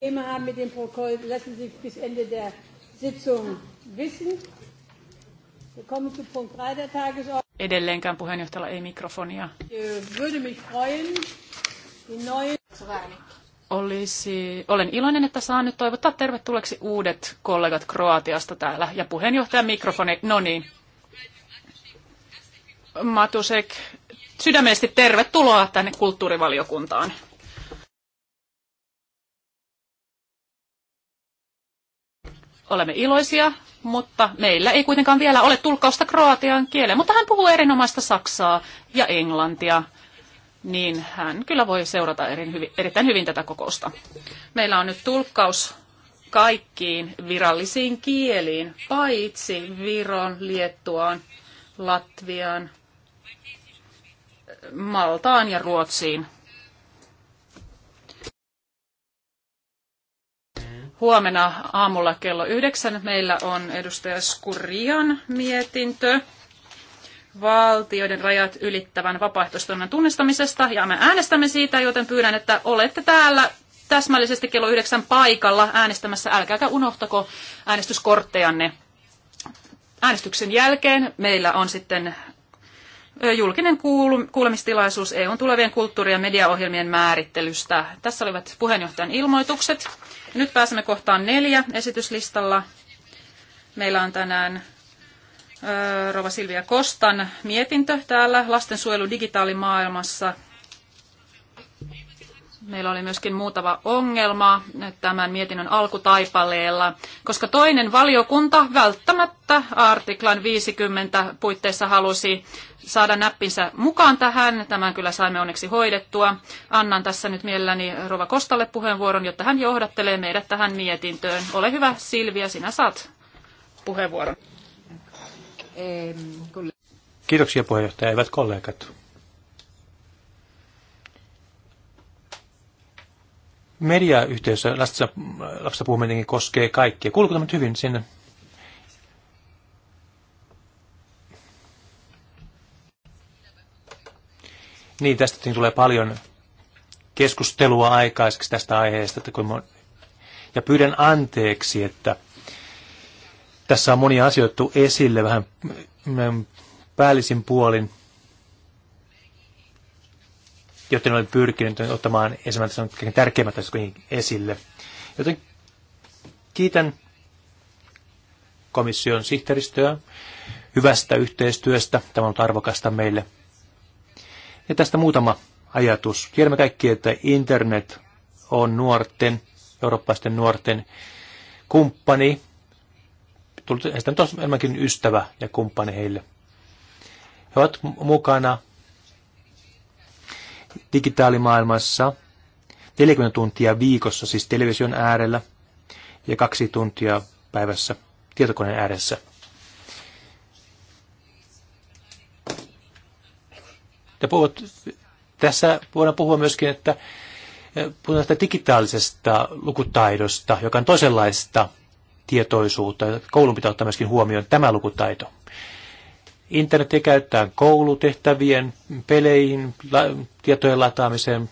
Probleme haben mit dem Protokoll, lassen Sie sich bis Ende der Sitzung wissen. Wir kommen zu Punkt 3 der Tagesordnung. Edelleenkään puheenjohtajalla ei mikrofonia. Ich Würde mich freuen, die neuen... Olisi, olen iloinen, että saan nyt toivottaa tervetulleeksi uudet kollegat Kroatiasta täällä. Ja puheenjohtajan mikrofoni, no niin. Matusek, sydämellisesti tervetuloa tänne kulttuurivaliokuntaan. olemme iloisia, mutta meillä ei kuitenkaan vielä ole tulkkausta kroatian kieleen. Mutta hän puhuu erinomaista saksaa ja englantia, niin hän kyllä voi seurata erittäin hyvin tätä kokousta. Meillä on nyt tulkkaus kaikkiin virallisiin kieliin, paitsi Viron, Liettuaan, Latviaan, Maltaan ja Ruotsiin. Huomenna aamulla kello yhdeksän meillä on edustaja Skurian mietintö valtioiden rajat ylittävän vapaaehtoistoiminnan tunnistamisesta ja me äänestämme siitä, joten pyydän, että olette täällä täsmällisesti kello yhdeksän paikalla äänestämässä. Älkääkä unohtako äänestyskorttejanne. Äänestyksen jälkeen meillä on sitten julkinen kuulemistilaisuus EUn tulevien kulttuuri- ja mediaohjelmien määrittelystä. Tässä olivat puheenjohtajan ilmoitukset. Nyt pääsemme kohtaan neljä esityslistalla. Meillä on tänään Rova Silvia Kostan mietintö täällä lastensuojelu digitaalimaailmassa. Meillä oli myöskin muutama ongelma tämän mietinnön alkutaipaleella, koska toinen valiokunta välttämättä artiklan 50 puitteissa halusi saada näppinsä mukaan tähän. Tämän kyllä saimme onneksi hoidettua. Annan tässä nyt mielelläni Rova Kostalle puheenvuoron, jotta hän johdattelee meidät tähän mietintöön. Ole hyvä Silvia, sinä saat puheenvuoron. Kiitoksia puheenjohtaja, hyvät kollegat. mediayhteisö lapsista, lapsista koskee kaikkia. Kuuluuko tämä hyvin sinne? Niin, tästä tulee paljon keskustelua aikaiseksi tästä aiheesta, että kun mä... ja pyydän anteeksi, että tässä on monia asioita esille vähän päällisin puolin, joten olen pyrkinyt ottamaan esimerkiksi tärkeimmät asiat esille. Joten kiitän komission sihteeristöä hyvästä yhteistyöstä. Tämä on ollut arvokasta meille. Ja tästä muutama ajatus. Tiedämme kaikki, että internet on nuorten, eurooppaisten nuorten kumppani. Heistä nyt on enemmänkin ystävä ja kumppani heille. He ovat mukana digitaalimaailmassa 40 tuntia viikossa, siis television äärellä, ja kaksi tuntia päivässä tietokoneen ääressä. Ja puhut, tässä voidaan puhua myöskin, että eh, puhutaan tästä digitaalisesta lukutaidosta, joka on toisenlaista tietoisuutta. Koulun pitää ottaa myöskin huomioon tämä lukutaito. Internetiä käyttää koulutehtävien, peleihin, tietojen lataamiseen,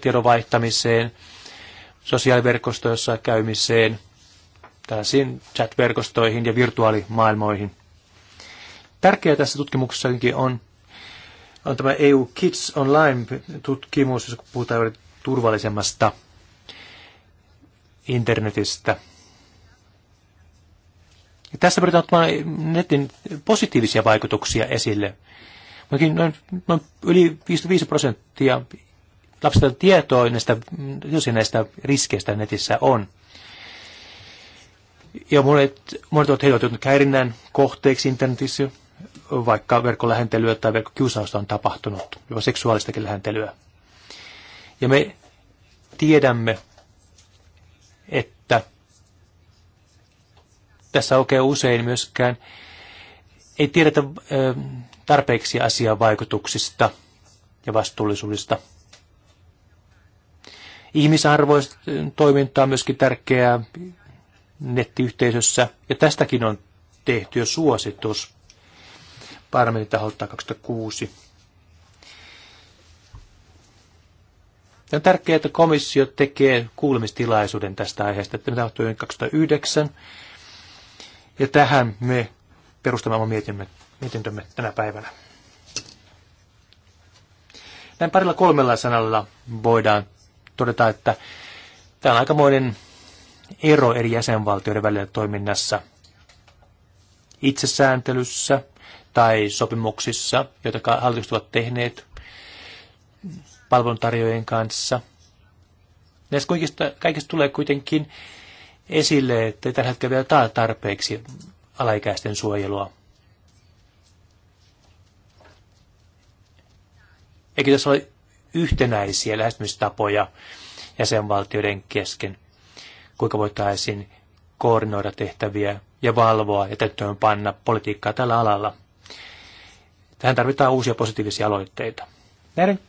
tiedon vaihtamiseen, sosiaaliverkostoissa käymiseen, tällaisiin chat-verkostoihin ja virtuaalimaailmoihin. Tärkeää tässä tutkimuksessakin on on tämä EU Kids Online-tutkimus, jossa puhutaan turvallisemmasta internetistä. Ja tässä pyritään ottamaan netin positiivisia vaikutuksia esille. Noin, noin yli 55 prosenttia lapsista tietoa näistä, näistä riskeistä netissä on. Ja monet, monet ovat heidät häirinnän kohteeksi internetissä, vaikka verkkolähentelyä tai verkkokiusausta on tapahtunut, jopa seksuaalistakin lähentelyä. Ja me tiedämme, että tässä oikein usein myöskään ei tiedetä tarpeeksi asian vaikutuksista ja vastuullisuudesta. Ihmisarvoista toimintaa on myöskin tärkeää nettiyhteisössä, ja tästäkin on tehty jo suositus parlamentin taholta 2006. Ja on tärkeää, että komissio tekee kuulemistilaisuuden tästä aiheesta, että me tapahtui 2009. Ja tähän me perustamme oman mietintömme, mietintömme tänä päivänä. Näin parilla kolmella sanalla voidaan todeta, että tämä on aikamoinen ero eri jäsenvaltioiden välillä toiminnassa, itsesääntelyssä – tai sopimuksissa, joita hallitukset ovat tehneet palveluntarjoajien kanssa. Näistä kaikista, kaikista tulee kuitenkin esille, että tällä hetkellä vielä taa tarpeeksi alaikäisten suojelua. Eikö tässä ole yhtenäisiä lähestymistapoja jäsenvaltioiden kesken, kuinka voitaisiin koordinoida tehtäviä ja valvoa ja täyttöön panna politiikkaa tällä alalla. Tähän tarvitaan uusia positiivisia aloitteita. Näiden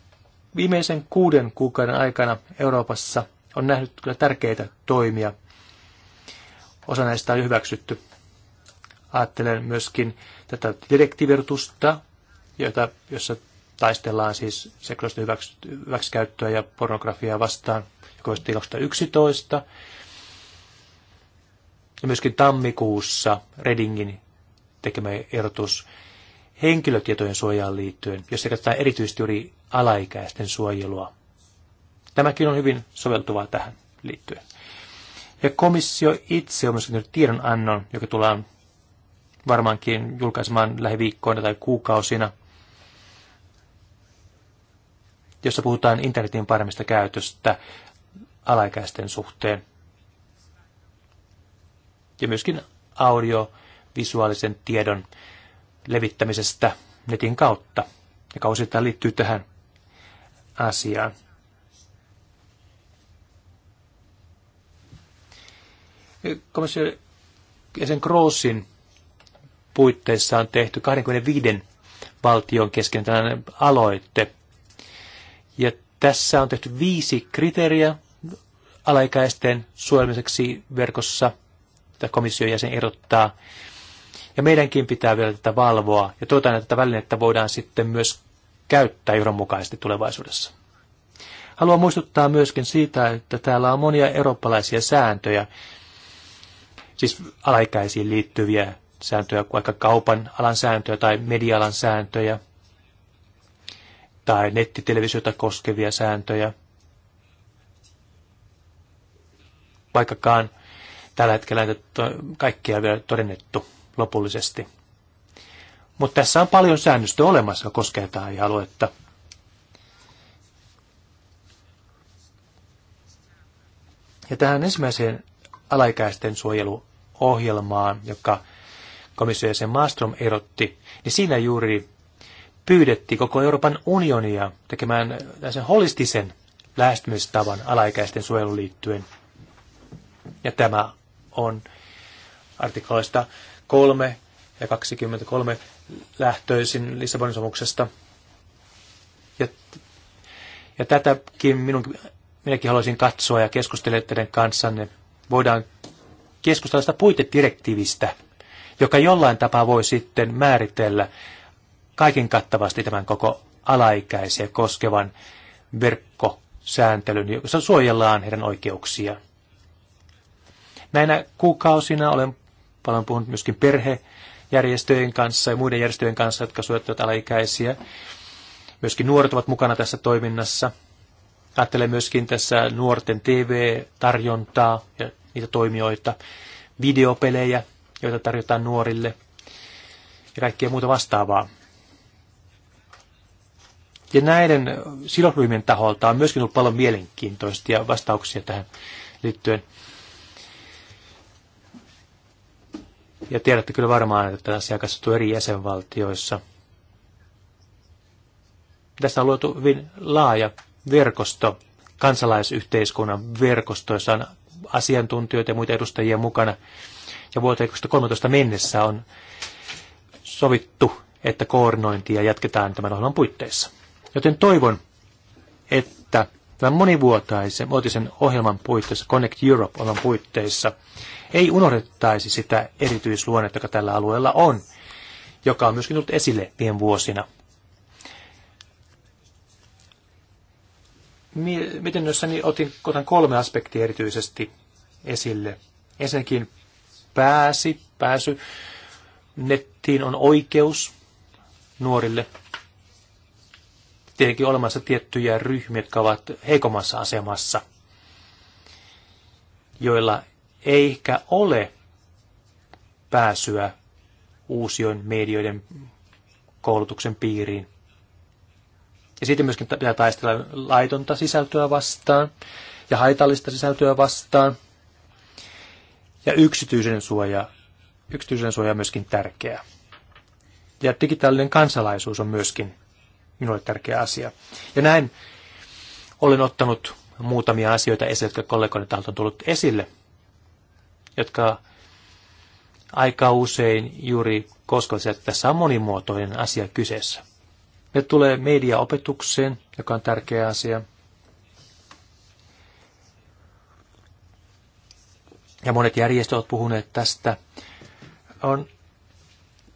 viimeisen kuuden kuukauden aikana Euroopassa on nähnyt kyllä tärkeitä toimia. Osa näistä on hyväksytty. Ajattelen myöskin tätä direktiivirtusta, jota, jossa taistellaan siis seksuaalista hyväksikäyttöä ja pornografiaa vastaan, joka olisi 2011. Ja myöskin tammikuussa Redingin tekemä erotus henkilötietojen suojaan liittyen, jossa katsotaan erityisesti juuri alaikäisten suojelua. Tämäkin on hyvin soveltuvaa tähän liittyen. Ja komissio itse on myös tiedonannon, joka tullaan varmaankin julkaisemaan lähiviikkoina tai kuukausina, jossa puhutaan internetin paremmista käytöstä alaikäisten suhteen. Ja myöskin audiovisuaalisen tiedon levittämisestä netin kautta, joka osittain liittyy tähän asiaan. Komissio sen Grossin puitteissa on tehty 25 valtion kesken tällainen aloitte. Ja tässä on tehty viisi kriteeriä alaikäisten suojelmiseksi verkossa, mitä komission jäsen erottaa ja meidänkin pitää vielä tätä valvoa ja tuota tätä välinettä voidaan sitten myös käyttää johdonmukaisesti tulevaisuudessa. Haluan muistuttaa myöskin siitä, että täällä on monia eurooppalaisia sääntöjä, siis alaikäisiin liittyviä sääntöjä, vaikka kaupan alan sääntöjä tai medialan sääntöjä tai nettitelevisiota koskevia sääntöjä. Vaikkakaan tällä hetkellä näitä kaikkia vielä todennettu lopullisesti. Mutta tässä on paljon säännöstä olemassa, koskee tähän aluetta. Ja tähän ensimmäiseen alaikäisten suojeluohjelmaan, joka komissio jäsen Maastrom erotti, niin siinä juuri pyydettiin koko Euroopan unionia tekemään tällaisen holistisen lähestymistavan alaikäisten suojeluun liittyen. Ja tämä on artikloista 23 ja 23 lähtöisin Lissabonin sopimuksesta. Ja, ja tätäkin minun, minäkin haluaisin katsoa ja keskustella teidän kanssanne. Voidaan keskustella sitä puitedirektiivistä, joka jollain tapaa voi sitten määritellä kaiken kattavasti tämän koko alaikäisiä koskevan verkkosääntelyn, jossa suojellaan heidän oikeuksia. Näinä kuukausina olen Paljon puhunut myöskin perhejärjestöjen kanssa ja muiden järjestöjen kanssa, jotka suojattavat alaikäisiä. Myöskin nuoret ovat mukana tässä toiminnassa. Ajattelen myöskin tässä nuorten TV-tarjontaa ja niitä toimijoita, videopelejä, joita tarjotaan nuorille ja kaikkea muuta vastaavaa. Ja näiden sidosryhmien taholta on myöskin ollut paljon mielenkiintoisia vastauksia tähän liittyen. Ja tiedätte kyllä varmaan, että tässä asiaa on eri jäsenvaltioissa. Tässä on luotu hyvin laaja verkosto, kansalaisyhteiskunnan jossa on asiantuntijoita ja muita edustajia mukana. Ja vuoteen 2013 mennessä on sovittu, että koordinointia jatketaan tämän ohjelman puitteissa. Joten toivon, että tämän monivuotaisen uutisen ohjelman puitteissa, Connect Europe-ohjelman puitteissa, ei unohdettaisi sitä erityisluonnetta, joka tällä alueella on, joka on myöskin tullut esille viime vuosina. Mietinnössäni otin, otan kolme aspektia erityisesti esille. Ensinnäkin pääsi, pääsy nettiin on oikeus nuorille tietenkin olemassa tiettyjä ryhmiä, jotka ovat heikommassa asemassa, joilla ei ehkä ole pääsyä uusien medioiden koulutuksen piiriin. Ja sitten myöskin pitää taistella laitonta sisältöä vastaan ja haitallista sisältöä vastaan. Ja yksityisen suoja, yksityisen suoja on myöskin tärkeää. Ja digitaalinen kansalaisuus on myöskin minulle tärkeä asia. Ja näin olen ottanut muutamia asioita esille, jotka kollegoiden taholta on tullut esille, jotka aika usein juuri koskevat että tässä on monimuotoinen asia kyseessä. Me tulee mediaopetukseen, joka on tärkeä asia. Ja monet järjestöt ovat puhuneet tästä. On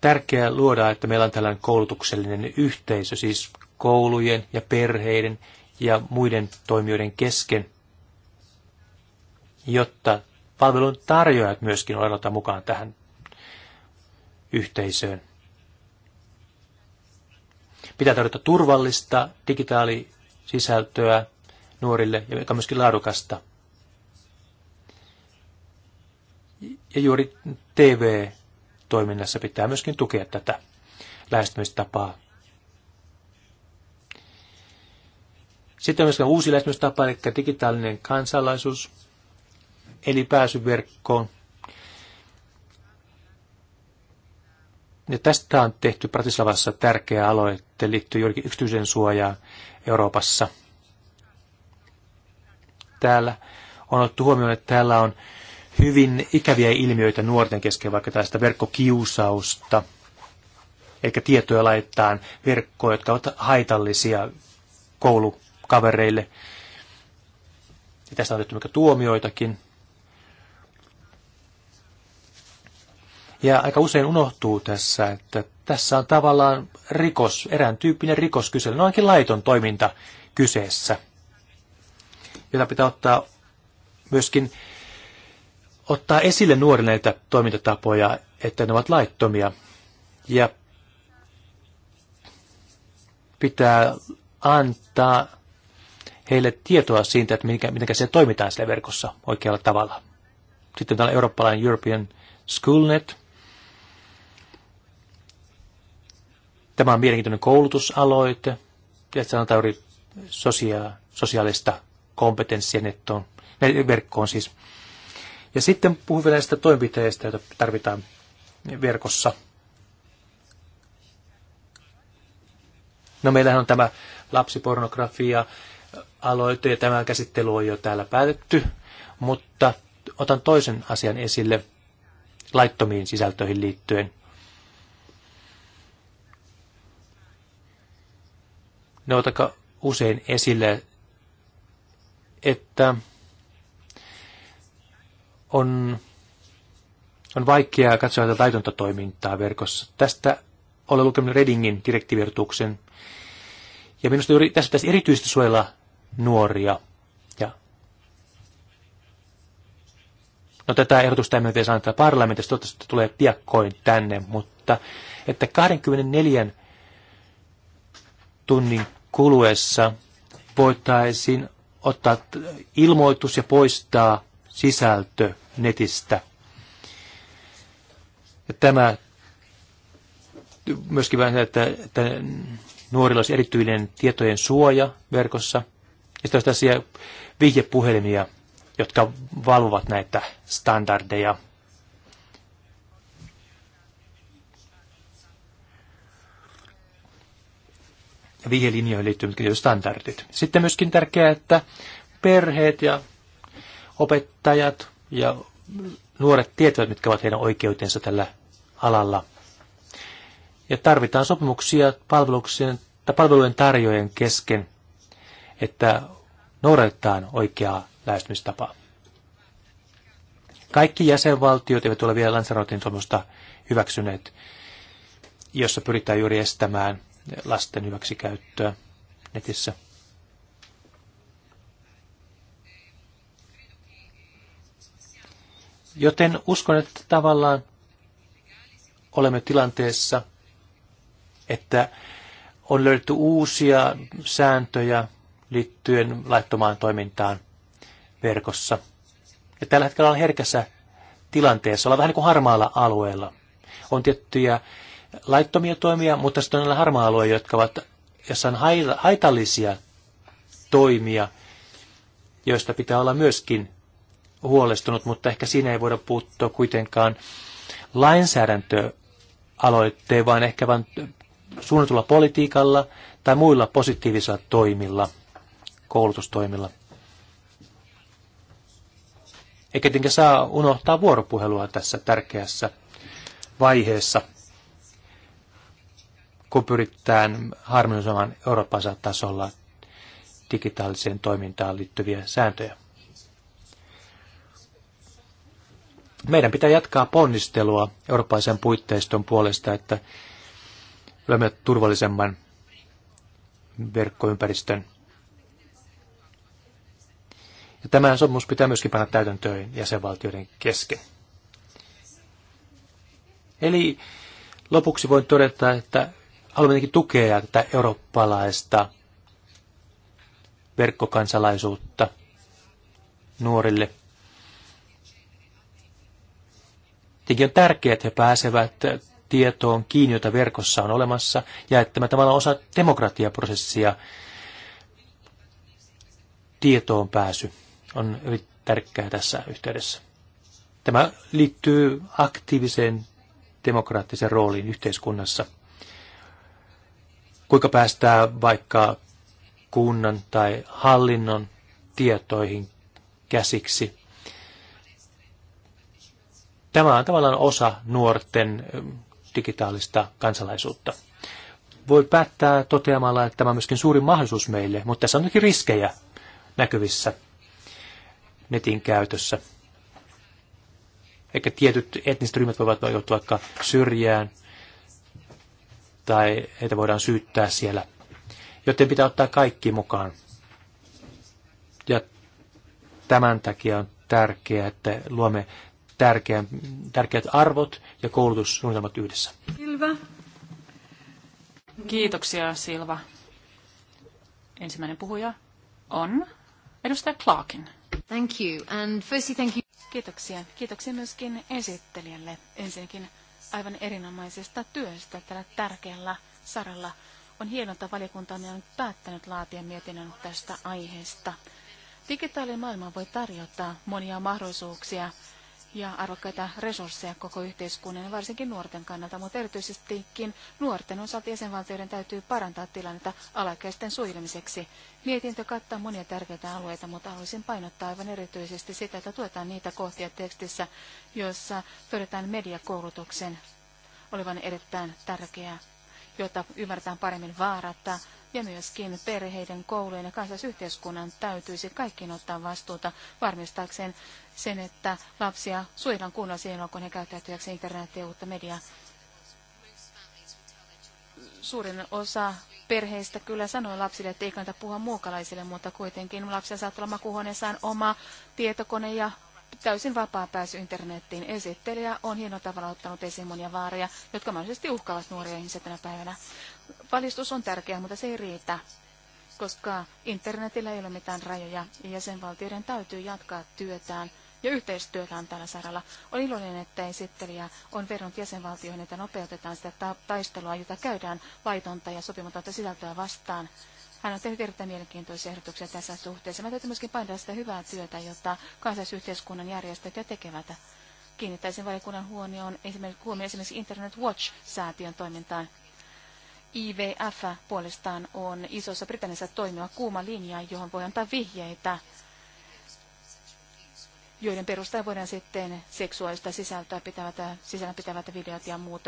tärkeää luoda, että meillä on tällainen koulutuksellinen yhteisö, siis koulujen ja perheiden ja muiden toimijoiden kesken, jotta palvelun tarjoajat myöskin olivat mukaan tähän yhteisöön. Pitää tarjota turvallista digitaalisisältöä nuorille, ja myöskin laadukasta. Ja juuri TV toiminnassa pitää myöskin tukea tätä lähestymistapaa. Sitten on myöskin uusi lähestymistapa, eli digitaalinen kansalaisuus, eli pääsy verkkoon. Ja tästä on tehty Pratislavassa tärkeä aloite, liittyy juurikin yksityisen suojaan Euroopassa. Täällä on otettu huomioon, että täällä on hyvin ikäviä ilmiöitä nuorten kesken, vaikka tästä verkkokiusausta. Eli tietoja laittaa verkkoon, jotka ovat haitallisia koulukavereille. Ja tästä on otettu tuomioitakin. Ja aika usein unohtuu tässä, että tässä on tavallaan rikos, erään tyyppinen rikos kyseessä, no ainakin laiton toiminta kyseessä, jota pitää ottaa myöskin ottaa esille nuorille näitä toimintatapoja, että ne ovat laittomia. Ja pitää antaa heille tietoa siitä, että miten, miten se toimitaan siellä verkossa oikealla tavalla. Sitten täällä eurooppalainen European Schoolnet. Tämä on mielenkiintoinen koulutusaloite. Ja sanotaan juuri sosia- sosiaalista kompetenssia nettoon, verkkoon siis. Ja sitten puhun vielä näistä toimenpiteistä, joita tarvitaan verkossa. No meillähän on tämä lapsipornografia aloite ja tämä käsittely on jo täällä päätetty, mutta otan toisen asian esille laittomiin sisältöihin liittyen. Ne no, otakaa usein esille, että on, on vaikeaa katsoa tätä laitonta toimintaa verkossa. Tästä olen lukenut Redingin direktiivirtuksen. Ja minusta juuri tässä pitäisi erityisesti suojella nuoria. Ja no tätä ehdotusta emme vielä antaa parlamentista, toivottavasti tulee piakkoin tänne, mutta että 24 tunnin kuluessa voitaisiin ottaa ilmoitus ja poistaa sisältö netistä. Ja tämä myöskin vähän, että, että nuorilla olisi erityinen tietojen suoja verkossa. Ja sitten olisi tällaisia vihjepuhelimia, jotka valvovat näitä standardeja. Vihjelinjoihin liittyvät standardit. Sitten myöskin tärkeää, että perheet ja opettajat ja nuoret tietävät, mitkä ovat heidän oikeutensa tällä alalla. Ja tarvitaan sopimuksia palveluksien, tai palvelujen tarjoajien kesken, että noudatetaan oikeaa lähestymistapaa. Kaikki jäsenvaltiot eivät ole vielä Lanzarotin sopimusta hyväksyneet, jossa pyritään juuri estämään lasten hyväksikäyttöä netissä. Joten uskon, että tavallaan olemme tilanteessa, että on löydetty uusia sääntöjä liittyen laittomaan toimintaan verkossa. Ja tällä hetkellä on herkässä tilanteessa, ollaan vähän niin kuin harmaalla alueella. On tiettyjä laittomia toimia, mutta sitten on näillä harmaa alueilla jotka ovat jossain haitallisia toimia, joista pitää olla myöskin huolestunut, mutta ehkä siinä ei voida puuttua kuitenkaan lainsäädäntöaloitteen, vaan ehkä vain suunnitulla politiikalla tai muilla positiivisilla toimilla, koulutustoimilla. Eikä tietenkään saa unohtaa vuoropuhelua tässä tärkeässä vaiheessa, kun pyritään harmonisoimaan Euroopan tasolla digitaaliseen toimintaan liittyviä sääntöjä. Meidän pitää jatkaa ponnistelua eurooppalaisen puitteiston puolesta, että löydämme turvallisemman verkkoympäristön. Ja tämä sopimus pitää myöskin panna täytäntöön jäsenvaltioiden kesken. Eli lopuksi voin todeta, että haluamme tukea tätä eurooppalaista verkkokansalaisuutta nuorille – Tietenkin on tärkeää, että he pääsevät tietoon kiinni, jota verkossa on olemassa, ja että tämä tavallaan osa demokratiaprosessia tietoon pääsy on hyvin tärkeää tässä yhteydessä. Tämä liittyy aktiiviseen demokraattiseen rooliin yhteiskunnassa. Kuinka päästään vaikka kunnan tai hallinnon tietoihin käsiksi Tämä on tavallaan osa nuorten digitaalista kansalaisuutta. Voi päättää toteamalla, että tämä on myöskin suuri mahdollisuus meille, mutta tässä on myöskin riskejä näkyvissä netin käytössä. Ehkä tietyt etniset ryhmät voivat joutua vaikka syrjään tai heitä voidaan syyttää siellä. Joten pitää ottaa kaikki mukaan. Ja tämän takia on tärkeää, että luomme tärkeä, tärkeät arvot ja koulutussuunnitelmat yhdessä. Silva. Kiitoksia Silva. Ensimmäinen puhuja on edustaja Clarkin. Thank you. And firstly, thank you. Kiitoksia. Kiitoksia myöskin esittelijälle ensinnäkin aivan erinomaisesta työstä tällä tärkeällä saralla. On hienoa, että valiokunta on päättänyt laatia mietinnön tästä aiheesta. Digitaalinen maailma voi tarjota monia mahdollisuuksia ja arvokkaita resursseja koko yhteiskunnan, varsinkin nuorten kannalta, mutta erityisestikin nuorten osalta jäsenvaltioiden täytyy parantaa tilannetta alaikäisten suojelemiseksi. Mietintö kattaa monia tärkeitä alueita, mutta haluaisin painottaa aivan erityisesti sitä, että tuetaan niitä kohtia tekstissä, joissa todetaan mediakoulutuksen olevan erittäin tärkeää jotta ymmärretään paremmin vaaratta. Ja myöskin perheiden, koulujen ja kansalaisyhteiskunnan täytyisi kaikkiin ottaa vastuuta varmistaakseen sen, että lapsia suojellaan kunnolla siihen, kun he käyttäytyvät internet ja uutta mediaa. Suurin osa perheistä kyllä sanoi lapsille, että ei kannata puhua muukalaisille, mutta kuitenkin lapsia saattaa olla makuuhuoneessaan oma tietokone ja täysin vapaa pääsy internettiin. Esittelijä on hieno tavalla ottanut esiin monia vaaroja, jotka mahdollisesti uhkaavat nuoria ihmisiä tänä päivänä. Valistus on tärkeää, mutta se ei riitä, koska internetillä ei ole mitään rajoja ja jäsenvaltioiden täytyy jatkaa työtään ja yhteistyötään tällä saralla. On iloinen, että esittelijä on vedonnut jäsenvaltioihin, että nopeutetaan sitä taistelua, jota käydään laitonta ja sopimatonta sisältöä vastaan hän on tehnyt erittäin mielenkiintoisia ehdotuksia tässä suhteessa. Mä täytyy myöskin painaa sitä hyvää työtä, jotta kansallisyhteiskunnan järjestöt ja tekevät. Kiinnittäisin valiokunnan huomioon esimerkiksi, huomioon esimerkiksi Internet Watch-säätiön toimintaan. IVF puolestaan on isossa Britanniassa toimiva kuuma linja, johon voi antaa vihjeitä joiden perusteella voidaan sitten seksuaalista sisältöä pitävät, sisällä pitävät videot ja muut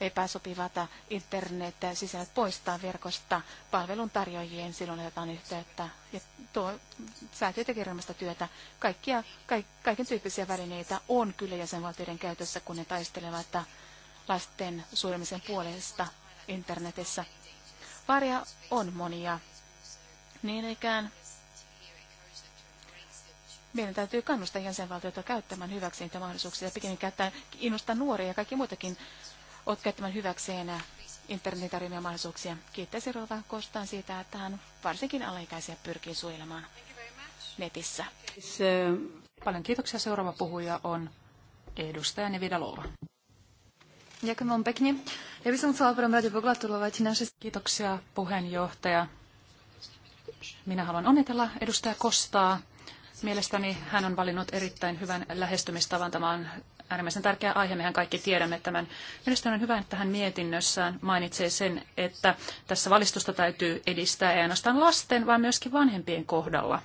epäsopivat internet-sisällöt poistaa verkosta palvelun tarjoajien silloin otetaan yhteyttä. Ja tuo säätiö tekee työtä. Kaikkia, ka, kaiken tyyppisiä välineitä on kyllä jäsenvaltioiden käytössä, kun ne taistelevat lasten suojelmisen puolesta internetissä. Varia on monia. Niin ikään meidän täytyy kannustaa jäsenvaltioita käyttämään hyväksi niitä mahdollisuuksia, pikemmin käyttää, innostaa nuoria ja kaikki muitakin olet käyttämään hyväkseen internetin tarjoamia mahdollisuuksia. Kiittäisin Rova Kostaan siitä, että hän varsinkin alaikäisiä pyrkii suojelemaan netissä. Paljon kiitoksia. Seuraava puhuja on edustaja Nevidalova. Ďakujem Kiitoksia puheenjohtaja. Minä haluan onnitella edustaja Kostaa Mielestäni hän on valinnut erittäin hyvän lähestymistavan. Tämä on äärimmäisen tärkeä aihe, mehän kaikki tiedämme tämän. Mielestäni on hyvä, että hän mietinnössään mainitsee sen, että tässä valistusta täytyy edistää ei ainoastaan lasten, vaan myöskin vanhempien kohdalla.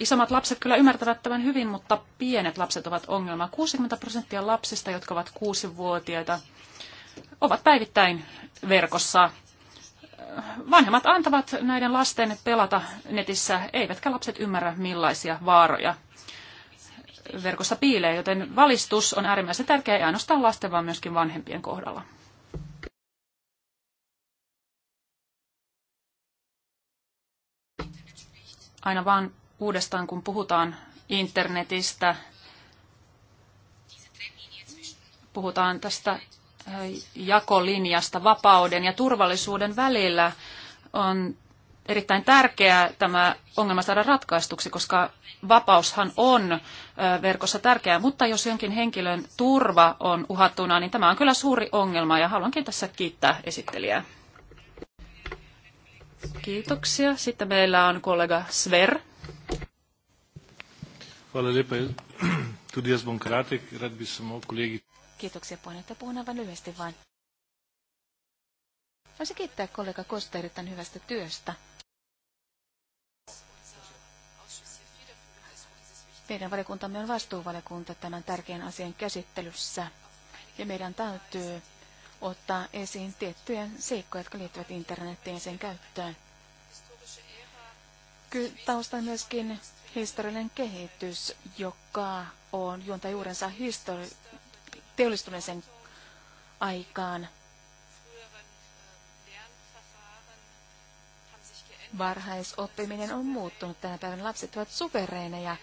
Isommat lapset kyllä ymmärtävät tämän hyvin, mutta pienet lapset ovat ongelma. 60 prosenttia lapsista, jotka ovat kuusivuotiaita, ovat päivittäin verkossa vanhemmat antavat näiden lasten pelata netissä, eivätkä lapset ymmärrä millaisia vaaroja verkossa piilee, joten valistus on äärimmäisen tärkeää ei ainoastaan lasten, vaan myöskin vanhempien kohdalla. Aina vaan uudestaan, kun puhutaan internetistä, puhutaan tästä jakolinjasta vapauden ja turvallisuuden välillä on erittäin tärkeää tämä ongelma saada ratkaistuksi, koska vapaushan on verkossa tärkeää, mutta jos jonkin henkilön turva on uhattuna, niin tämä on kyllä suuri ongelma ja haluankin tässä kiittää esittelijää. Kiitoksia. Sitten meillä on kollega Sver. Hvala lepa. Tudi jaz bom kratek. Rad bi samo kolegi Kiitoksia puheenjohtaja. Puhun aivan lyhyesti vain. Voisi kiittää kollega Kosta tämän hyvästä työstä. Meidän valiokuntamme on vastuuvaliokunta tämän tärkeän asian käsittelyssä. Ja meidän täytyy ottaa esiin tiettyjä seikkoja, jotka liittyvät internettiin ja sen käyttöön. Kyllä taustalla myöskin historiallinen kehitys, joka on juonta juurensa histori- teollistumisen aikaan. Varhaisoppiminen on muuttunut tänä päivänä. Lapset ovat suvereineja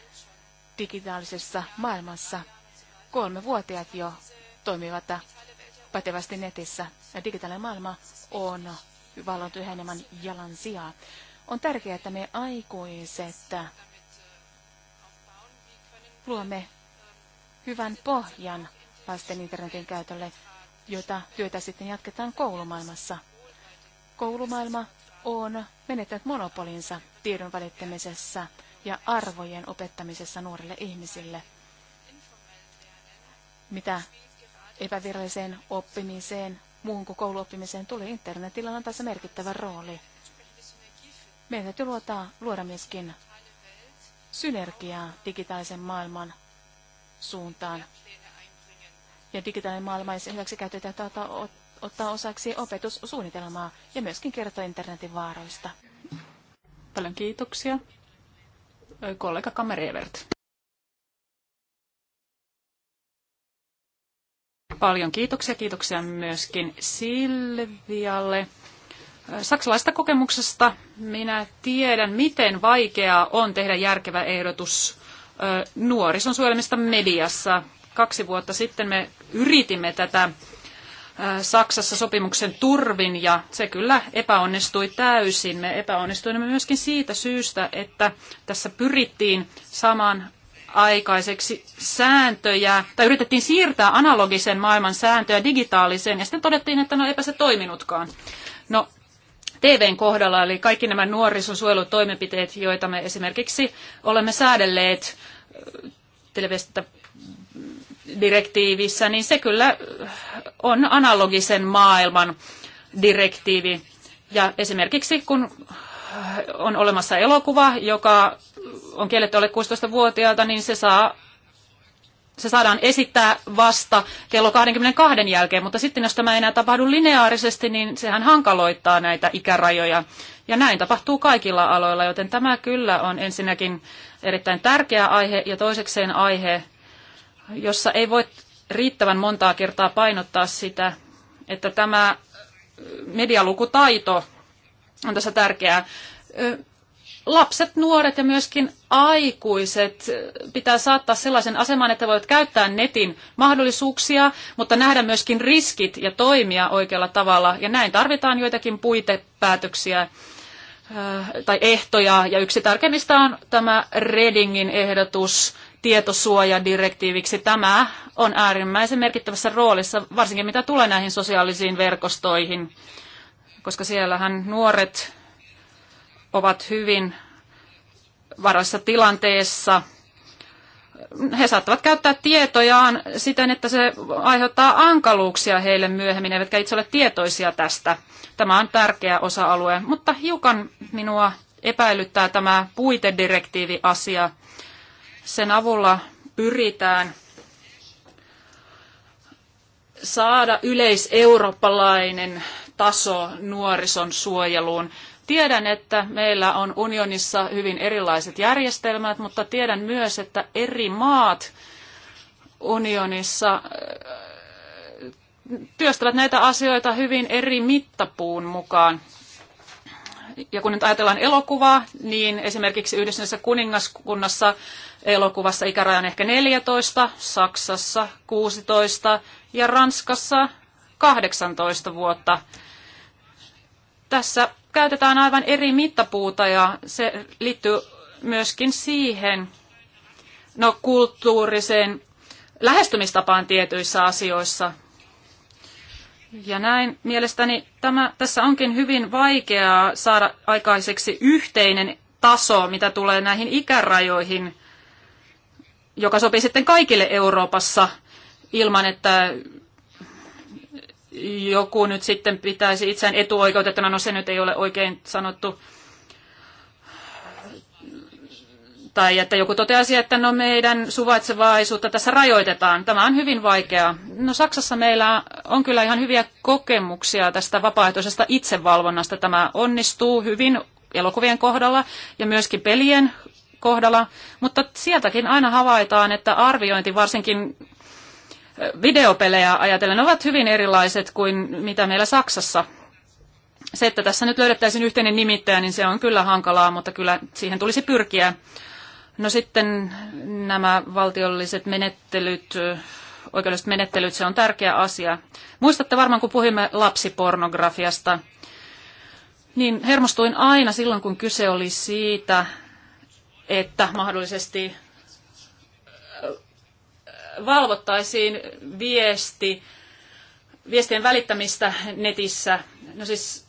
digitaalisessa maailmassa. Kolme vuotiaat jo toimivat pätevästi netissä. Ja digitaalinen maailma on vallannut yhä enemmän jalan sijaa. On tärkeää, että me aikuiset luomme hyvän pohjan lasten internetin käytölle, jota työtä sitten jatketaan koulumaailmassa. Koulumaailma on menettänyt monopolinsa tiedon välittämisessä ja arvojen opettamisessa nuorille ihmisille. Mitä epäviralliseen oppimiseen, muun kuin kouluoppimiseen tulee internetillä on tässä merkittävä rooli. Meidän täytyy luota, luoda myöskin synergiaa digitaalisen maailman suuntaan ja digitaalinen maailma ja sen hyväksikäyttö täytyy ottaa, ottaa osaksi opetussuunnitelmaa ja myöskin kertoa internetin vaaroista. Paljon kiitoksia. Kollega Kamerevert. Paljon kiitoksia. Kiitoksia myöskin Silvialle. Saksalaista kokemuksesta minä tiedän, miten vaikeaa on tehdä järkevä ehdotus nuorison suojelemista mediassa. Kaksi vuotta sitten me yritimme tätä Saksassa sopimuksen turvin ja se kyllä epäonnistui täysin. Me epäonnistuimme myöskin siitä syystä, että tässä pyrittiin saman aikaiseksi sääntöjä, tai yritettiin siirtää analogisen maailman sääntöjä digitaaliseen, ja sitten todettiin, että no eipä se toiminutkaan. No, TVn kohdalla, eli kaikki nämä nuorisosuojelutoimenpiteet, joita me esimerkiksi olemme säädelleet direktiivissä, niin se kyllä on analogisen maailman direktiivi. Ja esimerkiksi kun on olemassa elokuva, joka on kielletty alle 16-vuotiaalta, niin se, saa, se saadaan esittää vasta kello 22 jälkeen, mutta sitten jos tämä ei enää tapahdu lineaarisesti, niin sehän hankaloittaa näitä ikärajoja. Ja näin tapahtuu kaikilla aloilla, joten tämä kyllä on ensinnäkin erittäin tärkeä aihe ja toisekseen aihe, jossa ei voi riittävän montaa kertaa painottaa sitä, että tämä medialukutaito on tässä tärkeää. Lapset, nuoret ja myöskin aikuiset pitää saattaa sellaisen aseman, että voit käyttää netin mahdollisuuksia, mutta nähdä myöskin riskit ja toimia oikealla tavalla. Ja näin tarvitaan joitakin puitepäätöksiä tai ehtoja. Ja yksi tärkeimmistä on tämä Redingin ehdotus tietosuojadirektiiviksi. Tämä on äärimmäisen merkittävässä roolissa, varsinkin mitä tulee näihin sosiaalisiin verkostoihin, koska siellähän nuoret ovat hyvin varassa tilanteessa. He saattavat käyttää tietojaan siten, että se aiheuttaa ankaluuksia heille myöhemmin, eivätkä itse ole tietoisia tästä. Tämä on tärkeä osa-alue, mutta hiukan minua epäilyttää tämä puitedirektiivi-asia. Sen avulla pyritään saada yleiseurooppalainen taso nuorison suojeluun. Tiedän, että meillä on unionissa hyvin erilaiset järjestelmät, mutta tiedän myös, että eri maat unionissa äh, työstävät näitä asioita hyvin eri mittapuun mukaan ja kun nyt ajatellaan elokuvaa, niin esimerkiksi Yhdistyneessä kuningaskunnassa elokuvassa ikäraja on ehkä 14, Saksassa 16 ja Ranskassa 18 vuotta. Tässä käytetään aivan eri mittapuuta ja se liittyy myöskin siihen no, kulttuuriseen lähestymistapaan tietyissä asioissa – ja näin mielestäni tämä, tässä onkin hyvin vaikeaa saada aikaiseksi yhteinen taso, mitä tulee näihin ikärajoihin, joka sopii sitten kaikille Euroopassa ilman, että joku nyt sitten pitäisi itseään etuoikeutettuna, no se nyt ei ole oikein sanottu, tai että joku toteaisi, että no meidän suvaitsevaisuutta tässä rajoitetaan. Tämä on hyvin vaikeaa. No Saksassa meillä on kyllä ihan hyviä kokemuksia tästä vapaaehtoisesta itsevalvonnasta. Tämä onnistuu hyvin elokuvien kohdalla ja myöskin pelien kohdalla, mutta sieltäkin aina havaitaan, että arviointi varsinkin videopelejä ajatellen ovat hyvin erilaiset kuin mitä meillä Saksassa. Se, että tässä nyt löydettäisiin yhteinen nimittäjä, niin se on kyllä hankalaa, mutta kyllä siihen tulisi pyrkiä. No sitten nämä valtiolliset menettelyt, oikeudelliset menettelyt, se on tärkeä asia. Muistatte varmaan, kun puhuimme lapsipornografiasta, niin hermostuin aina silloin, kun kyse oli siitä, että mahdollisesti valvottaisiin viesti, viestien välittämistä netissä. No siis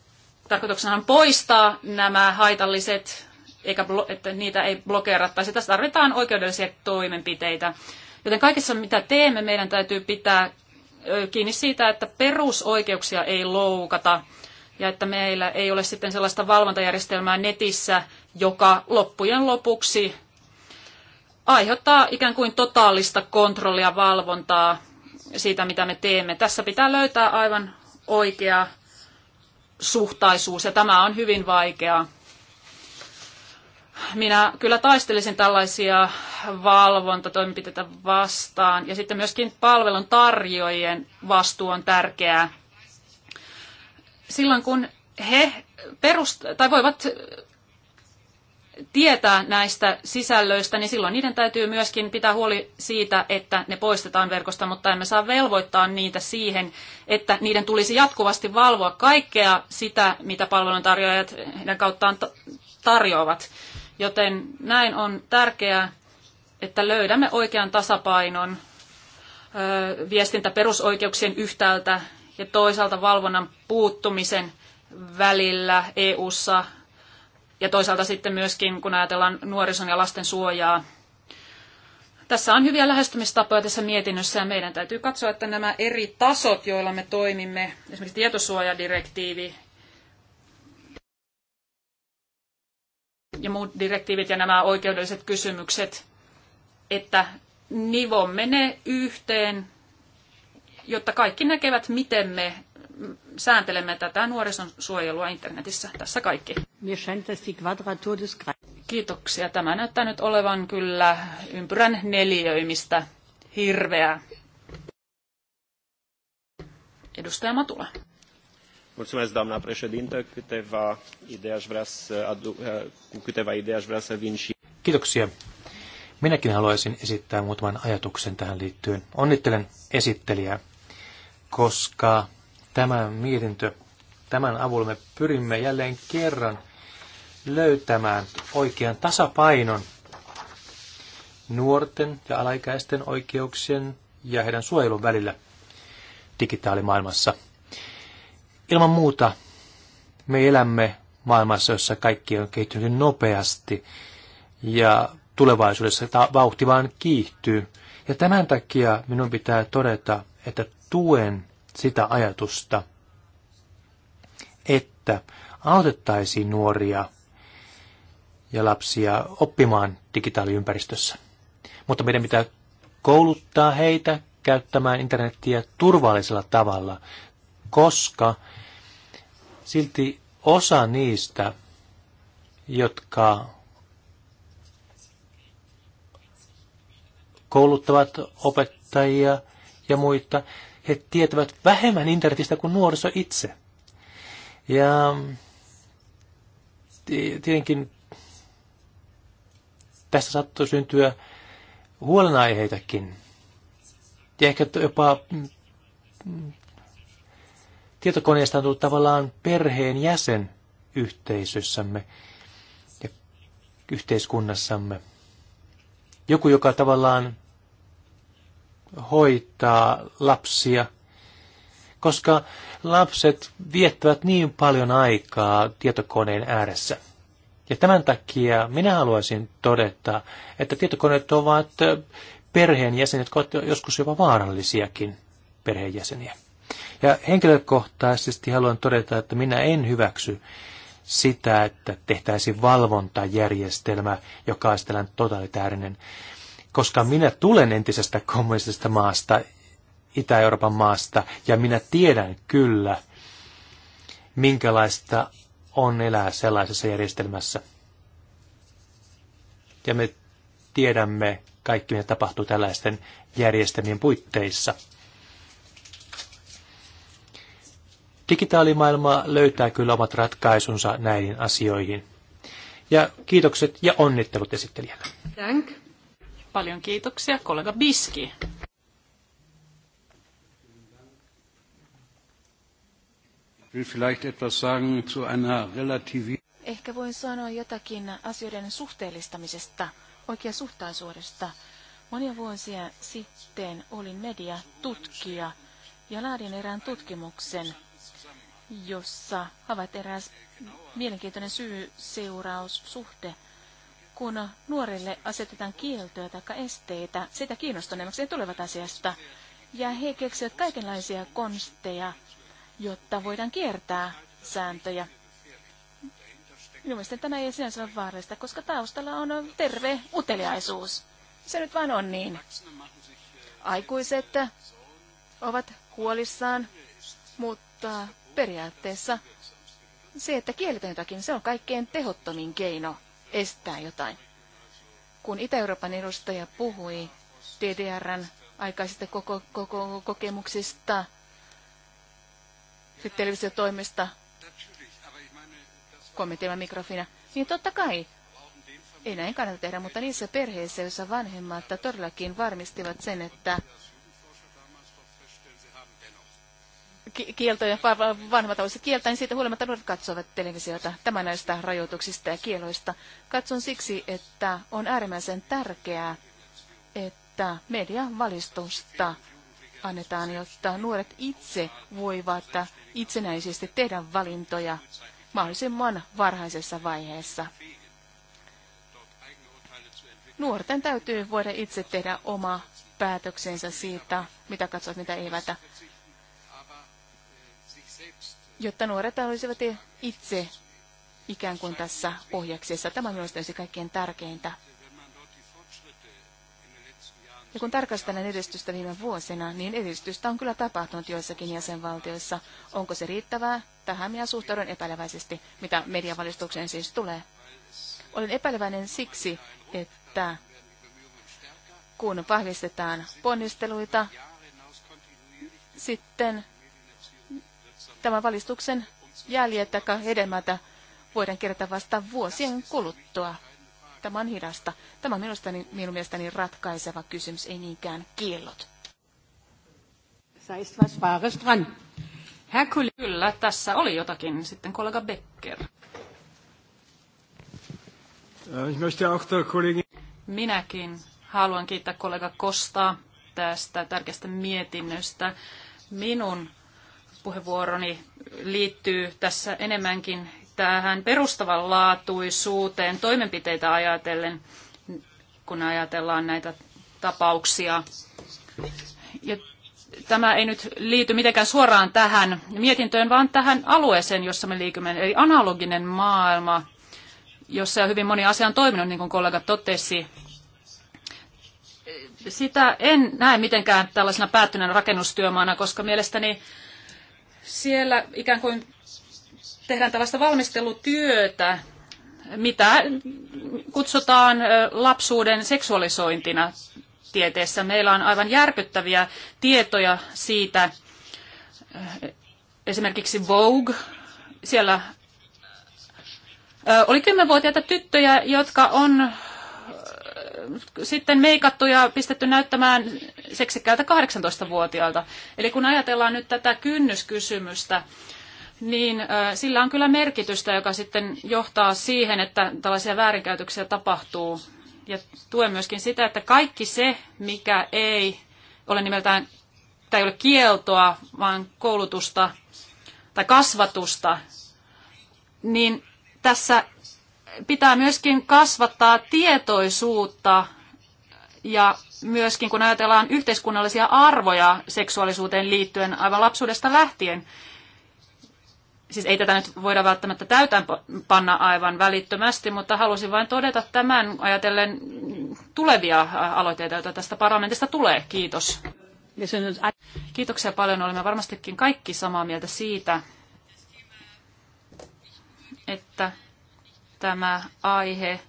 tarkoituksena on poistaa nämä haitalliset eikä että niitä ei blokeerattaisi. Tässä tarvitaan oikeudellisia toimenpiteitä. Joten kaikessa, mitä teemme, meidän täytyy pitää kiinni siitä, että perusoikeuksia ei loukata ja että meillä ei ole sitten sellaista valvontajärjestelmää netissä, joka loppujen lopuksi aiheuttaa ikään kuin totaalista kontrollia valvontaa siitä, mitä me teemme. Tässä pitää löytää aivan oikea suhtaisuus ja tämä on hyvin vaikeaa minä kyllä taistelisin tällaisia valvontatoimenpiteitä vastaan. Ja sitten myöskin palvelun tarjoajien vastuu on tärkeää. Silloin kun he perust- tai voivat tietää näistä sisällöistä, niin silloin niiden täytyy myöskin pitää huoli siitä, että ne poistetaan verkosta, mutta emme saa velvoittaa niitä siihen, että niiden tulisi jatkuvasti valvoa kaikkea sitä, mitä palveluntarjoajat heidän kauttaan tarjoavat. Joten näin on tärkeää, että löydämme oikean tasapainon viestintä perusoikeuksien yhtäältä ja toisaalta valvonnan puuttumisen välillä EU:ssa ja toisaalta sitten myöskin, kun ajatellaan nuorison ja lasten suojaa. Tässä on hyviä lähestymistapoja tässä mietinnössä ja meidän täytyy katsoa, että nämä eri tasot, joilla me toimimme, esimerkiksi tietosuojadirektiivi ja muut direktiivit ja nämä oikeudelliset kysymykset, että nivomme ne yhteen, jotta kaikki näkevät, miten me sääntelemme tätä nuorison suojelua internetissä. Tässä kaikki. Kiitoksia. Tämä näyttää nyt olevan kyllä ympyrän neliöimistä hirveää. Edustaja Matula. Mulțumesc, doamna președintă. Câteva idei aș vrea să aduc, eh, cu câteva idei aș vrea să vin și... Kiitoksia. Minäkin haluaisin esittää muutaman ajatuksen tähän liittyen. Onnittelen esittelijää, koska tämä mietintö, tämän avulla me pyrimme jälleen kerran löytämään oikean tasapainon nuorten ja alaikäisten oikeuksien ja heidän suojelun välillä digitaalimaailmassa – Ilman muuta me elämme maailmassa, jossa kaikki on kehittynyt nopeasti ja tulevaisuudessa vauhti vaan kiihtyy. Ja tämän takia minun pitää todeta, että tuen sitä ajatusta, että autettaisiin nuoria ja lapsia oppimaan digitaaliympäristössä. Mutta meidän pitää kouluttaa heitä käyttämään internettiä turvallisella tavalla, koska silti osa niistä, jotka kouluttavat opettajia ja muita, he tietävät vähemmän internetistä kuin nuoriso itse. Ja tietenkin tästä saattoi syntyä huolenaiheitakin. Ja ehkä jopa tietokoneesta on tullut tavallaan perheen jäsen yhteisössämme ja yhteiskunnassamme. Joku, joka tavallaan hoitaa lapsia, koska lapset viettävät niin paljon aikaa tietokoneen ääressä. Ja tämän takia minä haluaisin todeta, että tietokoneet ovat perheenjäsenet, jotka ovat joskus jopa vaarallisiakin perheenjäseniä. Ja henkilökohtaisesti haluan todeta, että minä en hyväksy sitä, että tehtäisiin valvontajärjestelmä, joka on tällainen totalitäärinen. Koska minä tulen entisestä kommunistisesta maasta, Itä-Euroopan maasta, ja minä tiedän kyllä, minkälaista on elää sellaisessa järjestelmässä. Ja me tiedämme kaikki, mitä tapahtuu tällaisten järjestelmien puitteissa. Digitaalimaailma löytää kyllä omat ratkaisunsa näihin asioihin. Ja kiitokset ja onnittelut esittelijälle. Thank. Paljon kiitoksia kollega Biski. Ehkä voin sanoa jotakin asioiden suhteellistamisesta, oikeasuhtaisuudesta. Monia vuosia sitten olin mediatutkija ja laadin erään tutkimuksen jossa havait eräs mielenkiintoinen syy-seuraussuhde. Kun nuorille asetetaan kieltoja tai esteitä, sitä kiinnostuneemmaksi he tulevat asiasta. Ja he keksivät kaikenlaisia konsteja, jotta voidaan kiertää sääntöjä. Minun mielestäni tämä ei sinänsä ole vaarallista, koska taustalla on terve uteliaisuus. Se nyt vain on niin. Aikuiset ovat huolissaan, mutta periaatteessa se, että kielletään jotakin, se on kaikkein tehottomin keino estää jotain. Kun Itä-Euroopan edustaja puhui DDRn aikaisista koko, koko, kokemuksista, televisiotoimesta, kommentoimaan mikrofina, niin totta kai ei näin kannata tehdä, mutta niissä perheissä, joissa vanhemmat todellakin varmistivat sen, että kieltoja, vanhemmat olisivat kieltä, niin siitä huolimatta nuoret katsovat televisiota. tämän näistä rajoituksista ja kieloista. Katson siksi, että on äärimmäisen tärkeää, että mediavalistusta annetaan, jotta nuoret itse voivat itsenäisesti tehdä valintoja mahdollisimman varhaisessa vaiheessa. Nuorten täytyy voida itse tehdä oma päätöksensä siitä, mitä katsovat, mitä eivät jotta nuoret olisivat itse ikään kuin tässä ohjaksessa. Tämä on mielestäni se kaikkein tärkeintä. Ja kun tarkastelen edistystä viime vuosina, niin edistystä on kyllä tapahtunut joissakin jäsenvaltioissa. Onko se riittävää? Tähän minä suhtaudun epäileväisesti, mitä mediavalistukseen siis tulee. Olen epäileväinen siksi, että kun vahvistetaan ponnisteluita, sitten Tämän valistuksen jäljet tai hedelmätä voidaan kerätä vasta vuosien kuluttua. Tämä on hidasta. Tämä on mielestäni, minun mielestäni ratkaiseva kysymys, ei niinkään kiellot. Kyllä, tässä oli jotakin. Sitten kollega Becker. Äh, Minäkin haluan kiittää kollega Kostaa tästä tärkeästä mietinnöstä. Minun vastauspuheenvuoroni liittyy tässä enemmänkin tähän perustavanlaatuisuuteen toimenpiteitä ajatellen, kun ajatellaan näitä tapauksia. Ja tämä ei nyt liity mitenkään suoraan tähän mietintöön, vaan tähän alueeseen, jossa me liikymme, eli analoginen maailma, jossa on hyvin moni asia on toiminut, niin kuin kollega totesi. Sitä en näe mitenkään tällaisena päättyneen rakennustyömaana, koska mielestäni siellä ikään kuin tehdään tällaista valmistelutyötä, mitä kutsutaan lapsuuden seksuaalisointina tieteessä. Meillä on aivan järkyttäviä tietoja siitä, esimerkiksi Vogue, siellä oli kymmenvuotiaita tyttöjä, jotka on sitten meikattu ja pistetty näyttämään seksikkäältä 18-vuotiaalta. Eli kun ajatellaan nyt tätä kynnyskysymystä, niin sillä on kyllä merkitystä, joka sitten johtaa siihen, että tällaisia väärinkäytöksiä tapahtuu. Ja tuen myöskin sitä, että kaikki se, mikä ei ole nimeltään, tai ei ole kieltoa, vaan koulutusta tai kasvatusta, niin tässä pitää myöskin kasvattaa tietoisuutta ja myöskin kun ajatellaan yhteiskunnallisia arvoja seksuaalisuuteen liittyen aivan lapsuudesta lähtien, siis ei tätä nyt voida välttämättä täytään panna aivan välittömästi, mutta halusin vain todeta tämän ajatellen tulevia aloitteita, joita tästä parlamentista tulee. Kiitos. Kiitoksia paljon. Olemme varmastikin kaikki samaa mieltä siitä, että tämä aihe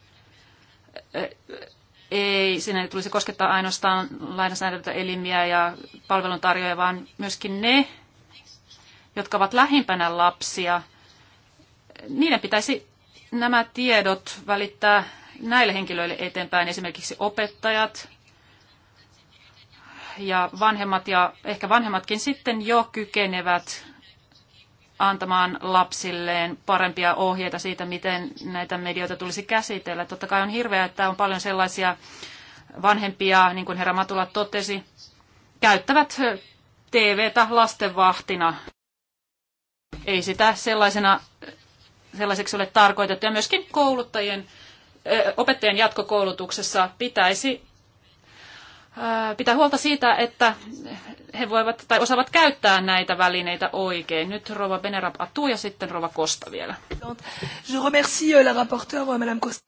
ei, sinne ei tulisi koskettaa ainoastaan lainsäädäntöä elimiä ja palveluntarjoajia, vaan myöskin ne, jotka ovat lähimpänä lapsia, niiden pitäisi nämä tiedot välittää näille henkilöille eteenpäin, esimerkiksi opettajat ja vanhemmat, ja ehkä vanhemmatkin sitten jo kykenevät antamaan lapsilleen parempia ohjeita siitä, miten näitä medioita tulisi käsitellä. Totta kai on hirveää, että on paljon sellaisia vanhempia, niin kuin herra Matula totesi, käyttävät TVtä lastenvahtina. Ei sitä sellaisena, sellaiseksi ole tarkoitettu. Ja myöskin kouluttajien, opettajien jatkokoulutuksessa pitäisi pitää huolta siitä, että he voivat tai osaavat käyttää näitä välineitä oikein. Nyt Rova Benerab Atu ja sitten Rova Kosta vielä. Euh,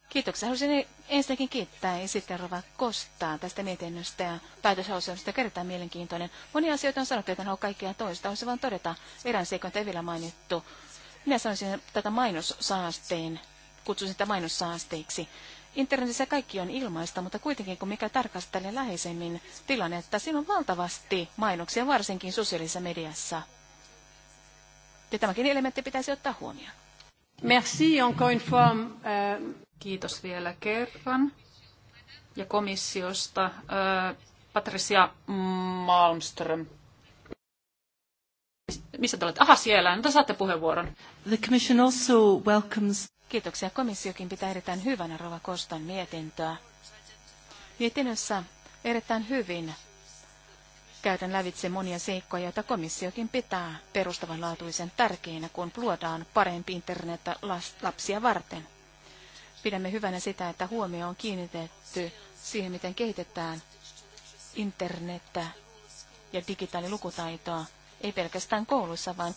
Kiitoksia. Haluaisin ensinnäkin kiittää esittää Rova Kostaa tästä mietinnöstä ja päätösauselmasta kertaa mielenkiintoinen. Monia asioita on sanottu, että en halua kaikkia toista. Haluaisin vain todeta erään seikon, vielä mainittu. Minä sanoisin tätä mainossaasteen, kutsun sitä mainossaasteiksi. Internetissä kaikki on ilmaista, mutta kuitenkin kun mikä tarkastelee läheisemmin tilannetta, siinä on valtavasti mainoksia, varsinkin sosiaalisessa mediassa. Ja tämäkin elementti pitäisi ottaa huomioon. Merci encore une fois. Euh, Kiitos vielä kerran. Ja komissiosta äh, Patricia Malmström. Missä te olette? Aha, siellä. No, saatte puheenvuoron. The commission also welcomes... Kiitoksia. Komissiokin pitää erittäin hyvänä Rova Kostan mietintöä. Mietinnössä erittäin hyvin käytän lävitse monia seikkoja, joita komissiokin pitää perustavanlaatuisen tärkeinä, kun luodaan parempi internet lapsia varten. Pidämme hyvänä sitä, että huomio on kiinnitetty siihen, miten kehitetään internettä ja digitaalilukutaitoa, ei pelkästään kouluissa, vaan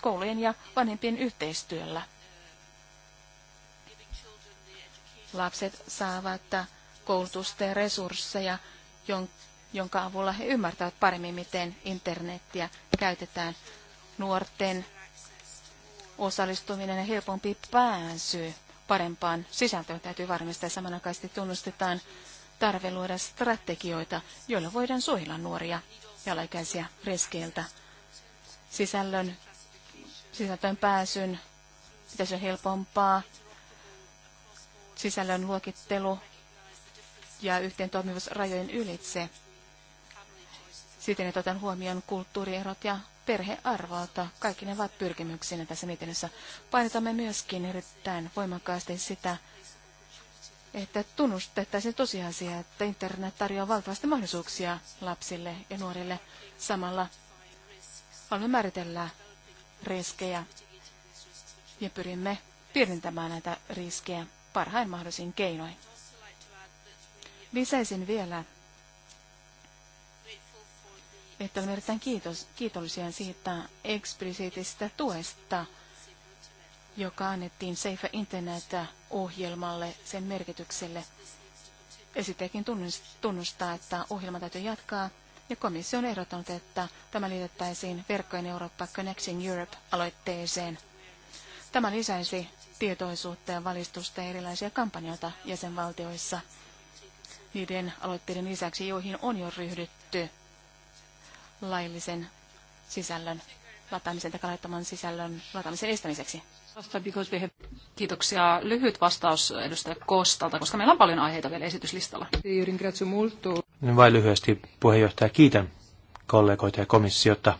koulujen ja vanhempien yhteistyöllä. Lapset saavat koulutusta ja resursseja, jonka avulla he ymmärtävät paremmin, miten internettiä käytetään. Nuorten osallistuminen ja helpompi pääsy parempaan sisältöön täytyy varmistaa. Samanaikaisesti tunnustetaan tarve luoda strategioita, joilla voidaan suojella nuoria ja alaikäisiä riskeiltä. Sisällön, sisältöön pääsyn pitäisi olla helpompaa sisällön luokittelu ja yhteen toimivuus rajojen ylitse. Siten, että otan huomioon kulttuurierot ja perhearvolta. Kaikki ne ovat pyrkimyksinä tässä mietinnössä. Painotamme myöskin erittäin voimakkaasti sitä, että tunnustettaisiin tosiasia, että internet tarjoaa valtavasti mahdollisuuksia lapsille ja nuorille. Samalla haluamme määritellä riskejä ja pyrimme pienentämään näitä riskejä parhain mahdollisin keinoin. Lisäisin vielä, että olen erittäin kiitos, kiitollisia siitä eksplisiitistä tuesta, joka annettiin Safe Internet-ohjelmalle sen merkitykselle. Esitekin tunnustaa, että ohjelma täytyy jatkaa, ja komissio on ehdottanut, että tämä liitettäisiin Verkkojen Eurooppa Connecting Europe-aloitteeseen. Tämä lisäisi tietoisuutta ja valistusta ja erilaisia kampanjoita jäsenvaltioissa niiden aloitteiden lisäksi, joihin on jo ryhdytty laillisen sisällön lataamisen tai laittoman sisällön lataamisen estämiseksi. Kiitoksia. Lyhyt vastaus edustaja Kostalta, koska meillä on paljon aiheita vielä esityslistalla. Vain lyhyesti puheenjohtaja kiitän kollegoita ja komissiota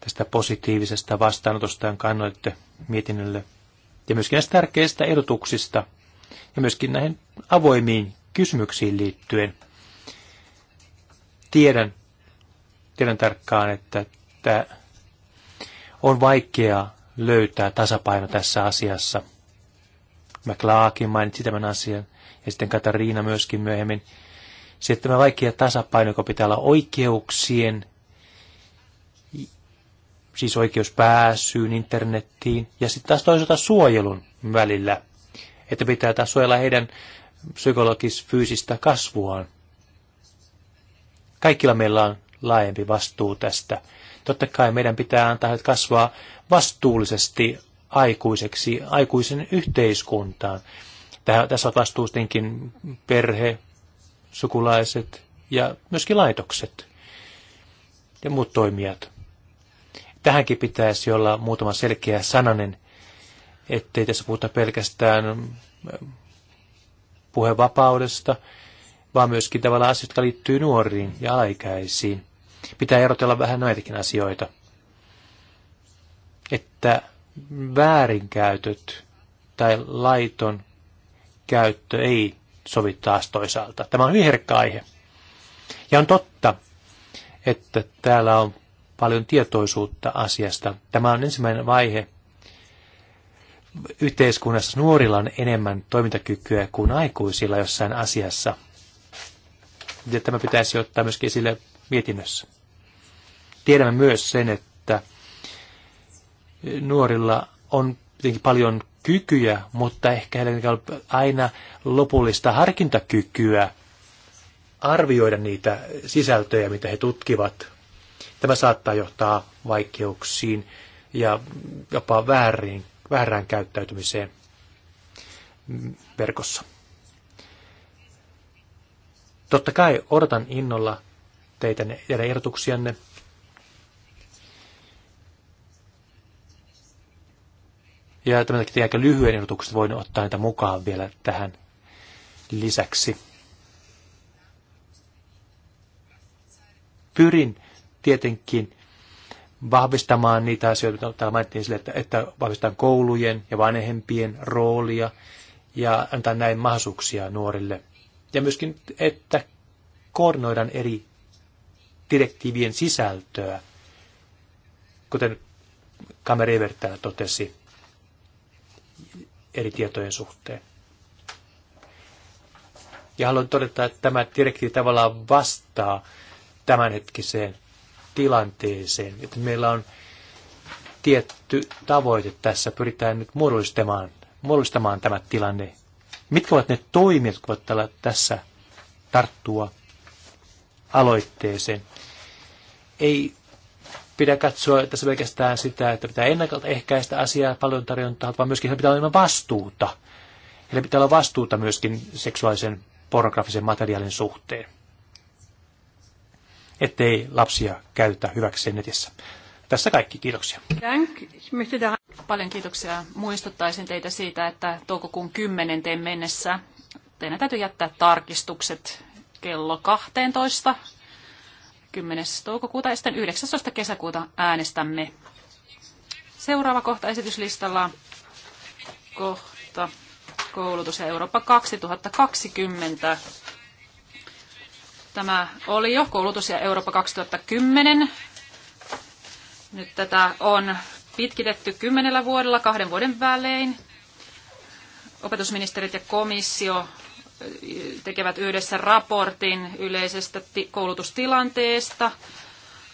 tästä positiivisesta jonka kannoitte mietinnölle ja myöskin näistä tärkeistä ehdotuksista ja myöskin näihin avoimiin kysymyksiin liittyen. Tiedän, tiedän tarkkaan, että että on vaikeaa löytää tasapaino tässä asiassa. Mä Klaakin mainitsi tämän asian ja sitten Katariina myöskin myöhemmin. Sitten tämä vaikea tasapaino, joka pitää olla oikeuksien siis oikeus pääsyyn internettiin, ja sitten taas toisaalta suojelun välillä, että pitää taas suojella heidän psykologis-fyysistä kasvuaan. Kaikilla meillä on laajempi vastuu tästä. Totta kai meidän pitää antaa heidät kasvaa vastuullisesti aikuiseksi, aikuisen yhteiskuntaan. Tähän, tässä on vastuustenkin perhe, sukulaiset ja myöskin laitokset ja muut toimijat. Tähänkin pitäisi olla muutama selkeä sananen, ettei tässä puhuta pelkästään äh, puhevapaudesta, vaan myöskin tavallaan asioita, jotka liittyy nuoriin ja alaikäisiin. Pitää erotella vähän näitäkin asioita. Että väärinkäytöt tai laiton käyttö ei sovi taas toisaalta. Tämä on hyvin herkkä aihe. Ja on totta, että täällä on paljon tietoisuutta asiasta. Tämä on ensimmäinen vaihe. Yhteiskunnassa nuorilla on enemmän toimintakykyä kuin aikuisilla jossain asiassa. Ja tämä pitäisi ottaa myöskin esille mietinnössä. Tiedämme myös sen, että nuorilla on tietenkin paljon kykyjä, mutta ehkä heillä on aina lopullista harkintakykyä arvioida niitä sisältöjä, mitä he tutkivat Tämä saattaa johtaa vaikeuksiin ja jopa väärin, väärään käyttäytymiseen verkossa. Totta kai odotan innolla teitä, teidän ehdotuksianne. Ja tämän takia aika lyhyen ehdotukset voin ottaa niitä mukaan vielä tähän lisäksi. Pyrin tietenkin vahvistamaan niitä asioita, täällä mainittiin sille, että, että vahvistetaan koulujen ja vanhempien roolia ja antaa näin mahdollisuuksia nuorille. Ja myöskin, että koordinoidaan eri direktiivien sisältöä, kuten kameri täällä totesi eri tietojen suhteen. Ja haluan todeta, että tämä direktiivi tavallaan vastaa tämänhetkiseen tilanteeseen. Että meillä on tietty tavoite tässä, pyritään nyt muodollistamaan, muodollistamaan tämä tilanne. Mitkä ovat ne toimijat, jotka voivat tällä, tässä tarttua aloitteeseen? Ei pidä katsoa tässä pelkästään sitä, että pitää ehkäistä asiaa paljon tarjontaa, vaan myöskin pitää olla vastuuta. Heillä pitää olla vastuuta myöskin seksuaalisen pornografisen materiaalin suhteen ettei lapsia käytä hyväkseen netissä. Tässä kaikki, kiitoksia. Paljon kiitoksia. Muistuttaisin teitä siitä, että toukokuun 10. mennessä teidän täytyy jättää tarkistukset kello 12. 10. toukokuuta ja sitten 19. kesäkuuta äänestämme. Seuraava kohta esityslistalla kohta koulutus Eurooppa 2020. Tämä oli jo koulutus ja Eurooppa 2010. Nyt tätä on pitkitetty kymmenellä vuodella kahden vuoden välein. Opetusministerit ja komissio eh, tekevät yhdessä raportin yleisestä koulutustilanteesta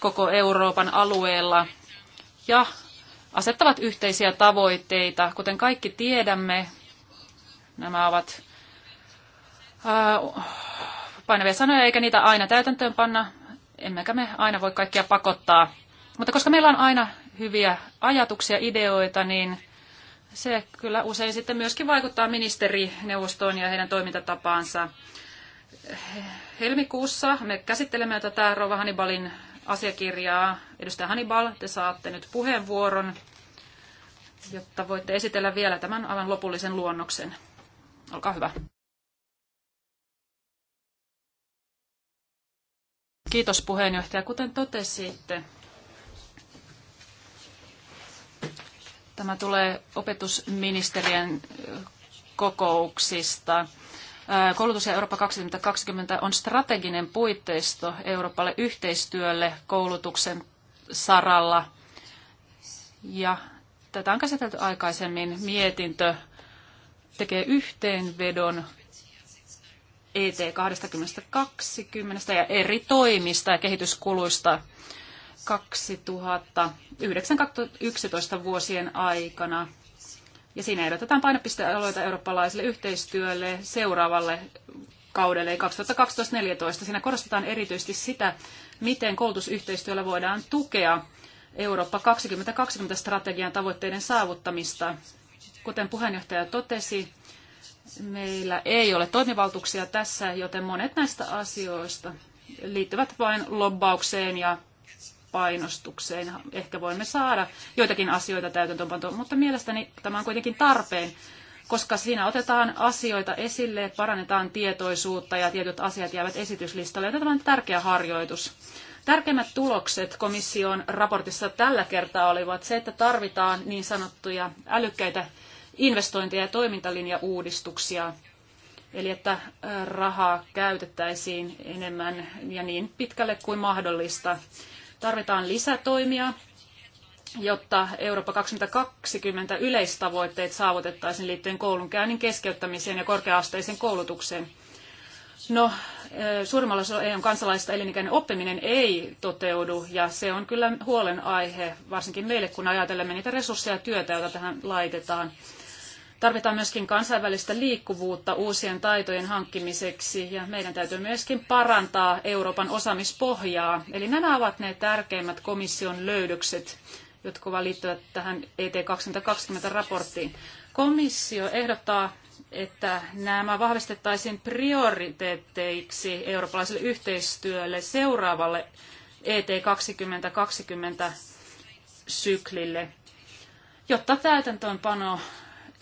koko Euroopan alueella ja asettavat yhteisiä tavoitteita. Kuten kaikki tiedämme, nämä ovat painavia sanoja, eikä niitä aina täytäntöön panna. Emmekä me aina voi kaikkia pakottaa. Mutta koska meillä on aina hyviä ajatuksia, ideoita, niin se kyllä usein sitten myöskin vaikuttaa ministerineuvostoon ja heidän toimintatapaansa. Helmikuussa me käsittelemme tätä Rova Hannibalin asiakirjaa. Edustaja Hannibal, te saatte nyt puheenvuoron, jotta voitte esitellä vielä tämän aivan lopullisen luonnoksen. Olkaa hyvä. Kiitos puheenjohtaja. Kuten totesitte, tämä tulee opetusministerien kokouksista. Koulutus ja Eurooppa 2020 on strateginen puitteisto Euroopalle yhteistyölle koulutuksen saralla. Ja tätä on käsitelty aikaisemmin. Mietintö tekee yhteenvedon ET 2020 ja eri toimista ja kehityskuluista 2009-2011 vuosien aikana. Ja siinä ehdotetaan painopistealueita eurooppalaiselle yhteistyölle seuraavalle kaudelle 2012-2014. Siinä korostetaan erityisesti sitä, miten koulutusyhteistyöllä voidaan tukea Eurooppa 2020-strategian tavoitteiden saavuttamista. Kuten puheenjohtaja totesi, Meillä ei ole toimivaltuuksia tässä, joten monet näistä asioista liittyvät vain lobbaukseen ja painostukseen. Ehkä voimme saada joitakin asioita täytäntöönpantoon, mutta mielestäni tämä on kuitenkin tarpeen, koska siinä otetaan asioita esille, parannetaan tietoisuutta ja tietyt asiat jäävät esityslistalle. Tämä on tärkeä harjoitus. Tärkeimmät tulokset komission raportissa tällä kertaa olivat se, että tarvitaan niin sanottuja älykkäitä investointeja ja toimintalinjauudistuksia, eli että äh, rahaa käytettäisiin enemmän ja niin pitkälle kuin mahdollista. Tarvitaan lisätoimia, jotta Eurooppa 2020 yleistavoitteet saavutettaisiin liittyen koulunkäynnin keskeyttämiseen ja korkeaasteisen koulutukseen. No, äh, suurimmalla osalla EUn kansalaista elinikäinen oppiminen ei toteudu, ja se on kyllä huolenaihe, varsinkin meille, kun ajatellaan niitä resursseja ja työtä, joita tähän laitetaan. Tarvitaan myöskin kansainvälistä liikkuvuutta uusien taitojen hankkimiseksi ja meidän täytyy myöskin parantaa Euroopan osaamispohjaa. Eli nämä ovat ne tärkeimmät komission löydökset, jotka liittyvät tähän ET 2020 raporttiin. Komissio ehdottaa että nämä vahvistettaisiin prioriteetteiksi eurooppalaiselle yhteistyölle seuraavalle ET 2020 syklille, jotta täytäntöönpano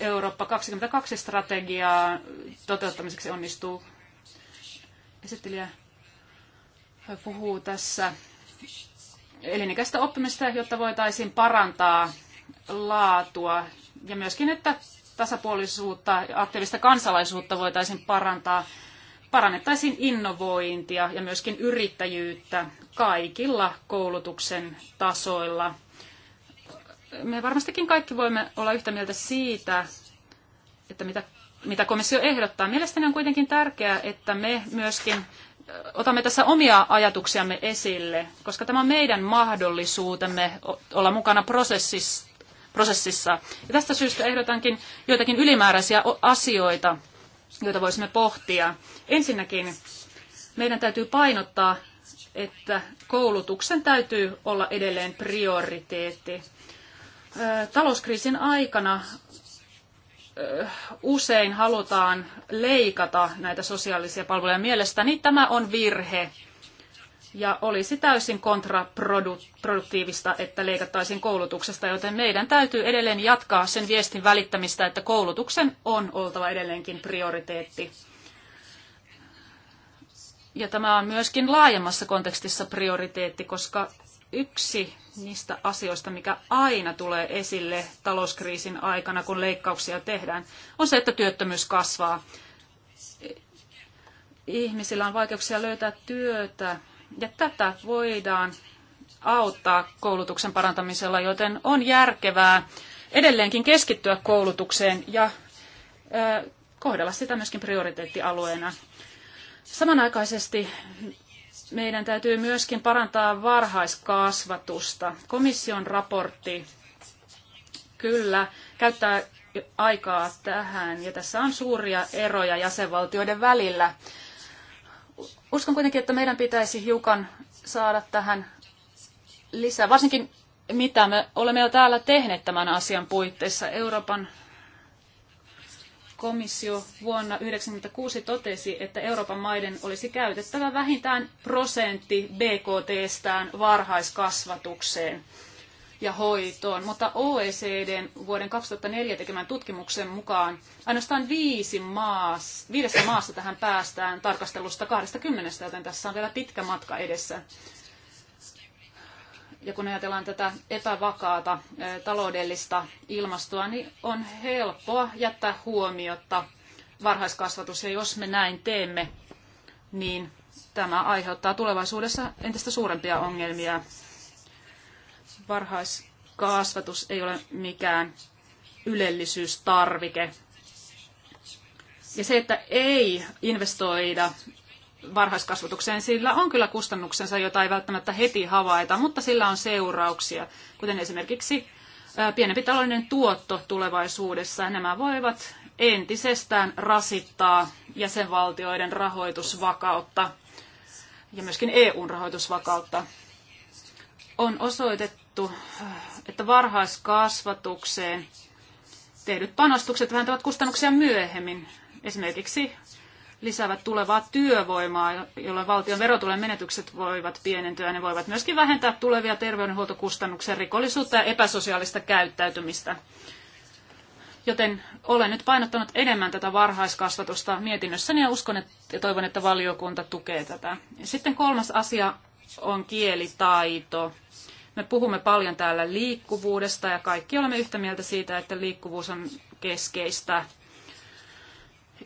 Eurooppa 22 strategiaa toteuttamiseksi onnistuu. Esittelijä puhuu tässä elinikäistä oppimista, jotta voitaisiin parantaa laatua ja myöskin, että tasapuolisuutta ja aktiivista kansalaisuutta voitaisiin parantaa. Parannettaisiin innovointia ja myöskin yrittäjyyttä kaikilla koulutuksen tasoilla me varmastikin kaikki voimme olla yhtä mieltä siitä, että mitä, mitä komissio ehdottaa. Mielestäni on kuitenkin tärkeää, että me myöskin otamme tässä omia ajatuksiamme esille, koska tämä on meidän mahdollisuutemme olla mukana prosessissa. Ja tästä syystä ehdotankin joitakin ylimääräisiä asioita, joita voisimme pohtia. Ensinnäkin meidän täytyy painottaa, että koulutuksen täytyy olla edelleen prioriteetti talouskriisin aikana usein halutaan leikata näitä sosiaalisia palveluja. Mielestäni tämä on virhe ja olisi täysin kontraproduktiivista, että leikattaisiin koulutuksesta, joten meidän täytyy edelleen jatkaa sen viestin välittämistä, että koulutuksen on oltava edelleenkin prioriteetti. Ja tämä on myöskin laajemmassa kontekstissa prioriteetti, koska yksi niistä asioista, mikä aina tulee esille talouskriisin aikana, kun leikkauksia tehdään, on se, että työttömyys kasvaa. Ihmisillä on vaikeuksia löytää työtä ja tätä voidaan auttaa koulutuksen parantamisella, joten on järkevää edelleenkin keskittyä koulutukseen ja kohdella sitä myöskin prioriteettialueena. Samanaikaisesti meidän täytyy myöskin parantaa varhaiskasvatusta. Komission raportti kyllä käyttää aikaa tähän ja tässä on suuria eroja jäsenvaltioiden välillä. Uskon kuitenkin, että meidän pitäisi hiukan saada tähän lisää, varsinkin mitä me olemme jo täällä tehneet tämän asian puitteissa. Euroopan komissio vuonna 1996 totesi, että Euroopan maiden olisi käytettävä vähintään prosentti BKTstään varhaiskasvatukseen ja hoitoon, mutta OECDn vuoden 2004 tekemän tutkimuksen mukaan ainoastaan viisi maas, viidessä maassa tähän päästään tarkastelusta 20, joten tässä on vielä pitkä matka edessä ja kun ajatellaan tätä epävakaata taloudellista ilmastoa, niin on helppoa jättää huomiota varhaiskasvatus. Ja jos me näin teemme, niin tämä aiheuttaa tulevaisuudessa entistä suurempia ongelmia. Varhaiskasvatus ei ole mikään ylellisyystarvike. Ja se, että ei investoida varhaiskasvatukseen, sillä on kyllä kustannuksensa, jota ei välttämättä heti havaita, mutta sillä on seurauksia, kuten esimerkiksi pienempi taloudellinen tuotto tulevaisuudessa. Nämä voivat entisestään rasittaa jäsenvaltioiden rahoitusvakautta ja myöskin EUn rahoitusvakautta. On osoitettu, että varhaiskasvatukseen tehdyt panostukset vähentävät kustannuksia myöhemmin. Esimerkiksi lisäävät tulevaa työvoimaa, jolloin valtion verotulen menetykset voivat pienentyä. Ne voivat myöskin vähentää tulevia terveydenhuoltokustannuksia, rikollisuutta ja epäsosiaalista käyttäytymistä. Joten olen nyt painottanut enemmän tätä varhaiskasvatusta mietinnössäni ja uskon että, ja toivon, että valiokunta tukee tätä. Sitten kolmas asia on kielitaito. Me puhumme paljon täällä liikkuvuudesta ja kaikki olemme yhtä mieltä siitä, että liikkuvuus on keskeistä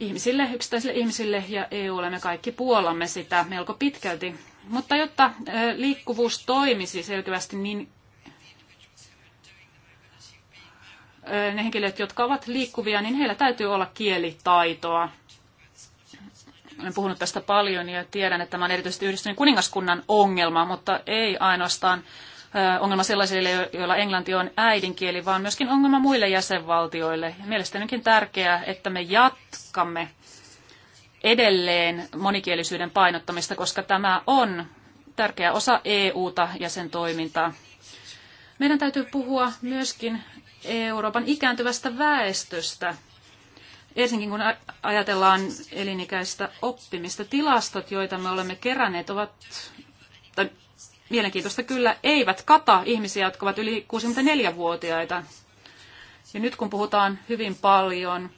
ihmisille, yksittäisille ihmisille ja EUlle. Me kaikki puolamme sitä melko pitkälti. Mutta jotta liikkuvuus toimisi selkeästi, niin ne henkilöt, jotka ovat liikkuvia, niin heillä täytyy olla kielitaitoa. Olen puhunut tästä paljon ja tiedän, että tämä on erityisesti yhdistyneen kuningaskunnan ongelma, mutta ei ainoastaan ongelma sellaisille, joilla englanti on äidinkieli, vaan myöskin ongelma muille jäsenvaltioille. Mielestäni onkin tärkeää, että me jatkamme edelleen monikielisyyden painottamista, koska tämä on tärkeä osa EUta ja sen toimintaa. Meidän täytyy puhua myöskin Euroopan ikääntyvästä väestöstä, Ensinnäkin kun ajatellaan elinikäistä oppimista, tilastot, joita me olemme keränneet, ovat, tai mielenkiintoista kyllä eivät kata ihmisiä, jotka ovat yli 64-vuotiaita. Ja nyt kun puhutaan hyvin paljon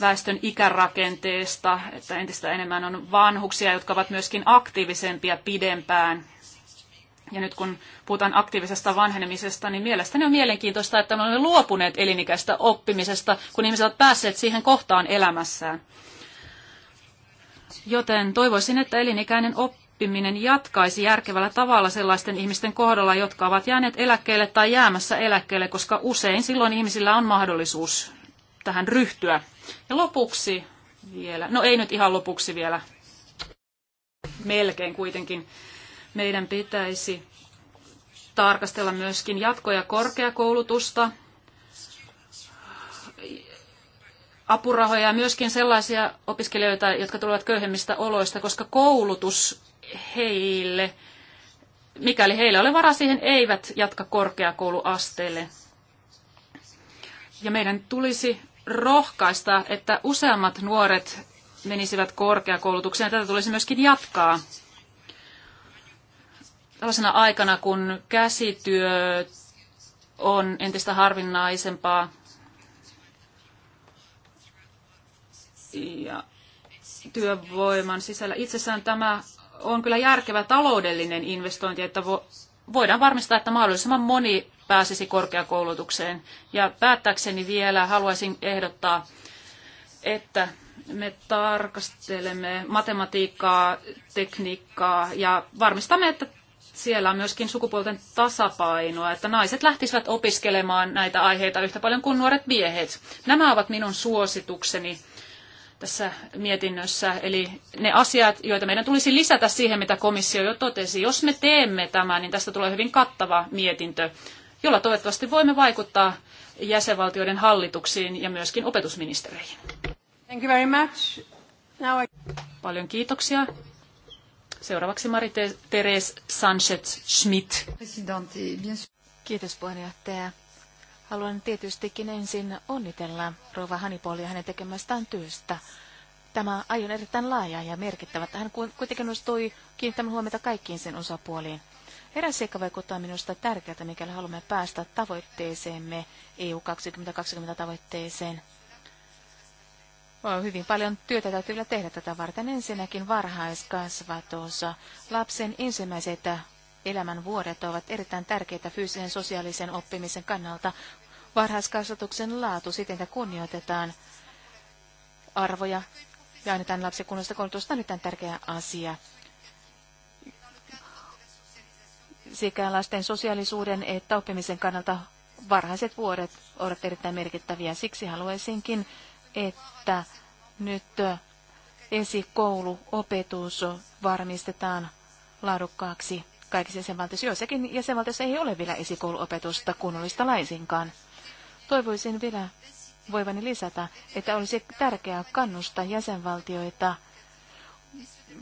väestön ikärakenteesta, että entistä enemmän on vanhuksia, jotka ovat myöskin aktiivisempia pidempään. Ja nyt kun puhutaan aktiivisesta vanhenemisesta, niin mielestäni on mielenkiintoista, että me olemme luopuneet elinikäistä oppimisesta, kun ihmiset ovat päässeet siihen kohtaan elämässään. Joten toivoisin, että elinikäinen oppiminen oppiminen jatkaisi järkevällä tavalla sellaisten ihmisten kohdalla, jotka ovat jääneet eläkkeelle tai jäämässä eläkkeelle, koska usein silloin ihmisillä on mahdollisuus tähän ryhtyä. Ja lopuksi vielä, no ei nyt ihan lopuksi vielä, melkein kuitenkin, meidän pitäisi tarkastella myöskin jatko- ja korkeakoulutusta, apurahoja ja myöskin sellaisia opiskelijoita, jotka tulevat köyhemmistä oloista, koska koulutus heille, mikäli heillä ole varaa siihen, eivät jatka korkeakouluasteelle. Ja meidän tulisi rohkaista, että useammat nuoret menisivät korkeakoulutukseen. Tätä tulisi myöskin jatkaa. Tällaisena aikana, kun käsityö on entistä harvinaisempaa ja työvoiman sisällä. Itsessään tämä on kyllä järkevä taloudellinen investointi, että vo, voidaan varmistaa, että mahdollisimman moni pääsisi korkeakoulutukseen. Ja päättääkseni vielä haluaisin ehdottaa, että me tarkastelemme matematiikkaa, tekniikkaa ja varmistamme, että siellä on myöskin sukupuolten tasapainoa, että naiset lähtisivät opiskelemaan näitä aiheita yhtä paljon kuin nuoret miehet. Nämä ovat minun suositukseni tässä mietinnössä, eli ne asiat, joita meidän tulisi lisätä siihen, mitä komissio jo totesi. Jos me teemme tämän, niin tästä tulee hyvin kattava mietintö, jolla toivottavasti voimme vaikuttaa jäsenvaltioiden hallituksiin ja myöskin opetusministereihin. Thank you very much. Now I... Paljon kiitoksia. Seuraavaksi marie Therese Sanchez-Schmidt. Kiitos puheenjohtaja. Haluan tietystikin ensin onnitella Rova Hanipolia hänen tekemästään työstä. Tämä aion erittäin laaja ja merkittävä. Hän kuitenkin nostui kiinnittämään huomiota kaikkiin sen osapuoliin. Eräs seikka vaikuttaa minusta tärkeältä, mikäli haluamme päästä tavoitteeseemme, EU 2020 tavoitteeseen. Hyvin paljon työtä täytyy tehdä tätä varten. Ensinnäkin varhaiskasvatus. Lapsen ensimmäiset elämän vuodet ovat erittäin tärkeitä fyysisen sosiaalisen oppimisen kannalta. Varhaiskasvatuksen laatu siten, että kunnioitetaan arvoja ja annetaan lapsikunnosta koulutusta on erittäin tärkeä asia. Sekä lasten sosiaalisuuden että oppimisen kannalta varhaiset vuodet ovat erittäin merkittäviä. Siksi haluaisinkin, että nyt esikouluopetus varmistetaan laadukkaaksi kaikissa jäsenvaltioissa. Joissakin jäsenvaltioissa ei ole vielä esikouluopetusta kunnollista laisinkaan. Toivoisin vielä voivani lisätä, että olisi tärkeää kannustaa jäsenvaltioita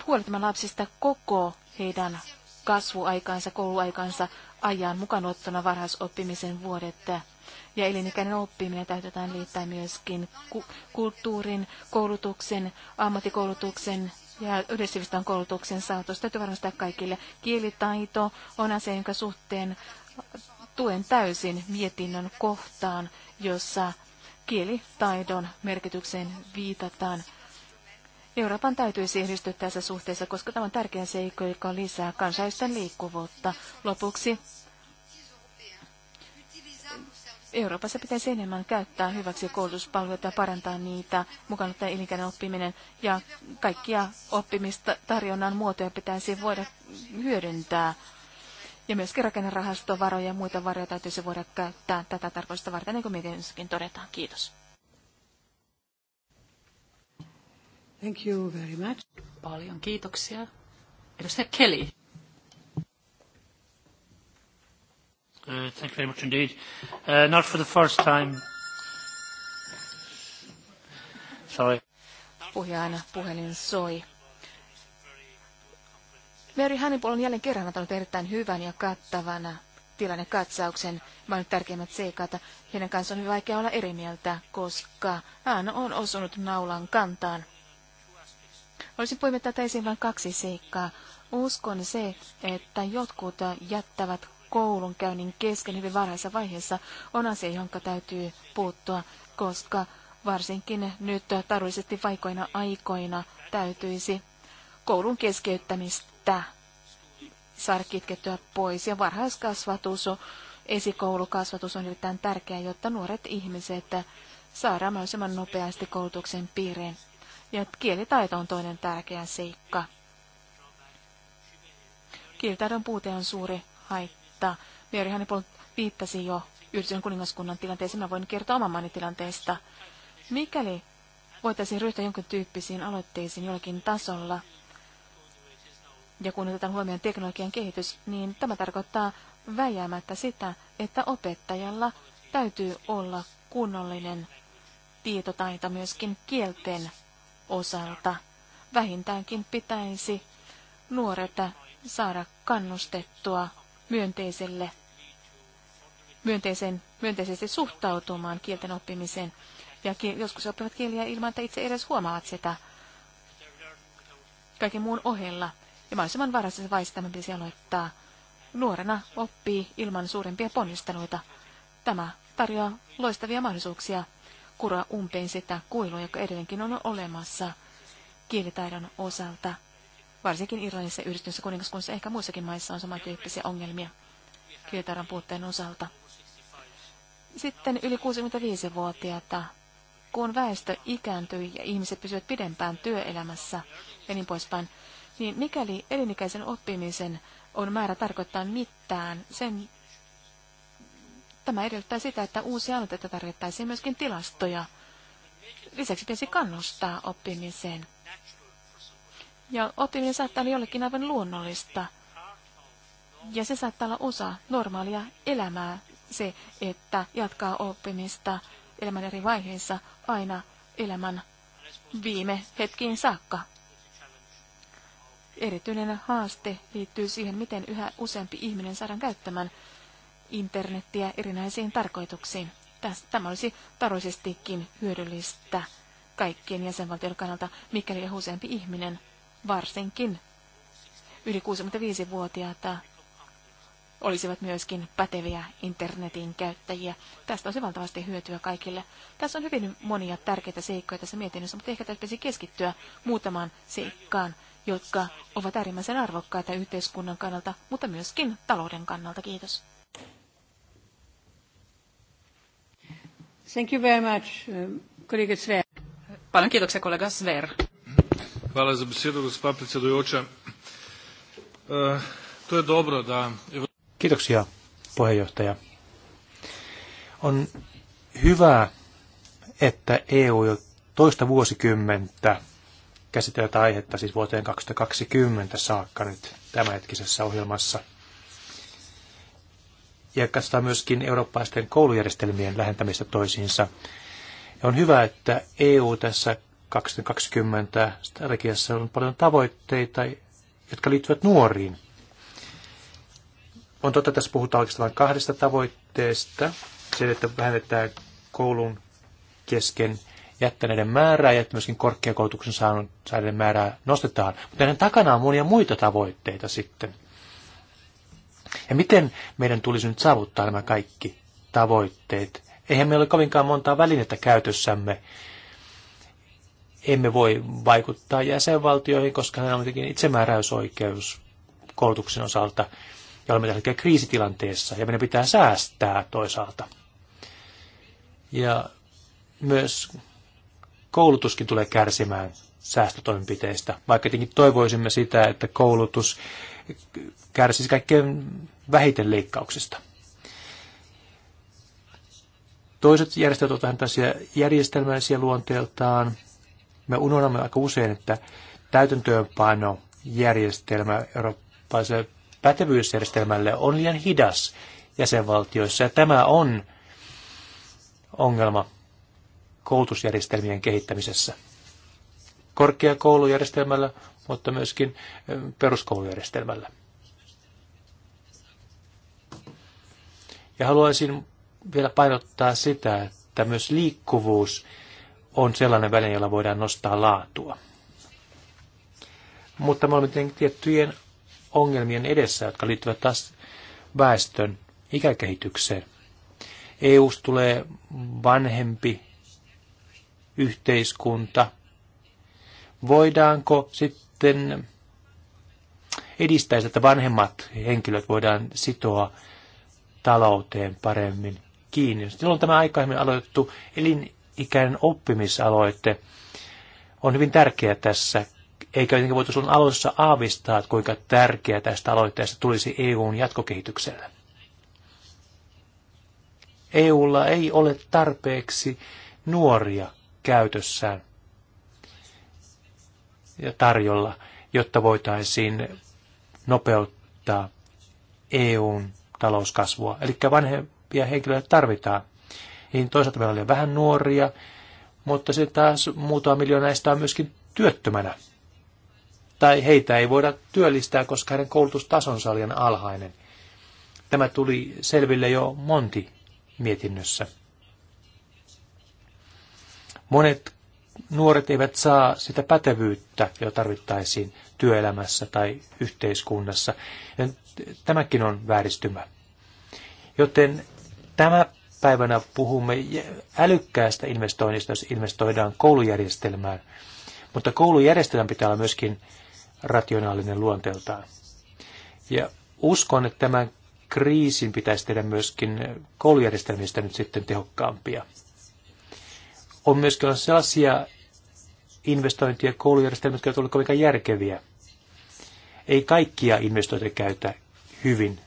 huolehtimaan lapsista koko heidän kasvuaikansa, kouluaikansa ajan mukaan ottona varhaisoppimisen vuodet. Ja elinikäinen oppiminen täytetään liittää myöskin ku- kulttuurin, koulutuksen, ammattikoulutuksen ja yhdessivistön koulutuksen saatus. Täytyy varmistaa kaikille. Kielitaito on asia, jonka suhteen tuen täysin mietinnön kohtaan, jossa kielitaidon merkitykseen viitataan. Euroopan täytyisi edistyä tässä suhteessa, koska tämä on tärkeä seikko, joka lisää kansaisten liikkuvuutta. Lopuksi Euroopassa pitäisi enemmän käyttää hyväksi koulutuspalveluita ja parantaa niitä, mukaan ottaen elinkeino oppiminen ja kaikkia oppimista tarjonnan muotoja pitäisi voida hyödyntää. Ja myöskin rakennerahastovaroja ja muita varoja täytyisi voida käyttää tätä tarkoitusta varten, niin kuin mietinnössäkin todetaan. Kiitos. Thank you very much. Paljon kiitoksia. Edustaja Kelly. Uh, thank you very much indeed. Uh, not for the first time. Sorry. Puhuja puhelin soi. Mary Hannibal on jälleen kerran antanut erittäin hyvän ja kattavan tilannekatsauksen. olen tärkeimmät seikat. Hänen kanssa on hyvin vaikea olla eri mieltä, koska hän on osunut naulan kantaan. Olisin poimittaa tätä esiin vain kaksi seikkaa. Uskon se, että jotkut jättävät koulunkäynnin kesken hyvin varhaisessa vaiheessa on asia, jonka täytyy puuttua, koska varsinkin nyt taloudellisesti vaikoina aikoina täytyisi koulun keskeyttämistä saada kitkettyä pois. Ja varhaiskasvatus, esikoulukasvatus on erittäin tärkeää, jotta nuoret ihmiset saadaan mahdollisimman nopeasti koulutuksen piiriin. Ja kielitaito on toinen tärkeä seikka. Kielitaidon puute on suuri haitta mutta Mary Hannibal viittasi jo Yhdistyneen kuningaskunnan tilanteeseen. Mä voin kertoa oman maani tilanteesta. Mikäli voitaisiin ryhtyä jonkin tyyppisiin aloitteisiin jollakin tasolla, ja kun otetaan huomioon teknologian kehitys, niin tämä tarkoittaa väjäämättä sitä, että opettajalla täytyy olla kunnollinen tietotaito myöskin kielten osalta. Vähintäänkin pitäisi nuoret saada kannustettua myönteiselle, myönteisen, myönteisesti suhtautumaan kielten oppimiseen. Ja joskus oppivat kieliä ilman, että itse edes huomaavat sitä kaiken muun ohella. Ja mahdollisimman se vaiheessa tämä pitäisi aloittaa. Nuorena oppii ilman suurempia ponnisteluita. Tämä tarjoaa loistavia mahdollisuuksia kuroa umpeen sitä kuilua, joka edelleenkin on olemassa kielitaidon osalta. Varsinkin Irlannissa, yhdistyneessä kuningaskunnassa, ehkä muissakin maissa on samantyyppisiä ongelmia kielitaidon puutteen osalta. Sitten yli 65-vuotiaita, kun väestö ikääntyy ja ihmiset pysyvät pidempään työelämässä ja niin poispäin, niin mikäli elinikäisen oppimisen on määrä tarkoittaa mitään, sen Tämä edellyttää sitä, että uusia aloitteita tarvittaisiin myöskin tilastoja. Lisäksi pitäisi kannustaa oppimiseen. Ja oppiminen saattaa olla jollekin aivan luonnollista. Ja se saattaa olla osa normaalia elämää, se, että jatkaa oppimista elämän eri vaiheissa aina elämän viime hetkiin saakka. Erityinen haaste liittyy siihen, miten yhä useampi ihminen saadaan käyttämään internettiä erinäisiin tarkoituksiin. Tämä olisi taloudellisestikin hyödyllistä kaikkien jäsenvaltioiden kannalta, mikäli yhä useampi ihminen – varsinkin yli 65-vuotiaita olisivat myöskin päteviä internetin käyttäjiä. Tästä on se valtavasti hyötyä kaikille. Tässä on hyvin monia tärkeitä seikkoja tässä mietinnössä, mutta ehkä täytyisi keskittyä muutamaan seikkaan, jotka ovat äärimmäisen arvokkaita yhteiskunnan kannalta, mutta myöskin talouden kannalta. Kiitos. Thank you very much, um, kollega Sver. Paljon kiitoksia, kollega Sver. Hvala za besedo, gospa predsedujoča. Eh, to je dobro, da... Kiitoksia, puheenjohtaja. On hyvä, että EU jo toista vuosikymmentä käsitellä tätä aihetta siis vuoteen 2020 saakka nyt tämänhetkisessä ohjelmassa. Ja katsotaan myöskin eurooppalaisten koulujärjestelmien lähentämistä toisiinsa. Ja on hyvä, että EU tässä 2020 strategiassa on paljon tavoitteita, jotka liittyvät nuoriin. On totta, että tässä puhutaan oikeastaan kahdesta tavoitteesta. Se, että vähennetään koulun kesken jättäneiden määrää ja että myöskin korkeakoulutuksen saaneiden määrää nostetaan. Mutta näiden takana on monia muita tavoitteita sitten. Ja miten meidän tulisi nyt saavuttaa nämä kaikki tavoitteet? Eihän meillä ole kovinkaan montaa välinettä käytössämme, emme voi vaikuttaa jäsenvaltioihin, koska hän on kuitenkin itsemääräysoikeus koulutuksen osalta. Ja olemme tällä hetkellä kriisitilanteessa ja meidän pitää säästää toisaalta. Ja myös koulutuskin tulee kärsimään säästötoimenpiteistä, vaikka tietenkin toivoisimme sitä, että koulutus kärsisi kaikkein vähiten leikkauksista. Toiset järjestöt ovat vähän tällaisia järjestelmällisiä luonteeltaan, me unohdamme aika usein, että täytäntöönpanojärjestelmä eurooppalaiselle pätevyysjärjestelmälle on liian hidas jäsenvaltioissa, ja tämä on ongelma koulutusjärjestelmien kehittämisessä. Korkeakoulujärjestelmällä, mutta myöskin peruskoulujärjestelmällä. Ja haluaisin vielä painottaa sitä, että myös liikkuvuus on sellainen väline, jolla voidaan nostaa laatua. Mutta me olemme tiettyjen ongelmien edessä, jotka liittyvät taas väestön ikäkehitykseen. eu tulee vanhempi yhteiskunta. Voidaanko sitten edistää sitä, että vanhemmat henkilöt voidaan sitoa talouteen paremmin kiinni? Silloin tämä aikaisemmin aloitettu elin ikäinen oppimisaloite on hyvin tärkeä tässä. Eikä jotenkin voitu silloin alussa aavistaa, että kuinka tärkeä tästä aloitteesta tulisi EUn jatkokehitykselle. EUlla ei ole tarpeeksi nuoria käytössään ja tarjolla, jotta voitaisiin nopeuttaa EUn talouskasvua. Eli vanhempia henkilöitä tarvitaan niin toisaalta meillä oli vähän nuoria, mutta sitten taas muutama miljoonaista on myöskin työttömänä. Tai heitä ei voida työllistää, koska heidän koulutustasonsa oli alhainen. Tämä tuli selville jo Monti mietinnössä. Monet nuoret eivät saa sitä pätevyyttä, jota tarvittaisiin työelämässä tai yhteiskunnassa. Ja tämäkin on vääristymä. Joten tämä päivänä puhumme älykkäästä investoinnista, jos investoidaan koulujärjestelmään. Mutta koulujärjestelmän pitää olla myöskin rationaalinen luonteeltaan. Ja uskon, että tämän kriisin pitäisi tehdä myöskin koulujärjestelmistä nyt sitten tehokkaampia. On myöskin sellaisia investointia koulujärjestelmiä, jotka ovat ole kovinkaan järkeviä. Ei kaikkia investointeja käytä hyvin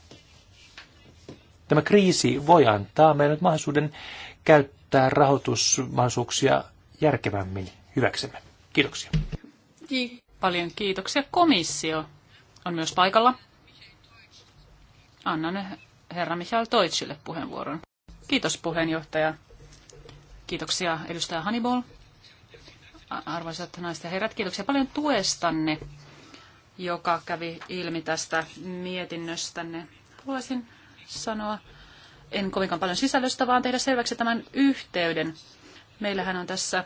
Tämä kriisi voi antaa meille mahdollisuuden käyttää rahoitusmahdollisuuksia järkevämmin hyväksemme. Kiitoksia. Paljon kiitoksia. Komissio on myös paikalla. Annan herra Michael Toitsille puheenvuoron. Kiitos puheenjohtaja. Kiitoksia edustaja Hannibal. Arvoisat naiset ja herrat, kiitoksia paljon tuestanne, joka kävi ilmi tästä mietinnöstänne. Haluaisin sanoa, en kovinkaan paljon sisällöstä, vaan tehdä selväksi tämän yhteyden. Meillähän on tässä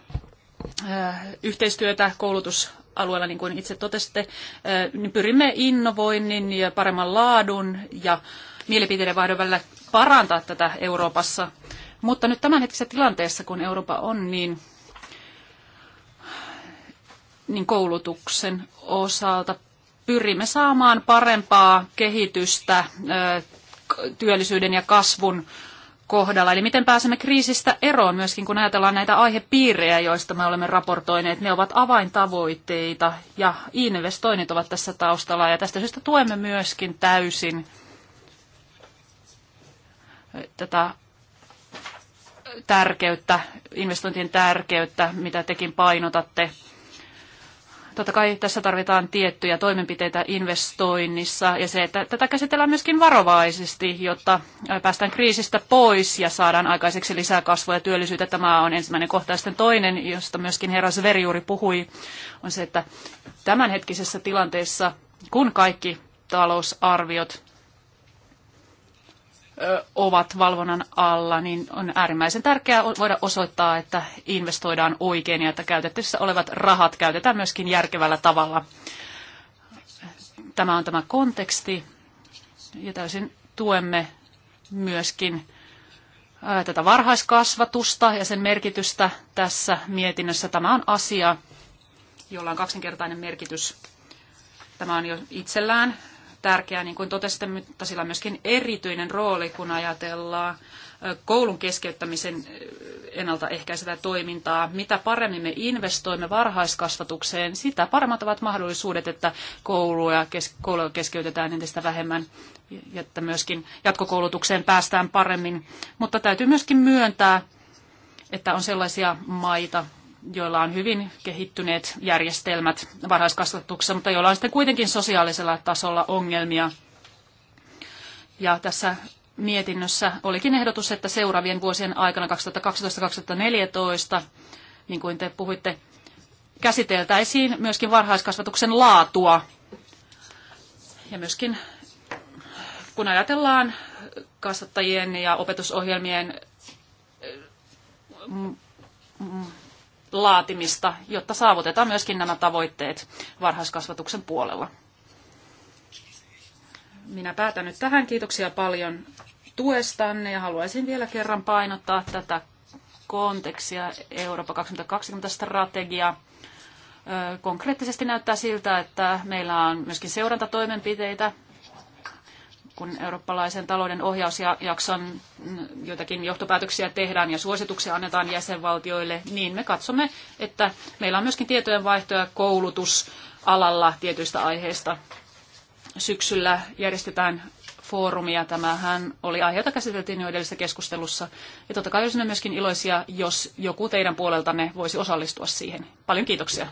äh, yhteistyötä koulutusalueella, niin kuin itse totesitte, äh, niin pyrimme innovoinnin ja paremman laadun ja mielipiteiden vaihdon välillä parantaa tätä Euroopassa. Mutta nyt tämänhetkisessä tilanteessa, kun Eurooppa on niin, niin koulutuksen osalta, pyrimme saamaan parempaa kehitystä äh, työllisyyden ja kasvun kohdalla. Eli miten pääsemme kriisistä eroon myöskin, kun ajatellaan näitä aihepiirejä, joista me olemme raportoineet. Ne ovat avaintavoitteita ja investoinnit ovat tässä taustalla. Ja tästä syystä tuemme myöskin täysin tätä tärkeyttä, investointien tärkeyttä, mitä tekin painotatte Totta kai tässä tarvitaan tiettyjä toimenpiteitä investoinnissa ja se, että tätä käsitellään myöskin varovaisesti, jotta päästään kriisistä pois ja saadaan aikaiseksi lisää kasvua ja työllisyyttä. Tämä on ensimmäinen kohta. Sitten toinen, josta myöskin herra Sveri juuri puhui, on se, että tämänhetkisessä tilanteessa, kun kaikki talousarviot ovat valvonnan alla, niin on äärimmäisen tärkeää voida osoittaa, että investoidaan oikein ja että käytettävissä olevat rahat käytetään myöskin järkevällä tavalla. Tämä on tämä konteksti ja täysin tuemme myöskin tätä varhaiskasvatusta ja sen merkitystä tässä mietinnössä. Tämä on asia, jolla on kaksinkertainen merkitys. Tämä on jo itsellään tärkeää, niin kuin totesitte, mutta sillä on myöskin erityinen rooli, kun ajatellaan koulun keskeyttämisen ennaltaehkäisevää toimintaa. Mitä paremmin me investoimme varhaiskasvatukseen, sitä paremmat ovat mahdollisuudet, että kouluja, kouluja keskeytetään entistä vähemmän, että myöskin jatkokoulutukseen päästään paremmin. Mutta täytyy myöskin myöntää, että on sellaisia maita, joilla on hyvin kehittyneet järjestelmät varhaiskasvatuksessa, mutta joilla on sitten kuitenkin sosiaalisella tasolla ongelmia. Ja tässä mietinnössä olikin ehdotus, että seuraavien vuosien aikana 2012-2014, niin kuin te puhuitte, käsiteltäisiin myöskin varhaiskasvatuksen laatua. Ja myöskin kun ajatellaan kasvattajien ja opetusohjelmien laatimista, jotta saavutetaan myöskin nämä tavoitteet varhaiskasvatuksen puolella. Minä päätän nyt tähän. Kiitoksia paljon tuestanne ja haluaisin vielä kerran painottaa tätä kontekstia Eurooppa 2020-strategiaa. Konkreettisesti näyttää siltä, että meillä on myöskin seurantatoimenpiteitä kun eurooppalaisen talouden ohjausjakson joitakin johtopäätöksiä tehdään ja suosituksia annetaan jäsenvaltioille, niin me katsomme, että meillä on myöskin tietojenvaihtoja koulutusalalla tietyistä aiheista. Syksyllä järjestetään foorumia. Tämähän oli aihe, jota käsiteltiin jo edellisessä keskustelussa. Ja totta kai olisimme myöskin iloisia, jos joku teidän puoleltanne voisi osallistua siihen. Paljon kiitoksia.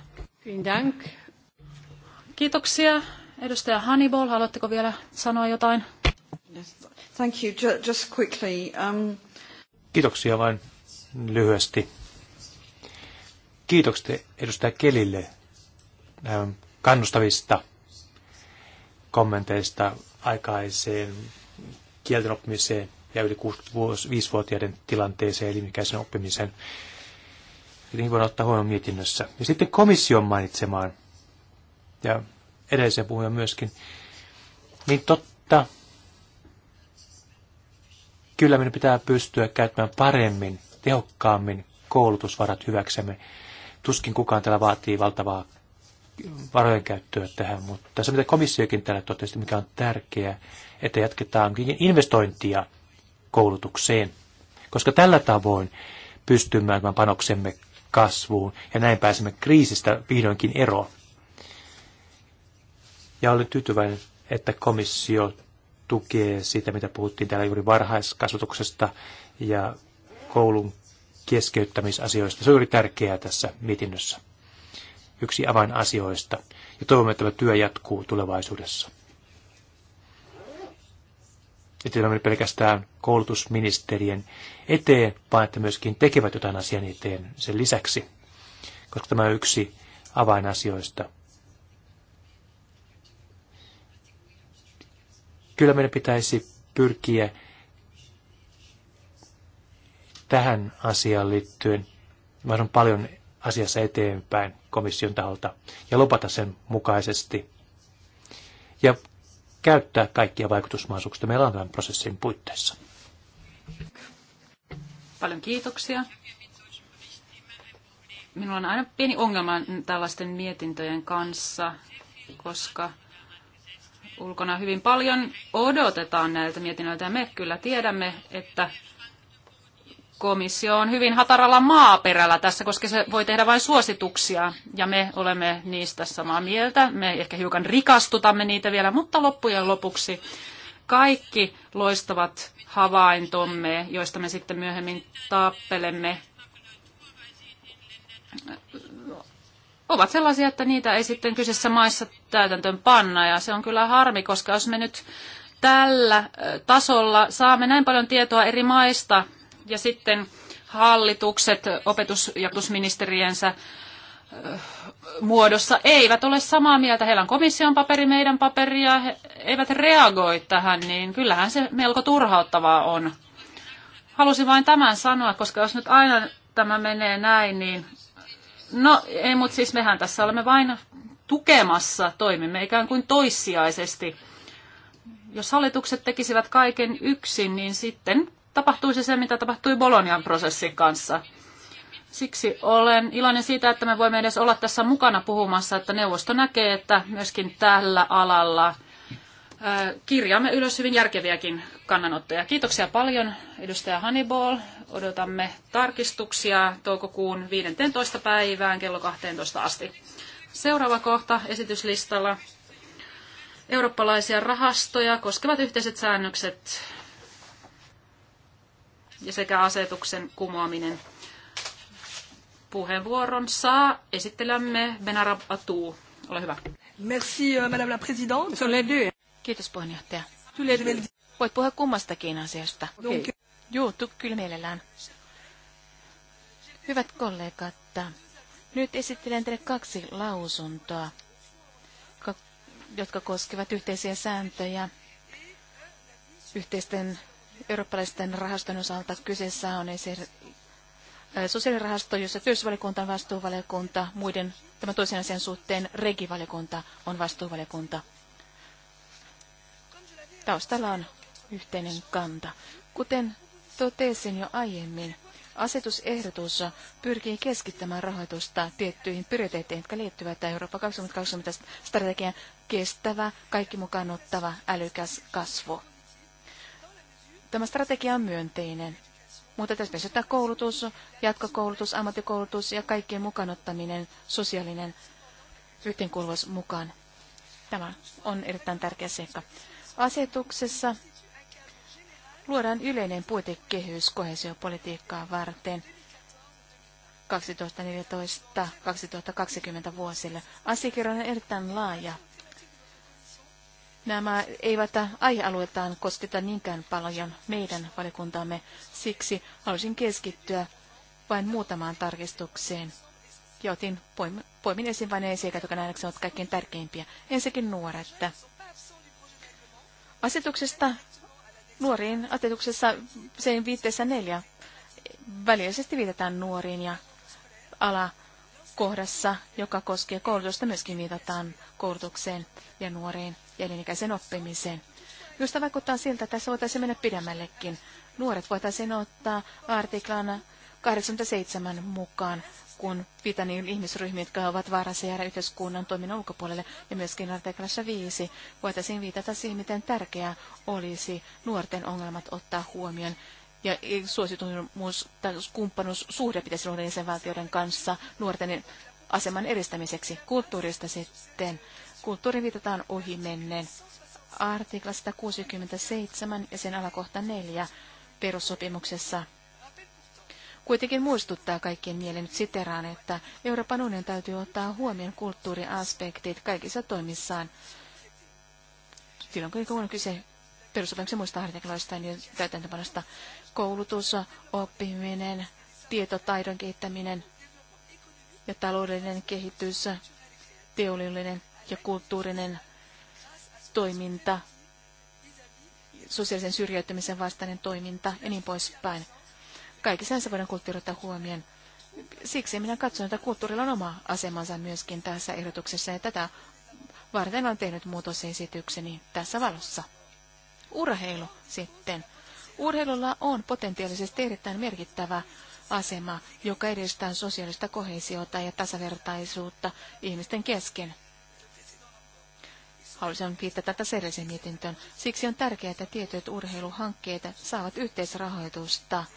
Kiitoksia. Edustaja Hannibal, haluatteko vielä sanoa jotain? Thank you. Just quickly. Um... Kiitoksia vain lyhyesti. Kiitokset edustaja Kelille ähm, kannustavista kommenteista aikaiseen kielten oppimiseen ja yli 65-vuotiaiden tilanteeseen elinikäisen oppimiseen. Tietenkin voidaan ottaa huomioon mietinnössä. Ja sitten komission mainitsemaan ja edellisiä puhuja myöskin, niin totta, kyllä meidän pitää pystyä käyttämään paremmin, tehokkaammin koulutusvarat hyväksemme. Tuskin kukaan täällä vaatii valtavaa varojen käyttöä tähän, mutta se mitä komissiokin täällä totesi, mikä on tärkeää, että jatketaan investointia koulutukseen, koska tällä tavoin pystymme panoksemme kasvuun ja näin pääsemme kriisistä vihdoinkin eroon. Ja olen tyytyväinen, että komissio tukee sitä, mitä puhuttiin täällä juuri varhaiskasvatuksesta ja koulun keskeyttämisasioista. Se on juuri tärkeää tässä mietinnössä. Yksi avainasioista. Ja toivomme, että tämä työ jatkuu tulevaisuudessa. Että tämä pelkästään koulutusministerien eteen, vaan että myöskin tekevät jotain asian eteen sen lisäksi. Koska tämä on yksi avainasioista Kyllä meidän pitäisi pyrkiä tähän asiaan liittyen varmaan paljon asiassa eteenpäin komission taholta ja lopata sen mukaisesti ja käyttää kaikkia vaikutusmahdollisuuksia meillä on tämän prosessin puitteissa. Paljon kiitoksia. Minulla on aina pieni ongelma tällaisten mietintöjen kanssa, koska ulkona hyvin paljon odotetaan näiltä mietinnöiltä ja me kyllä tiedämme, että komissio on hyvin hataralla maaperällä tässä, koska se voi tehdä vain suosituksia ja me olemme niistä samaa mieltä. Me ehkä hiukan rikastutamme niitä vielä, mutta loppujen lopuksi kaikki loistavat havaintomme, joista me sitten myöhemmin tappelemme ovat sellaisia, että niitä ei sitten kyseessä maissa täytäntöön panna. Ja se on kyllä harmi, koska jos me nyt tällä tasolla saamme näin paljon tietoa eri maista ja sitten hallitukset opetus- ja opetusministeriensä muodossa eivät ole samaa mieltä. Heillä on komission paperi, meidän paperi ja he eivät reagoi tähän, niin kyllähän se melko turhauttavaa on. Halusin vain tämän sanoa, koska jos nyt aina tämä menee näin, niin No ei, mutta siis mehän tässä olemme vain tukemassa, toimimme ikään kuin toissijaisesti. Jos hallitukset tekisivät kaiken yksin, niin sitten tapahtuisi se, mitä tapahtui Bolonian prosessin kanssa. Siksi olen iloinen siitä, että me voimme edes olla tässä mukana puhumassa, että neuvosto näkee, että myöskin tällä alalla – Äh, kirjaamme ylös hyvin järkeviäkin kannanottoja. Kiitoksia paljon edustaja Hannibal. Odotamme tarkistuksia toukokuun 15. päivään kello 12 asti. Seuraava kohta esityslistalla. Eurooppalaisia rahastoja koskevat yhteiset säännökset ja sekä asetuksen kumoaminen. Puheenvuoron saa esittelemme Benarab Atuu. Ole hyvä. Merci, euh, madame la présidente. Kiitos puheenjohtaja. Voit puhua kummastakin asiasta. Okay. Juu, kyllä mielellään. Hyvät kollegat, nyt esittelen teille kaksi lausuntoa, jotka koskevat yhteisiä sääntöjä yhteisten eurooppalaisten rahaston osalta. Kyseessä on sosiaalirahasto, jossa työllisyysvaliokunta on vastuuvaliokunta, muiden tämän toisen asian suhteen regivaliokunta on vastuuvaliokunta. Taustalla on yhteinen kanta. Kuten totesin jo aiemmin, asetusehdotus pyrkii keskittämään rahoitusta tiettyihin prioriteetteihin, jotka liittyvät Eurooppa 2020 strategian kestävä, kaikki mukaan ottava, älykäs kasvu. Tämä strategia on myönteinen, mutta tässä myös ottaa koulutus, jatkokoulutus, ammattikoulutus ja kaikkien mukaanottaminen, sosiaalinen yhteenkuuluvuus mukaan. Tämä on erittäin tärkeä seikka. Asetuksessa luodaan yleinen puitekehys kohesiopolitiikkaa varten 2014-2020 vuosille. Asiakirja on erittäin laaja. Nämä eivät aihealuetaan kosketa niinkään paljon meidän valikuntamme, siksi halusin keskittyä vain muutamaan tarkistukseen. Ja otin, poimin, poimin esiin vain ne seikat, jotka nähdäkseni ovat kaikkein tärkeimpiä. Ensinnäkin nuoret Asetuksesta nuoriin asetuksessa sen viitteessä neljä välillisesti viitataan nuoriin ja alakohdassa, joka koskee koulutusta, myöskin viitataan koulutukseen ja nuoriin ja elinikäisen oppimiseen. Minusta vaikuttaa siltä, että tässä voitaisiin mennä pidemmällekin. Nuoret voitaisiin ottaa artiklan 87 mukaan kun viitataan niihin ihmisryhmiin, jotka ovat vaarassa jäädä yhteiskunnan toiminnan ulkopuolelle, ja myöskin artiklassa 5 voitaisiin viitata siihen, miten tärkeää olisi nuorten ongelmat ottaa huomioon ja suosituimuus tai kumppanuussuhde pitäisi luoda jäsenvaltioiden kanssa nuorten aseman edistämiseksi. Kulttuurista sitten. Kulttuuri viitataan ohi menneen. Artikla 167 ja sen alakohta 4 perussopimuksessa Kuitenkin muistuttaa kaikkien mielen nyt siteraan, että Euroopan unionin täytyy ottaa huomioon kulttuuriaspektit kaikissa toimissaan. Silloin kun on kyse perusopetuksen muista artikloista, niin täytäntöpanosta koulutus, oppiminen, tietotaidon kehittäminen ja taloudellinen kehitys, teollinen ja kulttuurinen toiminta, sosiaalisen syrjäytymisen vastainen toiminta ja niin poispäin. Kaikissa näissä voidaan kulttuuri ottaa huomioon. Siksi minä katson, että kulttuurilla on oma asemansa myöskin tässä ehdotuksessa, ja tätä varten on tehnyt muutosesitykseni tässä valossa. Urheilu sitten. Urheilulla on potentiaalisesti erittäin merkittävä asema, joka edistää sosiaalista kohesiota ja tasavertaisuutta ihmisten kesken. Haluaisin viitata tätä edelliseen mietintöön. Siksi on tärkeää, että tietyt urheiluhankkeet saavat yhteisrahoitusta –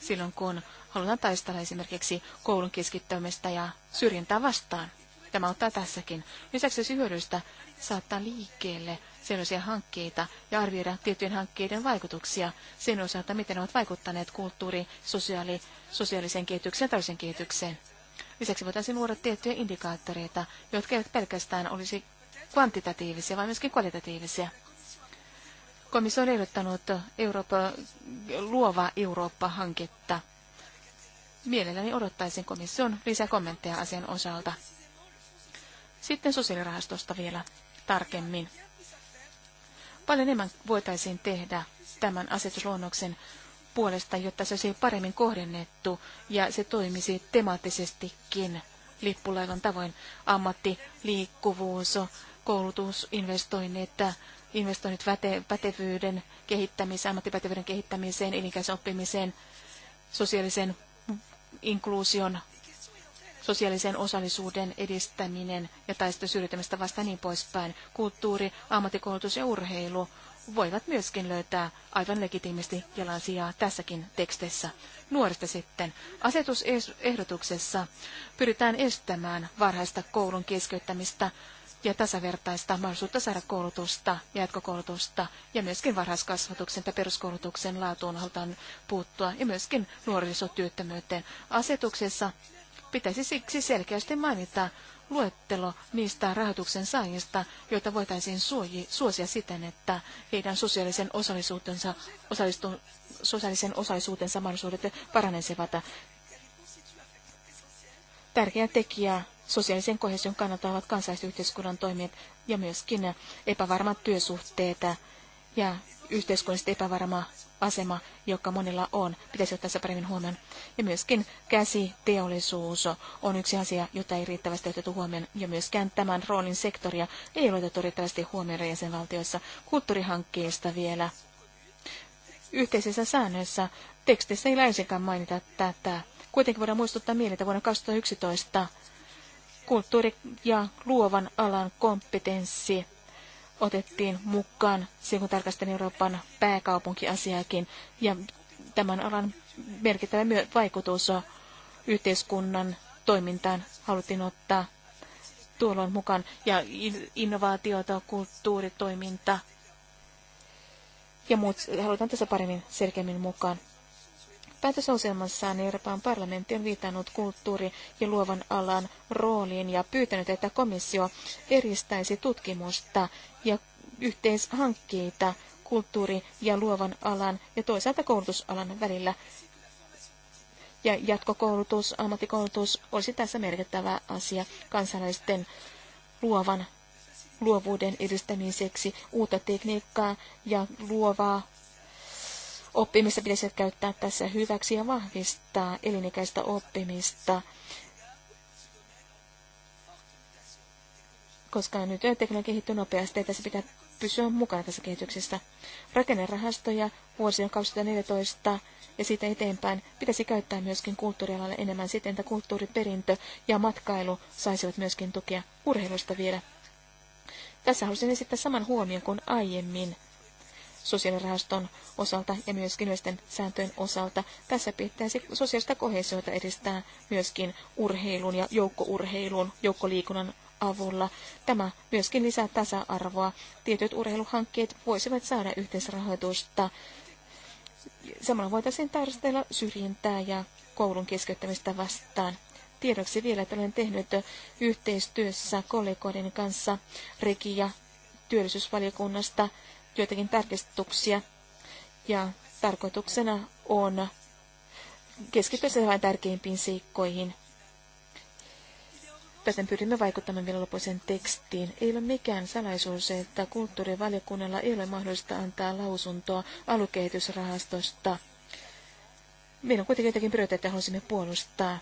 silloin, kun halutaan taistella esimerkiksi koulun keskittämistä ja syrjintää vastaan. Tämä ottaa tässäkin. Lisäksi se hyödyistä saattaa liikkeelle sellaisia hankkeita ja arvioida tiettyjen hankkeiden vaikutuksia sen osalta, miten ne ovat vaikuttaneet kulttuuri, sosiaali, sosiaaliseen kehitykseen ja toisen kehitykseen. Lisäksi voitaisiin luoda tiettyjä indikaattoreita, jotka eivät pelkästään olisi kvantitatiivisia, vaan myöskin kvalitatiivisia. Komissio on ehdottanut Eurooppa, luova Eurooppa-hanketta. Mielelläni odottaisin komission lisäkommentteja asian osalta. Sitten sosiaalirahastosta vielä tarkemmin. Paljon enemmän voitaisiin tehdä tämän asetusluonnoksen puolesta, jotta se olisi paremmin kohdennettu ja se toimisi temaattisestikin lippulaivan tavoin. Ammattiliikkuvuus, koulutusinvestoinnit, investoinnit väte- pätevyyden kehittämiseen, ammattipätevyyden kehittämiseen, elinikäisen oppimiseen, sosiaalisen inkluusion, sosiaalisen osallisuuden edistäminen ja taistelu syrjitämistä vasta niin poispäin. Kulttuuri, ammattikoulutus ja urheilu voivat myöskin löytää aivan legitiimisti sijaa tässäkin tekstissä. Nuorista sitten. Asetusehdotuksessa pyritään estämään varhaista koulun keskeyttämistä ja tasavertaista mahdollisuutta saada koulutusta, jatkokoulutusta ja myöskin varhaiskasvatuksen tai peruskoulutuksen laatuun halutaan puuttua ja myöskin nuorisotyöttömyyteen. Asetuksessa pitäisi siksi selkeästi mainita luettelo niistä rahoituksen saajista, joita voitaisiin suoji, suosia siten, että heidän sosiaalisen osallisuutensa, osallistu, sosiaalisen osallisuutensa mahdollisuudet paranesivat. Tärkeä tekijä sosiaalisen kohesion kannalta ovat kansalaisyhteiskunnan toimijat ja myöskin epävarmat työsuhteet ja yhteiskunnallisesti epävarma asema, joka monilla on, pitäisi ottaa se paremmin huomioon. Ja myöskin käsiteollisuus on yksi asia, jota ei riittävästi otettu huomioon, ja myöskään tämän roolin sektoria ei ole otettu riittävästi huomioon jäsenvaltioissa. kulttuurihankkeista vielä. Yhteisissä säännöissä tekstissä ei läisinkään mainita tätä. Kuitenkin voidaan muistuttaa mieleen, että vuonna 2011 kulttuuri- ja luovan alan kompetenssi otettiin mukaan silloin, kun tarkastelin Euroopan pääkaupunkiasiakin. Ja tämän alan merkittävä vaikutus yhteiskunnan toimintaan haluttiin ottaa tuolloin mukaan. Ja innovaatiota, kulttuuritoiminta ja muut halutaan tässä paremmin selkeämmin mukaan. Päätösohjelmassaan Euroopan parlamentti on viitannut kulttuuri- ja luovan alan rooliin ja pyytänyt, että komissio eristäisi tutkimusta ja yhteishankkeita kulttuuri- ja luovan alan ja toisaalta koulutusalan välillä. Ja jatkokoulutus, ammattikoulutus olisi tässä merkittävä asia kansalaisten luovan luovuuden edistämiseksi uutta tekniikkaa ja luovaa Oppimista pitäisi käyttää tässä hyväksi ja vahvistaa elinikäistä oppimista, koska nyt teknologia kehittyy nopeasti että se pitää pysyä mukana tässä kehityksessä. Rakennerahastoja vuosina 2014 ja siitä eteenpäin pitäisi käyttää myöskin kulttuurialalle enemmän siten, että kulttuuriperintö ja matkailu saisivat myöskin tukea urheilusta vielä. Tässä haluaisin esittää saman huomion kuin aiemmin sosiaalirahaston osalta ja myöskin yleisten sääntöjen osalta. Tässä pitäisi sosiaalista kohesioita edistää myöskin urheilun ja joukkourheilun, joukkoliikunnan avulla. Tämä myöskin lisää tasa-arvoa. Tietyt urheiluhankkeet voisivat saada yhteisrahoitusta. Samalla voitaisiin tarkastella syrjintää ja koulun keskeyttämistä vastaan. Tiedoksi vielä, että olen tehnyt yhteistyössä kollegoiden kanssa Regia työllisyysvaliokunnasta joitakin tarkistuksia ja tarkoituksena on keskittyä vain tärkeimpiin seikkoihin. Täten pyrimme vaikuttamaan vielä lopuisen tekstiin. Ei ole mikään salaisuus, että kulttuurivaliokunnalla ei ole mahdollista antaa lausuntoa alukehitysrahastosta. Meillä on kuitenkin jotakin prioriteetteja haluaisimme puolustaa.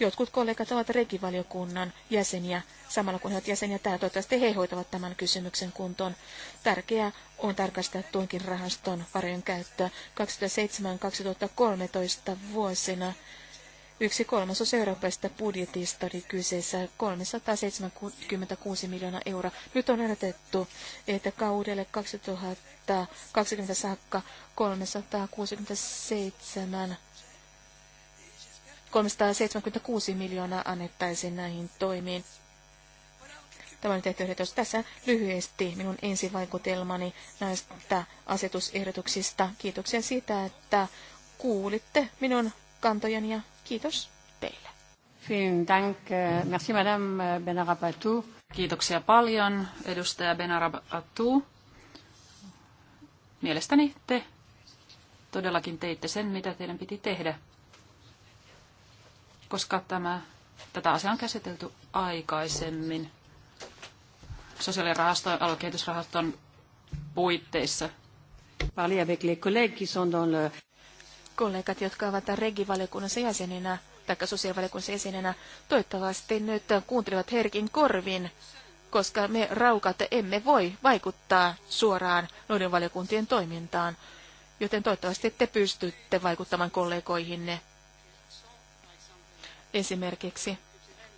Jotkut kollegat ovat regivaliokunnan jäseniä, samalla kun he ovat jäseniä täällä. Toivottavasti he hoitavat tämän kysymyksen kuntoon. Tärkeää on tarkastaa tuonkin rahaston varojen käyttöä 2007-2013 vuosina. Yksi kolmasosa eurooppaista budjetista oli kyseessä 376 miljoonaa euroa. Nyt on ennätetty, että kaudelle 2020 saakka 367 376 miljoonaa annettaisiin näihin toimiin. Tämä on tehty ehdotus. Tässä lyhyesti minun ensivaikutelmani näistä asetusehdotuksista. Kiitoksia siitä, että kuulitte minun kantojani ja kiitos teille. Kiitoksia paljon, edustaja Benarabatou. Mielestäni te todellakin teitte sen, mitä teidän piti tehdä koska tämä, tätä asiaa on käsitelty aikaisemmin sosiaalirahaston, aluekehitysrahaston puitteissa. Kollegat, jotka ovat regivaliokunnassa jäseninä, tai sosiaalivaliokunnassa jäsenenä, toivottavasti nyt kuuntelevat herkin korvin, koska me raukat emme voi vaikuttaa suoraan noiden valiokuntien toimintaan, joten toivottavasti te pystytte vaikuttamaan kollegoihinne esimerkiksi,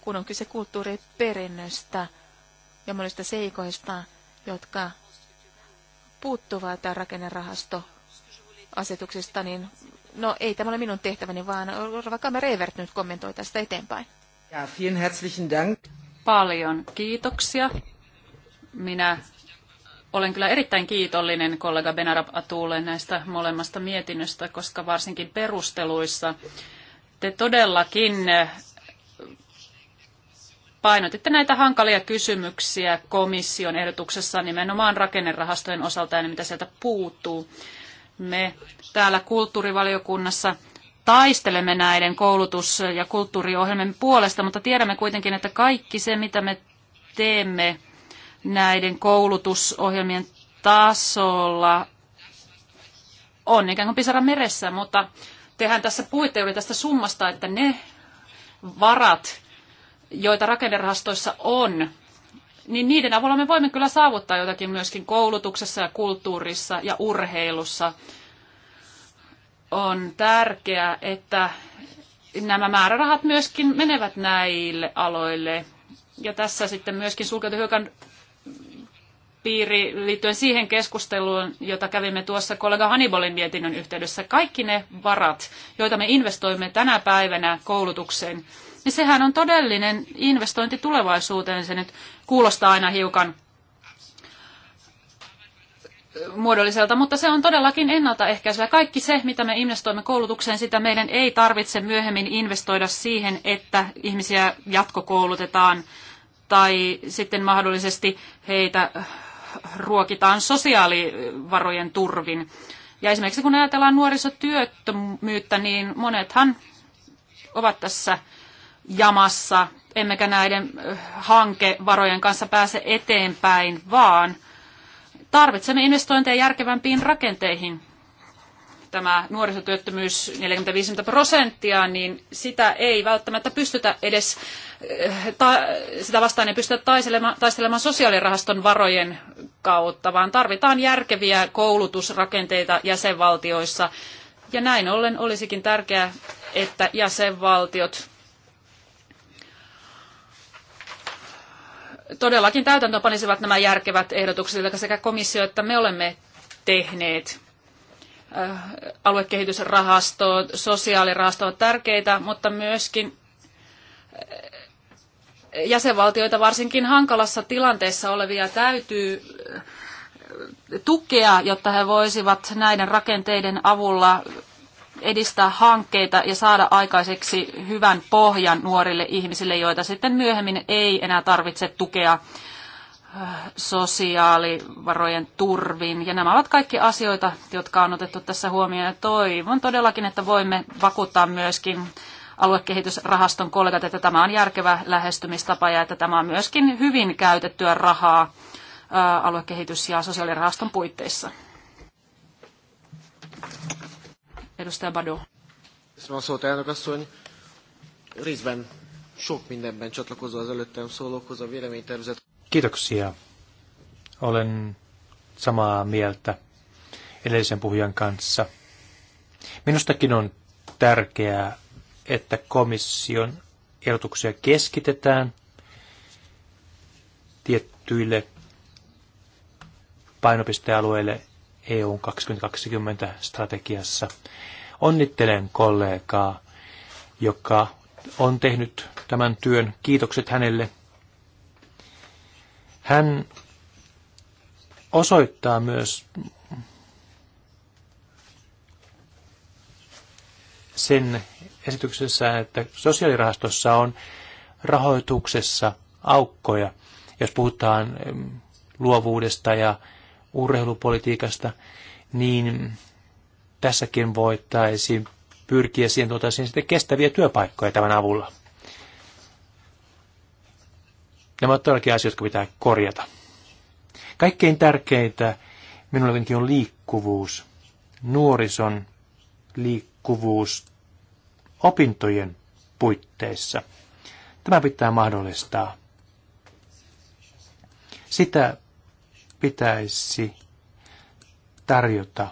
kun on kyse kulttuuriperinnöstä ja monista seikoista, jotka puuttuvat rakennerahasto asetuksesta, niin no ei tämä ole minun tehtäväni, vaan Rova Reivert nyt kommentoi tästä eteenpäin. Ja, vielen herzlichen Dank. Paljon kiitoksia. Minä olen kyllä erittäin kiitollinen kollega Benarab Atuulle näistä molemmasta mietinnöstä, koska varsinkin perusteluissa te todellakin eh, painotitte näitä hankalia kysymyksiä komission ehdotuksessa nimenomaan rakennerahastojen osalta ja mitä sieltä puuttuu. Me täällä kulttuurivaliokunnassa taistelemme näiden koulutus- ja kulttuuriohjelmien puolesta, mutta tiedämme kuitenkin, että kaikki se, mitä me teemme näiden koulutusohjelmien tasolla, on ikään kuin pisara meressä, mutta tehän tässä puhuitte juuri tästä summasta, että ne varat, joita rakennerahastoissa on, niin niiden avulla me voimme kyllä saavuttaa jotakin myöskin koulutuksessa ja kulttuurissa ja urheilussa. On tärkeää, että nämä määrärahat myöskin menevät näille aloille. Ja tässä sitten myöskin sulkeutuhyökan piiri liittyen siihen keskusteluun, jota kävimme tuossa kollega Hannibalin mietinnön yhteydessä. Kaikki ne varat, joita me investoimme tänä päivänä koulutukseen, niin sehän on todellinen investointi tulevaisuuteen. Se nyt kuulostaa aina hiukan muodolliselta, mutta se on todellakin ennaltaehkäisyä. Kaikki se, mitä me investoimme koulutukseen, sitä meidän ei tarvitse myöhemmin investoida siihen, että ihmisiä jatkokoulutetaan tai sitten mahdollisesti heitä ruokitaan sosiaalivarojen turvin. Ja esimerkiksi kun ajatellaan nuorisotyöttömyyttä, niin monethan ovat tässä jamassa, emmekä näiden hankevarojen kanssa pääse eteenpäin, vaan tarvitsemme investointeja järkevämpiin rakenteihin tämä nuorisotyöttömyys 45 prosenttia, niin sitä ei välttämättä pystytä edes, eh, ta, sitä vastaan ei pystytä taistelemaan, taistelemaan sosiaalirahaston varojen kautta, vaan tarvitaan järkeviä koulutusrakenteita jäsenvaltioissa. Ja näin ollen olisikin tärkeää, että jäsenvaltiot todellakin täytäntöönpanisivat nämä järkevät ehdotukset, jotka sekä komissio että me olemme tehneet. Äh, aluekehitysrahasto, sosiaalirahasto ovat tärkeitä, mutta myöskin äh, jäsenvaltioita varsinkin hankalassa tilanteessa olevia täytyy äh, tukea, jotta he voisivat näiden rakenteiden avulla edistää hankkeita ja saada aikaiseksi hyvän pohjan nuorille ihmisille, joita sitten myöhemmin ei enää tarvitse tukea sosiaalivarojen turvin. Ja nämä ovat kaikki asioita, jotka on otettu tässä huomioon. Ja toivon todellakin, että voimme vakuuttaa myöskin aluekehitysrahaston kollegat, että tämä on järkevä lähestymistapa ja että tämä on myöskin hyvin käytettyä rahaa aluekehitys- ja sosiaalirahaston puitteissa. Edustaja Badu. Köszönöm a szót, Részben sok mindenben csatlakozva az előttem szólókhoz a véleménytervezet. Kiitoksia. Olen samaa mieltä edellisen puhujan kanssa. Minustakin on tärkeää, että komission ehdotuksia keskitetään tiettyille painopistealueille EUn 2020 strategiassa. Onnittelen kollegaa, joka on tehnyt tämän työn. Kiitokset hänelle hän osoittaa myös sen esityksessään, että sosiaalirahastossa on rahoituksessa aukkoja, jos puhutaan luovuudesta ja urheilupolitiikasta, niin tässäkin voitaisiin pyrkiä siihen, että sitten kestäviä työpaikkoja tämän avulla. Nämä ovat todellakin asioita, jotka pitää korjata. Kaikkein tärkeintä minulle on liikkuvuus, nuorison liikkuvuus opintojen puitteissa. Tämä pitää mahdollistaa. Sitä pitäisi tarjota.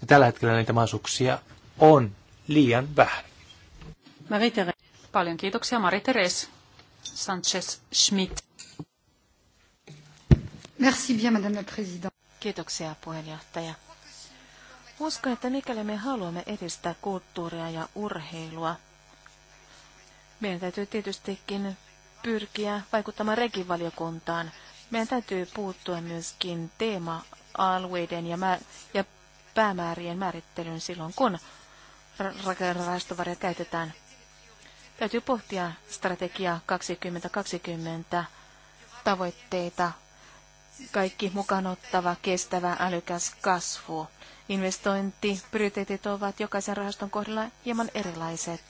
Ja tällä hetkellä niitä mahdollisuuksia on liian vähän. Marie Paljon kiitoksia Marie Therese Sanchez Schmidt. Merci bien, Madame la Présidente. Kiitoksia, puheenjohtaja. Uskon, että mikäli me haluamme edistää kulttuuria ja urheilua, meidän täytyy tietystikin pyrkiä vaikuttamaan regivaliokuntaan. Meidän täytyy puuttua myöskin teema-alueiden ja, mä- ja päämäärien määrittelyyn silloin, kun rakennerahastovaroja käytetään. Täytyy pohtia strategia 2020 tavoitteita kaikki mukaan ottava, kestävä, älykäs kasvu. Investointiprioriteetit ovat jokaisen rahaston kohdalla hieman erilaiset.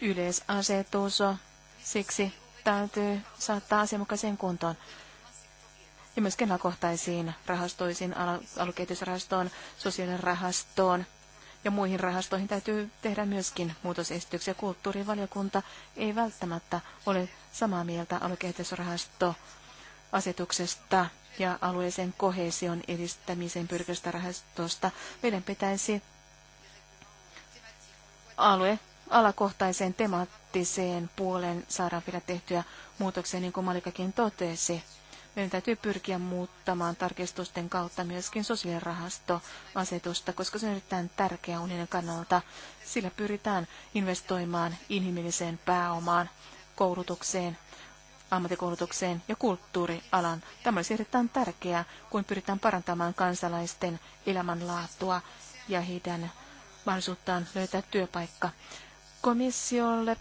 Yleisasetus, siksi täytyy saattaa asianmukaiseen kuntoon. Ja myöskin alakohtaisiin rahastoisiin, alukehitysrahastoon, sosiaalirahastoon ja muihin rahastoihin täytyy tehdä myöskin muutosesityksiä. Kulttuurivaliokunta ei välttämättä ole samaa mieltä aluekehitysrahasto asetuksesta ja alueellisen kohesion edistämiseen pyrkivästä rahastosta. Meidän pitäisi alue alakohtaiseen temaattiseen puoleen saadaan vielä tehtyä muutoksia, niin kuin Malikakin totesi. Meidän täytyy pyrkiä muuttamaan tarkistusten kautta myöskin sosiaalirahastoasetusta, koska se on erittäin tärkeä unionin kannalta. Sillä pyritään investoimaan inhimilliseen pääomaan, koulutukseen, ammattikoulutukseen ja kulttuurialan. Tämä olisi erittäin tärkeää, kun pyritään parantamaan kansalaisten elämänlaatua ja heidän mahdollisuuttaan löytää työpaikka. Komissiolle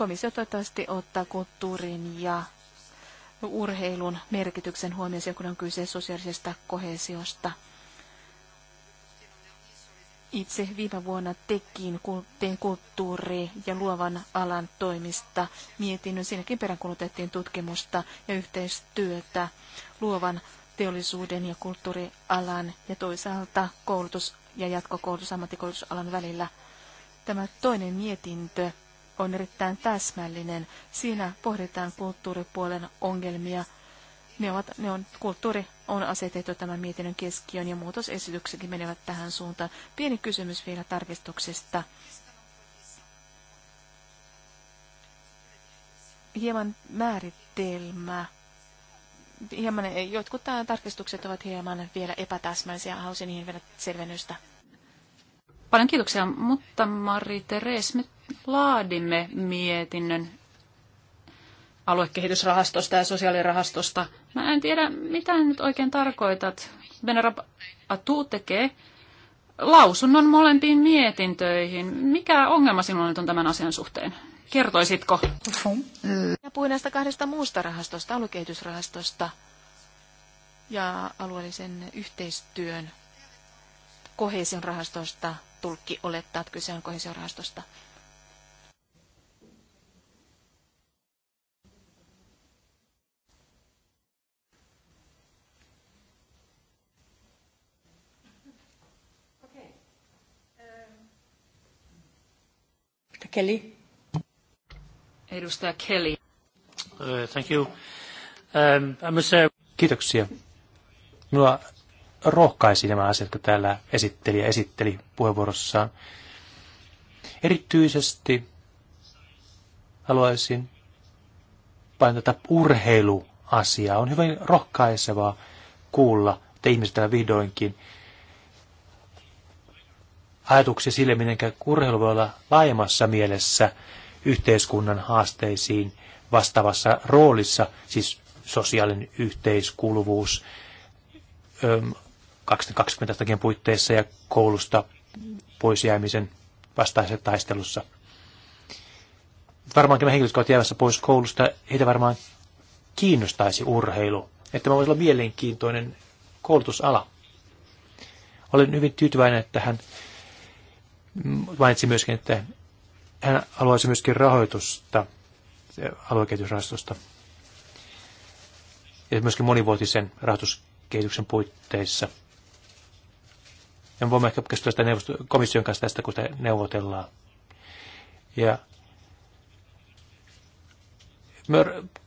Komissio toivottavasti ottaa kulttuurin ja urheilun merkityksen huomioon, kun on kyse sosiaalisesta kohesiosta. Itse viime vuonna tekin tein kulttuuri- ja luovan alan toimista mietinnön. Siinäkin peräänkulutettiin tutkimusta ja yhteistyötä luovan teollisuuden ja kulttuurialan ja toisaalta koulutus- ja jatkokoulutus- ja ammattikoulutusalan välillä. Tämä toinen mietintö on erittäin täsmällinen. Siinä pohditaan kulttuuripuolen ongelmia. Ne ovat, ne on, kulttuuri on asetettu tämän mietinnön keskiön ja muutosesityksetkin menevät tähän suuntaan. Pieni kysymys vielä tarkistuksesta. Hieman määritelmä hieman, jotkut tarkistukset ovat hieman vielä epätäsmällisiä, Haluaisin niihin vielä selvennystä. Paljon kiitoksia, mutta Mari therese me laadimme mietinnön aluekehitysrahastosta ja sosiaalirahastosta. Mä en tiedä, mitä nyt oikein tarkoitat. Venerab Atu tekee lausunnon molempiin mietintöihin. Mikä ongelma sinulla nyt on tämän asian suhteen? Kertoisitko? Ja puhuin näistä kahdesta muusta rahastosta, aluekehitysrahastosta ja alueellisen yhteistyön kohesion rahastosta. Tulkki olettaa, että kyse on kohesion rahastosta. Kelly. Edustaja Kelly. Uh, thank you. Um, Kiitoksia. Minua rohkaisi nämä asiat, jotka täällä esitteli ja esitteli puheenvuorossaan. Erityisesti haluaisin painottaa urheiluasiaa. On hyvin rohkaisevaa kuulla, että ihmiset täällä vihdoinkin ajatuksia sille, miten urheilu voi olla laajemmassa mielessä yhteiskunnan haasteisiin vastaavassa roolissa, siis sosiaalinen yhteiskuuluvuus 2020 strategian puitteissa ja koulusta pois jäämisen vastaisessa taistelussa. Varmaankin me henkilöt, jotka ovat jäämässä pois koulusta, heitä varmaan kiinnostaisi urheilu, että tämä voisi olla mielenkiintoinen koulutusala. Olen hyvin tyytyväinen että hän mainitsi myöskin, että hän haluaisi myöskin rahoitusta aluekehitysrahastosta ja myöskin monivuotisen rahoituskehityksen puitteissa. Ja me voimme ehkä keskustella sitä komission kanssa tästä, kun sitä neuvotellaan. Ja me,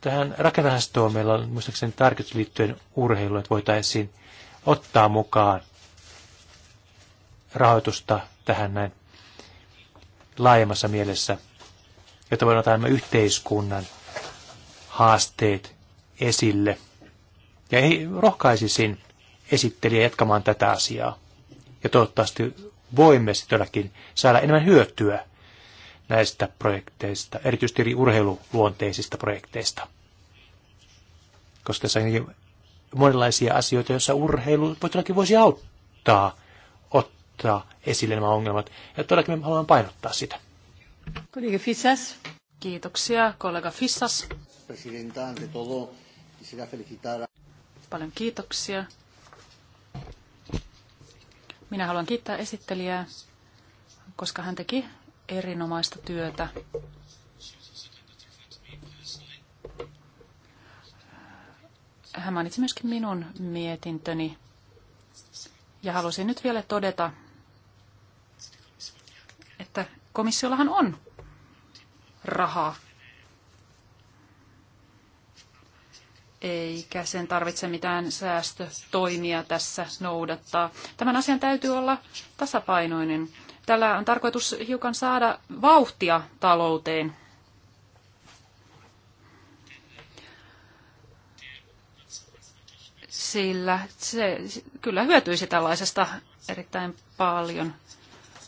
tähän rakennerahastoon meillä on muistaakseni tarkoitus liittyen urheiluun, että voitaisiin ottaa mukaan – rahoitusta tähän näin laajemmassa mielessä, jotta voidaan ottaa nämä yhteiskunnan haasteet esille. Ja ei rohkaisisin esittelijä jatkamaan tätä asiaa. Ja toivottavasti voimme sitten saada enemmän hyötyä näistä projekteista, erityisesti eri urheiluluonteisista projekteista. Koska tässä on monenlaisia asioita, joissa urheilu voi voisi auttaa ottaa esille nämä ongelmat. Ja todellakin me haluamme painottaa sitä. Kollega Fissas. Kiitoksia, kollega Fissas. Paljon kiitoksia. Minä haluan kiittää esittelijää, koska hän teki erinomaista työtä. Hän mainitsi myöskin minun mietintöni. Ja halusin nyt vielä todeta, komissiollahan on rahaa. Eikä sen tarvitse mitään säästötoimia tässä noudattaa. Tämän asian täytyy olla tasapainoinen. Tällä on tarkoitus hiukan saada vauhtia talouteen. Sillä se kyllä hyötyisi tällaisesta erittäin paljon.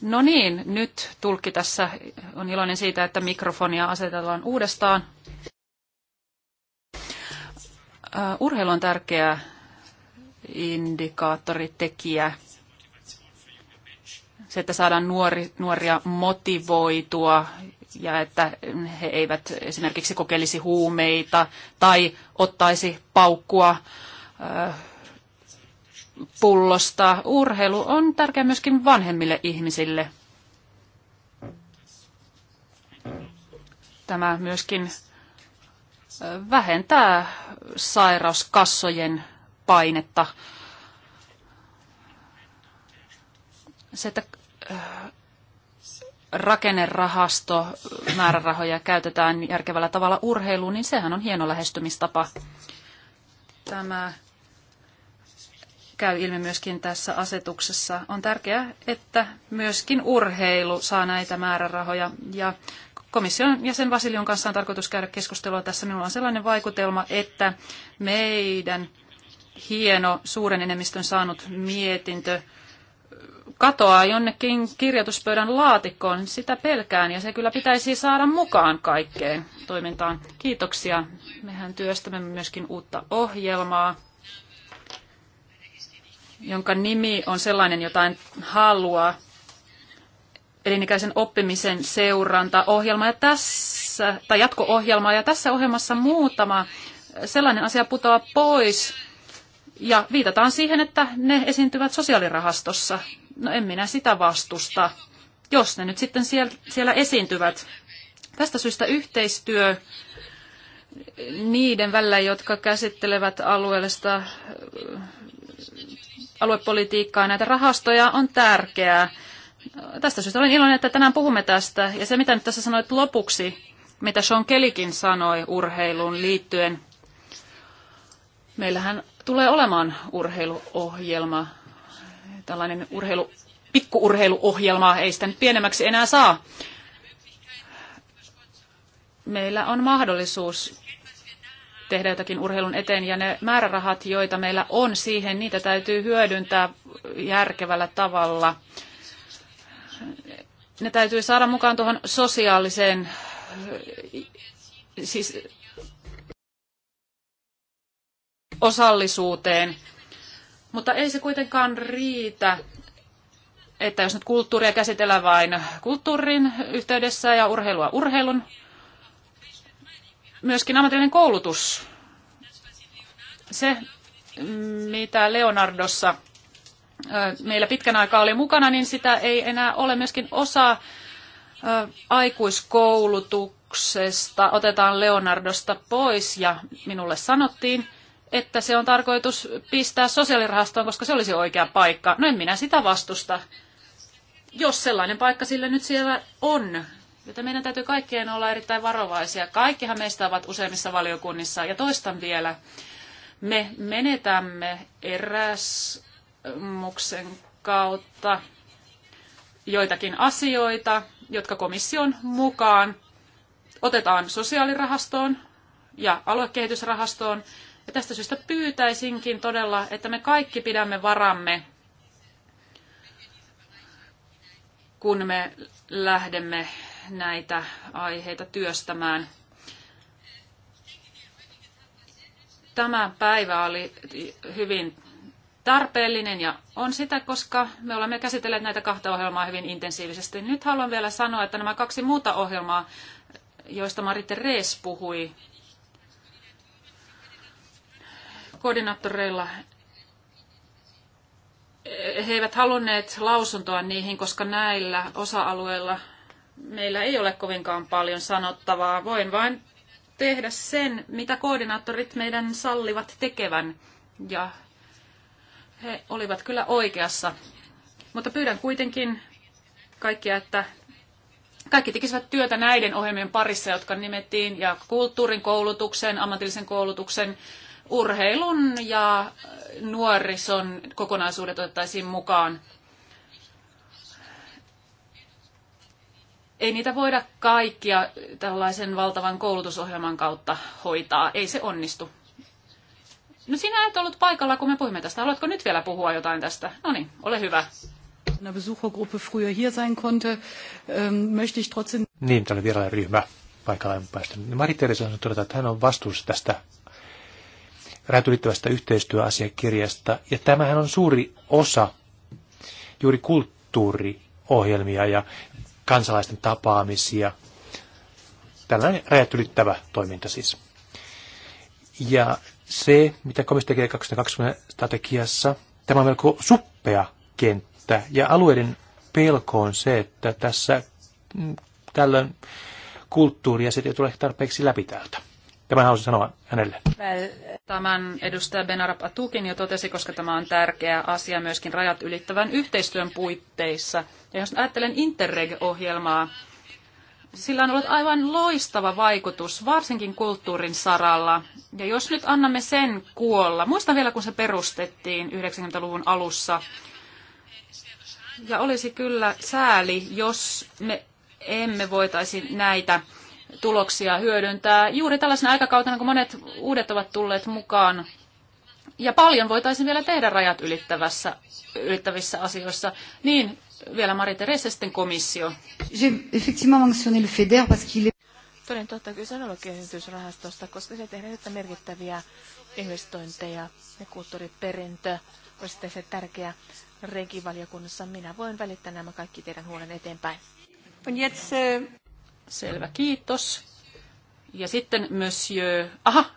No niin, nyt tulkki tässä on iloinen siitä, että mikrofonia asetellaan uudestaan. Urheilu on tärkeä indikaattoritekijä. Se, että saadaan nuori, nuoria motivoitua ja että he eivät esimerkiksi kokeilisi huumeita tai ottaisi paukkua pullosta. Urheilu on tärkeä myöskin vanhemmille ihmisille. Tämä myöskin vähentää sairauskassojen painetta. Se, että rakennerahasto määrärahoja käytetään järkevällä tavalla urheiluun, niin sehän on hieno lähestymistapa. Tämä käy ilmi myöskin tässä asetuksessa. On tärkeää, että myöskin urheilu saa näitä määrärahoja. Ja komission jäsen Vasilion kanssa on tarkoitus käydä keskustelua tässä. Minulla on sellainen vaikutelma, että meidän hieno suuren enemmistön saanut mietintö katoaa jonnekin kirjoituspöydän laatikkoon. Sitä pelkään ja se kyllä pitäisi saada mukaan kaikkeen toimintaan. Kiitoksia. Mehän työstämme myöskin uutta ohjelmaa jonka nimi on sellainen, jota en halua, elinikäisen oppimisen seurantaohjelma ja tässä, tai jatko-ohjelma, ja tässä ohjelmassa muutama sellainen asia putoaa pois, ja viitataan siihen, että ne esiintyvät sosiaalirahastossa. No en minä sitä vastusta, jos ne nyt sitten siellä, siellä esiintyvät. Tästä syystä yhteistyö niiden välillä, jotka käsittelevät alueellista aluepolitiikkaa, ja näitä rahastoja on tärkeää. Tästä syystä olen iloinen, että tänään puhumme tästä. Ja se, mitä nyt tässä sanoit lopuksi, mitä Sean Kelikin sanoi urheiluun liittyen, meillähän tulee olemaan urheiluohjelma, tällainen urheilu, pikkuurheiluohjelma, ei sitä nyt pienemmäksi enää saa. Meillä on mahdollisuus tehdä jotakin urheilun eteen ja ne määrärahat, joita meillä on siihen, niitä täytyy hyödyntää järkevällä tavalla. Ne täytyy saada mukaan tuohon sosiaaliseen, siis osallisuuteen. Mutta ei se kuitenkaan riitä, että jos nyt kulttuuria käsitellään vain kulttuurin yhteydessä ja urheilua urheilun myöskin ammatillinen koulutus. Se, mitä Leonardossa meillä pitkän aikaa oli mukana, niin sitä ei enää ole myöskin osa aikuiskoulutuksesta otetaan Leonardosta pois ja minulle sanottiin, että se on tarkoitus pistää sosiaalirahastoon, koska se olisi oikea paikka. No en minä sitä vastusta. Jos sellainen paikka sille nyt siellä on, Joten meidän täytyy kaikkien olla erittäin varovaisia. Kaikkihan meistä ovat useimmissa valiokunnissa. Ja toistan vielä, me menetämme eräsmuksen kautta joitakin asioita, jotka komission mukaan otetaan sosiaalirahastoon ja aluekehitysrahastoon. Ja tästä syystä pyytäisinkin todella, että me kaikki pidämme varamme, kun me lähdemme näitä aiheita työstämään. Tämä päivä oli hyvin tarpeellinen ja on sitä, koska me olemme käsitelleet näitä kahta ohjelmaa hyvin intensiivisesti. Nyt haluan vielä sanoa, että nämä kaksi muuta ohjelmaa, joista Marit Rees puhui, koordinaattoreilla he eivät halunneet lausuntoa niihin, koska näillä osa-alueilla meillä ei ole kovinkaan paljon sanottavaa. Voin vain tehdä sen, mitä koordinaattorit meidän sallivat tekevän. Ja he olivat kyllä oikeassa. Mutta pyydän kuitenkin kaikkia, että kaikki tekisivät työtä näiden ohjelmien parissa, jotka nimettiin, ja kulttuurin koulutuksen, ammatillisen koulutuksen, urheilun ja nuorison kokonaisuudet otettaisiin mukaan. ei niitä voida kaikkia tällaisen valtavan koulutusohjelman kautta hoitaa. Ei se onnistu. No sinä et ollut paikalla, kun me puhumme tästä. Haluatko nyt vielä puhua jotain tästä? No niin, ole hyvä. Besuchergruppe früher hier sein konnte, ähm, möchte ich trotzdem... Niin, tämä oli ryhmä paikalla en päästä. mari on todeta, että hän on vastuussa tästä räätylittävästä yhteistyöasiakirjasta. Ja tämähän on suuri osa juuri kulttuuriohjelmia ja kansalaisten tapaamisia. Tällainen rajat ylittävä toiminta siis. Ja se, mitä komissio tekee 2020 strategiassa, tämä on melko suppea kenttä. Ja alueiden pelko on se, että tässä mm, tällöin kulttuuria se ei tule tarpeeksi läpi täältä. Tämä haluaisin sanoa hänelle. Tämän edustaja Benarab Atukin jo totesi, koska tämä on tärkeä asia myöskin rajat ylittävän yhteistyön puitteissa. Ja jos ajattelen Interreg-ohjelmaa, sillä on ollut aivan loistava vaikutus, varsinkin kulttuurin saralla. Ja jos nyt annamme sen kuolla, muistan vielä kun se perustettiin 90-luvun alussa, ja olisi kyllä sääli, jos me emme voitaisi näitä tuloksia hyödyntää juuri tällaisena aikakautena, kun monet uudet ovat tulleet mukaan. Ja paljon voitaisiin vielä tehdä rajat ylittävässä, ylittävissä asioissa. Niin, vielä Marie-Therese sitten komissio. Toden totta, kyllä se on ollut kehitysrahastosta, koska se tehdään että merkittäviä investointeja ja kulttuuriperintö on sitten se tärkeä renkivaliokunnassa. Minä voin välittää nämä kaikki teidän huolen eteenpäin. On jetzt, äh, Selvä, kiitos. Ja sitten Monsieur, aha,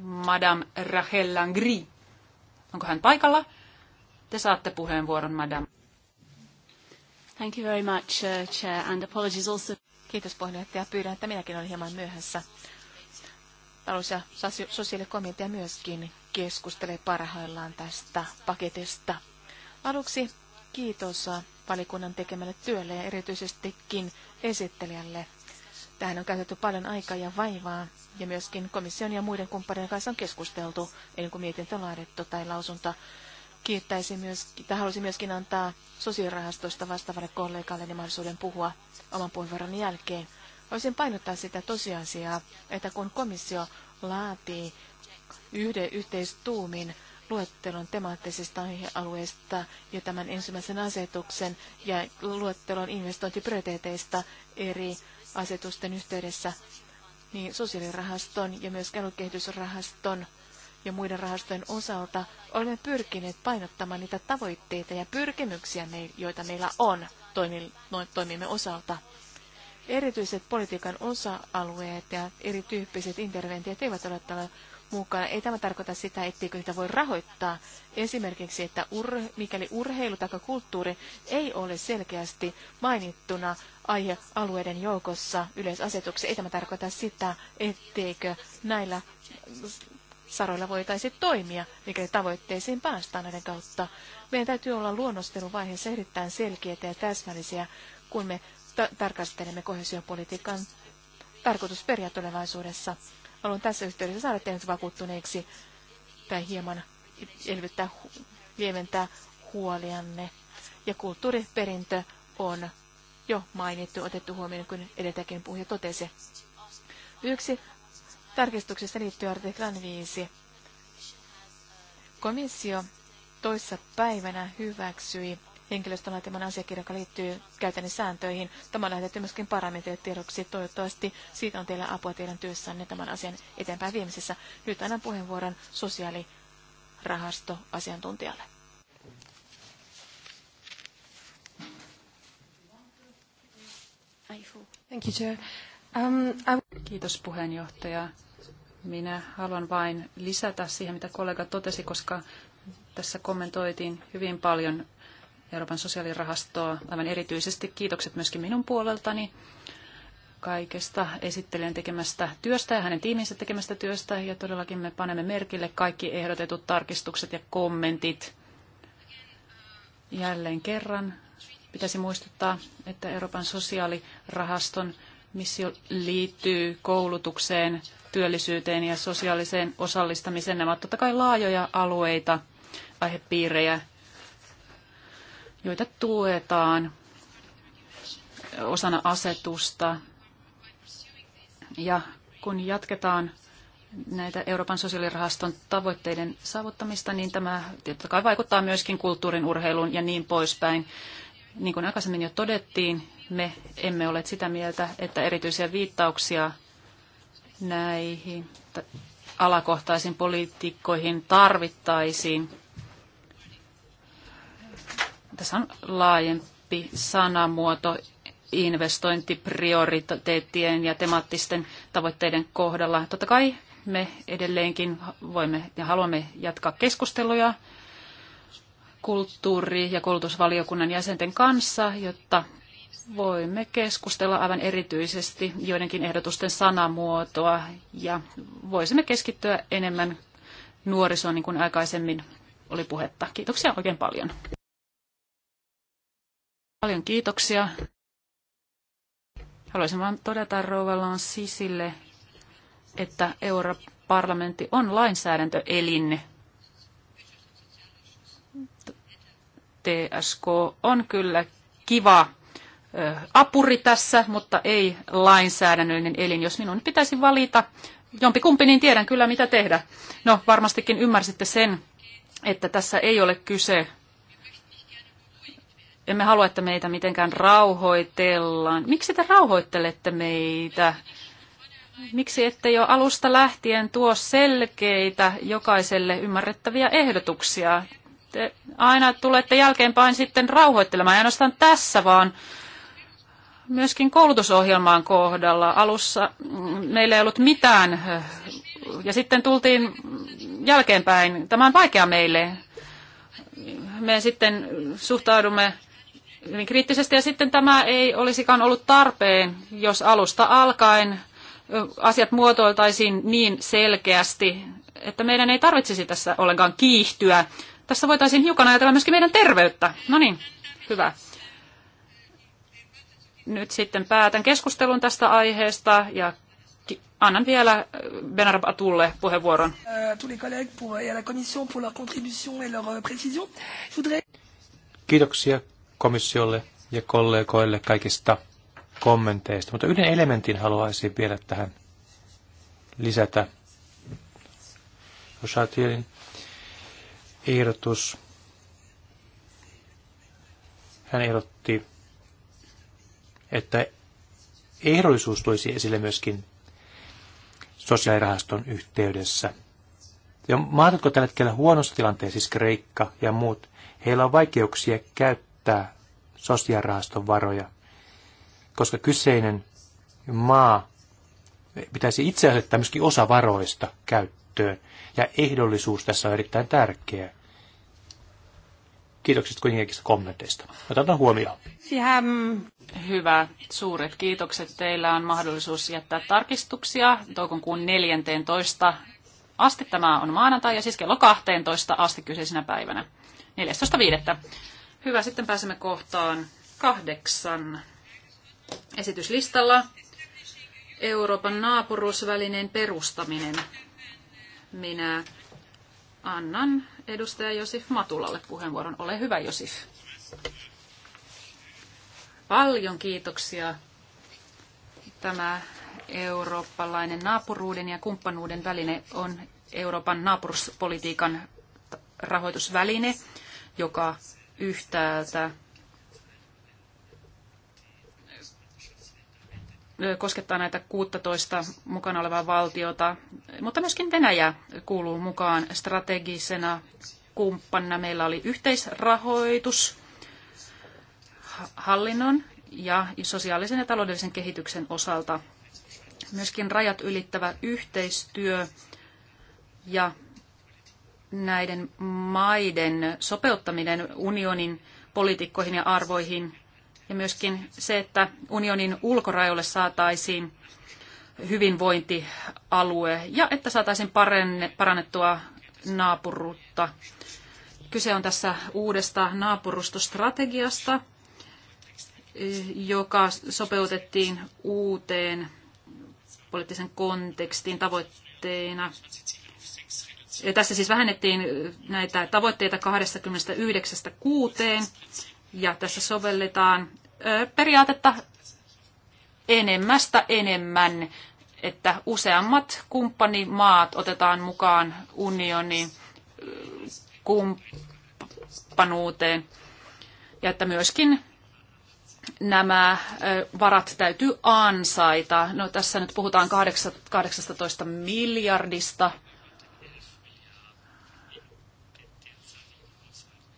Madame Rachel Langri. Onko hän paikalla? Te saatte puheenvuoron, Madame. Thank you very much, uh, Chair, and apologies also. Kiitos puheenjohtaja. Pyydän, että minäkin olin hieman myöhässä. Talous- ja sosiaalikomitea myöskin keskustelee parhaillaan tästä paketista. Aluksi kiitos uh, valikunnan tekemälle työlle ja erityisestikin esittelijälle Tähän on käytetty paljon aikaa ja vaivaa, ja myöskin komission ja muiden kumppanien kanssa on keskusteltu, ennen kuin mietintö on laadittu tai lausunta. Kiittäisin myöskin, tai haluaisin myöskin antaa sosiaalirahastosta vastaavalle kollegalle niin mahdollisuuden puhua oman puheenvuoron jälkeen. Voisin painottaa sitä tosiasiaa, että kun komissio laatii yhden yhteistuumin luettelon temaattisista aihealueista ja tämän ensimmäisen asetuksen ja luettelon investointiprioriteeteista eri asetusten yhteydessä, niin sosiaalirahaston ja myös kehitysrahaston ja muiden rahastojen osalta olemme pyrkineet painottamaan niitä tavoitteita ja pyrkimyksiä, joita meillä on no, toimimme osalta. Erityiset politiikan osa-alueet ja erityyppiset interventiot eivät ole tällä mukana. Ei tämä tarkoita sitä, etteikö niitä voi rahoittaa. Esimerkiksi, että ur, mikäli urheilu tai kulttuuri ei ole selkeästi mainittuna aihealueiden joukossa yleisasetuksessa, ei tämä tarkoita sitä, etteikö näillä saroilla voitaisiin toimia, mikäli tavoitteisiin päästään näiden kautta. Meidän täytyy olla luonnosteluvaiheessa erittäin selkeitä ja täsmällisiä, kun me ta- tarkastelemme kohesiopolitiikan tarkoitusperiaat tulevaisuudessa. Haluan tässä yhteydessä saada teidät vakuuttuneeksi tai hieman elvyttää, lieventää huolianne. Ja kulttuuriperintö on jo mainittu, otettu huomioon, kun edeltäkin puhuja totesi. Yksi tarkistuksesta liittyy artiklan 5. Komissio toissa päivänä hyväksyi henkilöstön laitaman asiakirja, joka liittyy käytännön sääntöihin. Tämä on lähetetty myöskin parametrit tiedoksi. Toivottavasti siitä on teillä apua teidän työssänne tämän asian eteenpäin viemisessä. Nyt annan puheenvuoron sosiaalirahastoasiantuntijalle. Thank you, Chair. Um, I... Kiitos puheenjohtaja. Minä haluan vain lisätä siihen, mitä kollega totesi, koska tässä kommentoitiin hyvin paljon Euroopan sosiaalirahastoa. Aivan erityisesti kiitokset myöskin minun puoleltani kaikesta esittelijän tekemästä työstä ja hänen tiiminsä tekemästä työstä. Ja todellakin me panemme merkille kaikki ehdotetut tarkistukset ja kommentit. Jälleen kerran pitäisi muistuttaa, että Euroopan sosiaalirahaston missio liittyy koulutukseen, työllisyyteen ja sosiaaliseen osallistamiseen. Nämä ovat totta kai laajoja alueita, aihepiirejä, joita tuetaan osana asetusta. Ja kun jatketaan näitä Euroopan sosiaalirahaston tavoitteiden saavuttamista, niin tämä totta kai vaikuttaa myöskin kulttuurin, urheiluun ja niin poispäin. Niin kuin aikaisemmin jo todettiin, me emme ole sitä mieltä, että erityisiä viittauksia näihin alakohtaisiin poliitikkoihin tarvittaisiin tässä on laajempi sanamuoto investointiprioriteettien ja temaattisten tavoitteiden kohdalla. Totta kai me edelleenkin voimme ja haluamme jatkaa keskusteluja kulttuuri- ja koulutusvaliokunnan jäsenten kanssa, jotta voimme keskustella aivan erityisesti joidenkin ehdotusten sanamuotoa ja voisimme keskittyä enemmän nuorisoon, niin kuin aikaisemmin oli puhetta. Kiitoksia oikein paljon. Paljon kiitoksia. Haluaisin vain todeta Rouvalaan sisille, että europarlamentti on lainsäädäntöelin. TSK on kyllä kiva apuri tässä, mutta ei lainsäädännöllinen elin. Jos minun pitäisi valita jompikumpi, niin tiedän kyllä mitä tehdä. No, varmastikin ymmärsitte sen, että tässä ei ole kyse emme halua, että meitä mitenkään rauhoitellaan. Miksi te rauhoittelette meitä? Miksi ette jo alusta lähtien tuo selkeitä jokaiselle ymmärrettäviä ehdotuksia? Te aina tulette jälkeenpäin sitten rauhoittelemaan, ei ainoastaan tässä, vaan myöskin koulutusohjelmaan kohdalla. Alussa meillä ei ollut mitään ja sitten tultiin jälkeenpäin. Tämä on vaikea meille. Me sitten suhtaudumme hyvin kriittisesti ja sitten tämä ei olisikaan ollut tarpeen, jos alusta alkaen asiat muotoiltaisiin niin selkeästi, että meidän ei tarvitsisi tässä ollenkaan kiihtyä. Tässä voitaisiin hiukan ajatella myöskin meidän terveyttä. No niin, hyvä. Nyt sitten päätän keskustelun tästä aiheesta ja annan vielä Benar Batulle puheenvuoron. Äh, euh, Kiitoksia komissiolle ja kollegoille kaikista kommenteista. Mutta yhden elementin haluaisin vielä tähän lisätä. Rosatierin ehdotus. Hän ehdotti, että ehdollisuus tulisi esille myöskin sosiaalirahaston yhteydessä. Ja maat, jotka tällä hetkellä huonossa tilanteessa, siis Kreikka ja muut, heillä on vaikeuksia käyttää käyttää sosiaalirahaston varoja, koska kyseinen maa pitäisi itse asettaa myöskin osa varoista käyttöön, ja ehdollisuus tässä on erittäin tärkeä. Kiitokset kuitenkin kommenteista. Otetaan huomioon. Hyvä. Suuret kiitokset. Teillä on mahdollisuus jättää tarkistuksia toukokuun 14 asti. Tämä on maanantai ja siis kello 12 asti kyseisenä päivänä. 14.5. Hyvä, sitten pääsemme kohtaan kahdeksan esityslistalla. Euroopan naapuruusvälineen perustaminen. Minä annan edustaja Josif Matulalle puheenvuoron. Ole hyvä, Josif. Paljon kiitoksia. Tämä eurooppalainen naapuruuden ja kumppanuuden väline on Euroopan naapuruspolitiikan rahoitusväline, joka yhtäältä koskettaa näitä 16 mukana olevaa valtiota, mutta myöskin Venäjä kuuluu mukaan strategisena kumppanina. Meillä oli yhteisrahoitus hallinnon ja sosiaalisen ja taloudellisen kehityksen osalta. Myöskin rajat ylittävä yhteistyö ja näiden maiden sopeuttaminen unionin poliitikkoihin ja arvoihin ja myöskin se, että unionin ulkorajoille saataisiin hyvinvointialue ja että saataisiin parannettua naapuruutta. Kyse on tässä uudesta naapurustostrategiasta, joka sopeutettiin uuteen poliittisen kontekstin tavoitteena tässä siis vähennettiin näitä tavoitteita kuuteen, Ja tässä sovelletaan periaatetta enemmästä enemmän, että useammat kumppanimaat otetaan mukaan unionin kumppanuuteen. Ja että myöskin nämä varat täytyy ansaita. No tässä nyt puhutaan 18 miljardista –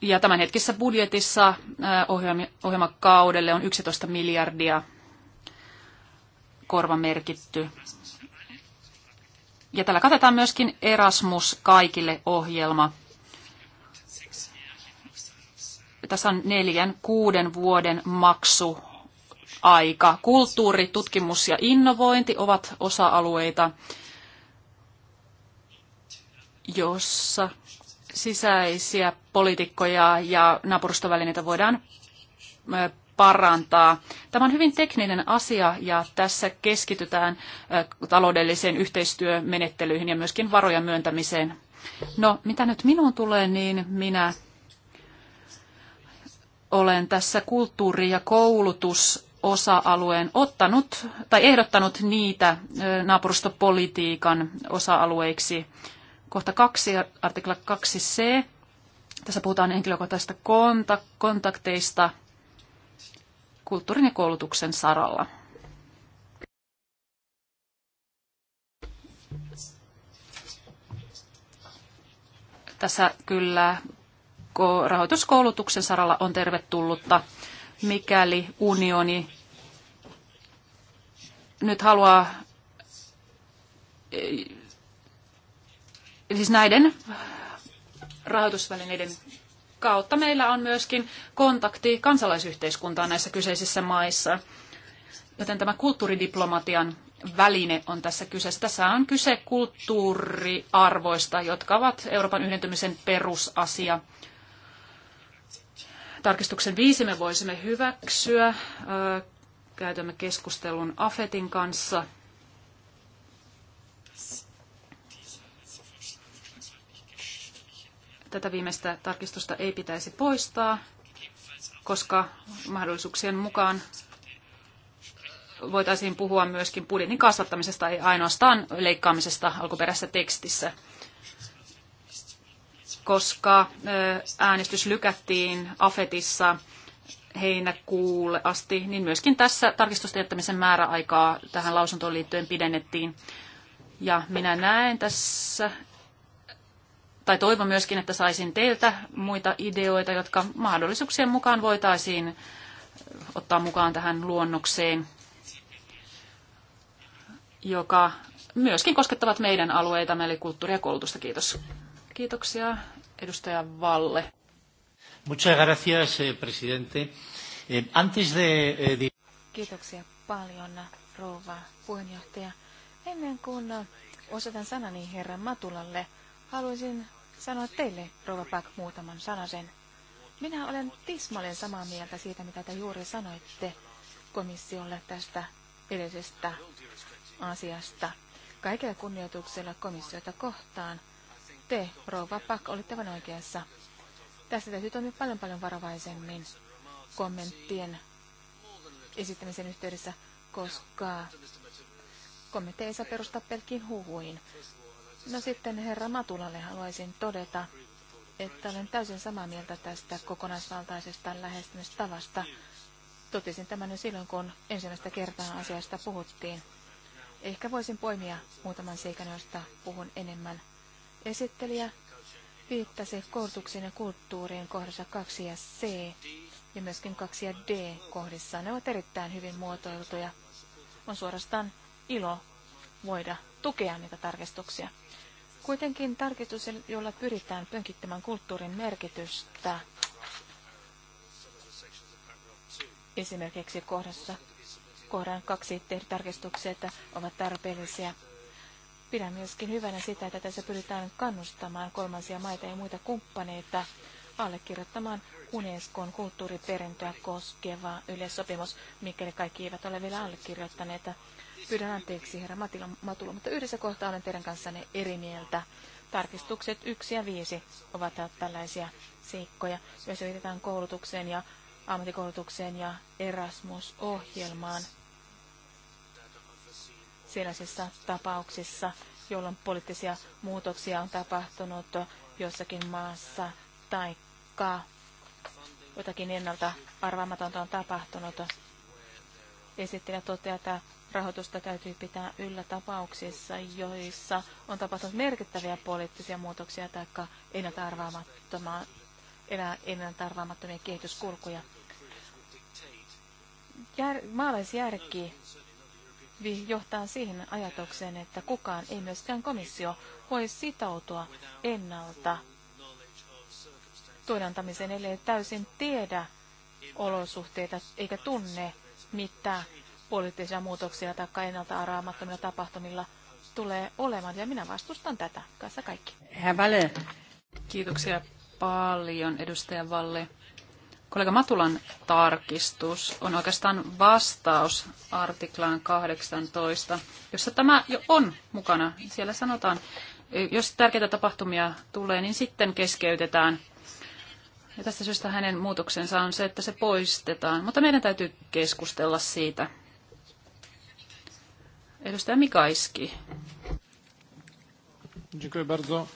Ja tämänhetkisessä budjetissa ohjelmakaudelle on 11 miljardia korvamerkitty. Ja tällä katetaan myöskin Erasmus kaikille ohjelma. Tässä on neljän, kuuden vuoden maksu aika. Kulttuuri, tutkimus ja innovointi ovat osa-alueita, jossa sisäisiä poliitikkoja ja naapurustovälineitä voidaan parantaa. Tämä on hyvin tekninen asia ja tässä keskitytään taloudelliseen yhteistyömenettelyihin ja myöskin varojen myöntämiseen. No, mitä nyt minuun tulee, niin minä olen tässä kulttuuri- ja koulutusosa-alueen ottanut tai ehdottanut niitä naapurustopolitiikan osa-alueiksi, kohta 2, artikla 2c. Tässä puhutaan henkilökohtaisista kontakteista kulttuurin ja koulutuksen saralla. Tässä kyllä rahoituskoulutuksen saralla on tervetullutta, mikäli unioni nyt haluaa siis näiden rahoitusvälineiden kautta meillä on myöskin kontakti kansalaisyhteiskuntaan näissä kyseisissä maissa. Joten tämä kulttuuridiplomatian väline on tässä kyseessä. Tässä on kyse kulttuuriarvoista, jotka ovat Euroopan yhdentymisen perusasia. Tarkistuksen viisi me voisimme hyväksyä. Käytämme keskustelun AFETin kanssa – Tätä viimeistä tarkistusta ei pitäisi poistaa, koska mahdollisuuksien mukaan voitaisiin puhua myöskin budjetin kasvattamisesta, ei ainoastaan leikkaamisesta alkuperäisessä tekstissä. Koska äänestys lykättiin AFETissa heinäkuulle asti, niin myöskin tässä tarkistusten jättämisen määräaikaa tähän lausuntoon liittyen pidennettiin. Ja minä näen tässä tai toivon myöskin, että saisin teiltä muita ideoita, jotka mahdollisuuksien mukaan voitaisiin ottaa mukaan tähän luonnokseen, joka myöskin koskettavat meidän alueitamme, eli kulttuuria ja koulutusta. Kiitos. Kiitoksia, edustaja Valle. Muchas gracias, eh, presidente. Eh, antes de... Eh, Kiitoksia paljon, rouva puheenjohtaja. Ennen kuin osoitan sanani herra Matulalle, haluaisin sanoa teille, Rova Pak, muutaman sanasen. Minä olen tismalleen samaa mieltä siitä, mitä te juuri sanoitte komissiolle tästä edellisestä asiasta. Kaikella kunnioituksella komissiota kohtaan. Te, Rova Pak, olitte vain oikeassa. Tästä täytyy toimia paljon paljon varovaisemmin kommenttien esittämisen yhteydessä, koska kommentteja ei saa perustaa pelkkiin huhuihin. No sitten herra Matulalle haluaisin todeta, että olen täysin samaa mieltä tästä kokonaisvaltaisesta lähestymistavasta. Totesin tämän jo silloin, kun ensimmäistä kertaa asiasta puhuttiin. Ehkä voisin poimia muutaman seikan, josta puhun enemmän. Esittelijä viittasi koulutuksen ja kulttuuriin kohdassa 2 ja C ja myöskin 2 ja D kohdissa. Ne ovat erittäin hyvin muotoiltuja. On suorastaan ilo voida tukea niitä tarkistuksia kuitenkin tarkistus, jolla pyritään pönkittämään kulttuurin merkitystä. Esimerkiksi kohdassa kohdan kaksi tehdyt tarkistukset ovat tarpeellisia. Pidän myöskin hyvänä sitä, että tässä pyritään kannustamaan kolmansia maita ja muita kumppaneita allekirjoittamaan Unescon kulttuuriperintöä koskeva yleissopimus, mikäli kaikki eivät ole vielä allekirjoittaneet. Pyydän anteeksi, herra Matila, Matula, mutta yhdessä kohtaa olen teidän kanssanne eri mieltä. Tarkistukset 1 ja 5 ovat tällaisia seikkoja, joissa viitataan koulutukseen ja ammattikoulutukseen ja Erasmus-ohjelmaan sellaisissa tapauksissa, jolloin poliittisia muutoksia on tapahtunut jossakin maassa tai jotakin ennalta arvaamatonta on tapahtunut Esittelijä toteaa, että rahoitusta täytyy pitää yllä tapauksissa, joissa on tapahtunut merkittäviä poliittisia muutoksia tai ennaltaarvaamattomia kehityskulkuja. Jär, maalaisjärki johtaa siihen ajatukseen, että kukaan, ei myöskään komissio, voi sitoutua ennalta tuodantamiseen, eli ellei täysin tiedä olosuhteita eikä tunne mitä poliittisia muutoksia tai ennalta araamattomilla tapahtumilla tulee olemaan, ja minä vastustan tätä. Kanssa kaikki. Kiitoksia paljon, edustaja Valle. Kollega Matulan tarkistus on oikeastaan vastaus artiklaan 18, jossa tämä jo on mukana. Siellä sanotaan, jos tärkeitä tapahtumia tulee, niin sitten keskeytetään ja tästä syystä hänen muutoksensa on se, että se poistetaan. Mutta meidän täytyy keskustella siitä. Edustaja Mikaiski. Dziękuję bardzo.